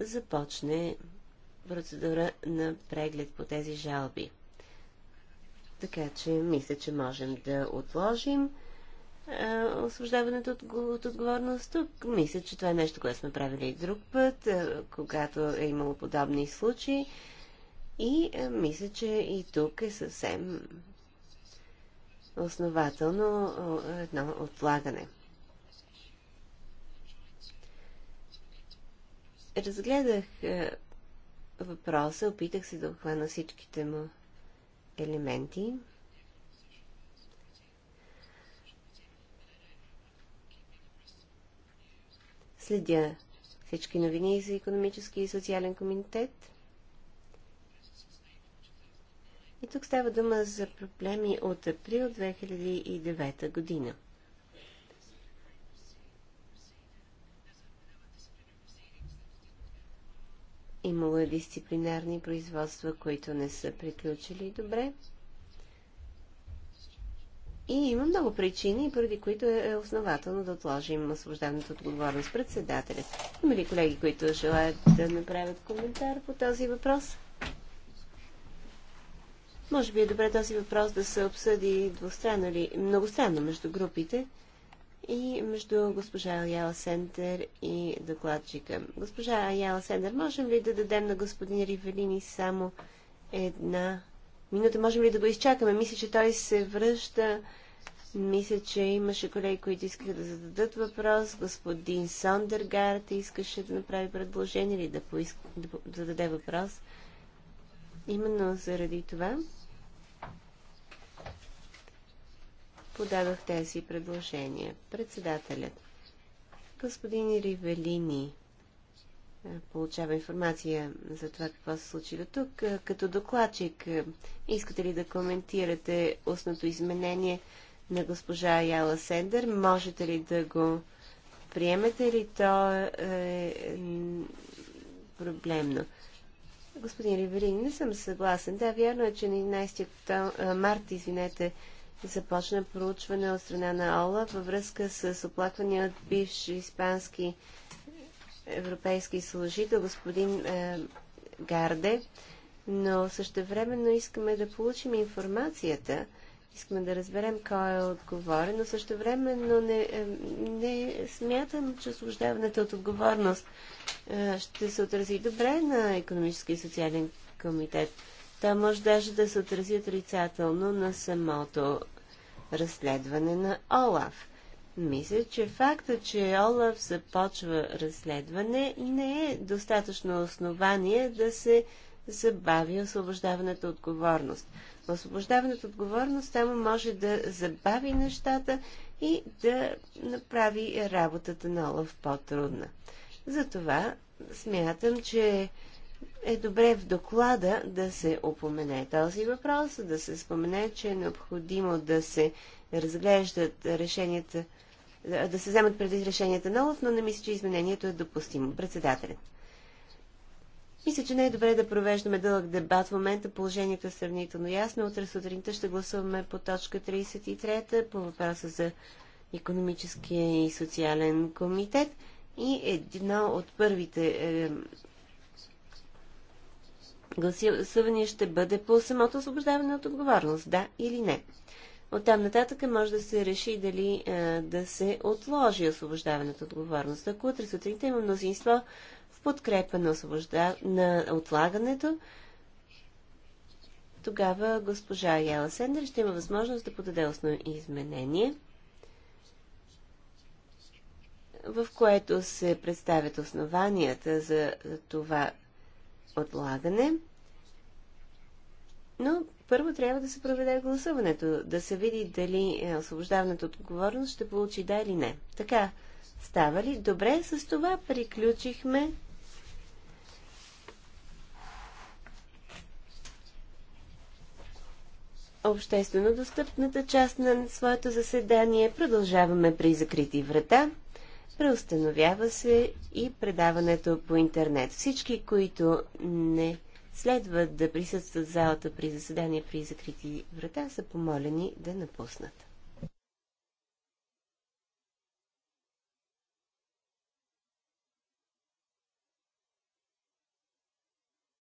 [SPEAKER 2] започне процедура на преглед по тези жалби. Така че мисля, че можем да отложим е, освобождаването от, от отговорност тук. Мисля, че това е нещо, което сме правили и друг път, е, когато е имало подобни случаи. И е, мисля, че и тук е съвсем основателно едно отлагане. Разгледах е, въпроса, опитах се да обхвана всичките му елементи. Следя всички новини за економически и социален комитет. И тук става дума за проблеми от април 2009 година. Имало е дисциплинарни производства, които не са приключили добре. И има много причини, поради които е основателно да отложим освобождаването отговорност председателя. Има ли колеги, които желаят да направят коментар по този въпрос? Може би е добре този въпрос да се обсъди двустранно или многостранно между групите и между госпожа Аяла Сентер и докладчика. Госпожа Аяла Сендер, можем ли да дадем на господин Ривелини само една минута? Можем ли да го изчакаме? Мисля, че той се връща. Мисля, че имаше колеги, които искаха да зададат въпрос. Господин Сондергард искаше да направи предложение или да, поиска, да зададе въпрос. Именно заради това подадох тези предложения. Председателят, господин Ривелини, е, получава информация за това какво се случи до тук. Е, като докладчик, е, искате ли да коментирате устното изменение на госпожа Яла Сендер? Можете ли да го приемете ли то е проблемно? Господин Риверин, не съм съгласен. Да, вярно е, че на 11 март, извинете, започна проучване от страна на ОЛА във връзка с оплаквания от бивш испански европейски служител, господин е, Гарде, но времено искаме да получим информацията Искаме да разберем кой е отговорен, но също време, но не, е, не смятам, че освобождаването от отговорност е, ще се отрази добре на економически и социален комитет. Та може даже да се отрази отрицателно на самото разследване на Олаф. Мисля, че факта, че Олаф започва разследване, не е достатъчно основание да се забави освобождаването отговорност. Освобождаването отговорност само може да забави нещата и да направи работата на Олаф по-трудна. Затова смятам, че е добре в доклада да се опомене този въпрос, да се спомене, че е необходимо да се разглеждат решенията, да се вземат преди решенията на Олаф, но не мисля, че изменението е допустимо. Председателят. Мисля, че не е добре да провеждаме дълъг дебат. В момента положението е сравнително ясно. Утре сутринта ще гласуваме по точка 33 по въпроса за економическия и социален комитет. И едно от първите е, гласувания ще бъде по самото освобождаване от отговорност, да или не. От там нататък може да се реши дали е, да се отложи освобождаването от отговорност. Ако утре сутринта има мнозинство подкрепа на, освобожда... на отлагането, тогава госпожа Яла Сендер ще има възможност да подаде основно изменение, в което се представят основанията за това отлагане. Но първо трябва да се проведе гласуването, да се види дали е, освобождаването от отговорност ще получи да или не. Така, става ли? Добре, с това приключихме обществено достъпната част на своето заседание продължаваме при закрити врата. Преустановява се и предаването по интернет. Всички, които не следват да присъстват в залата при заседание при закрити врата, са помолени да напуснат.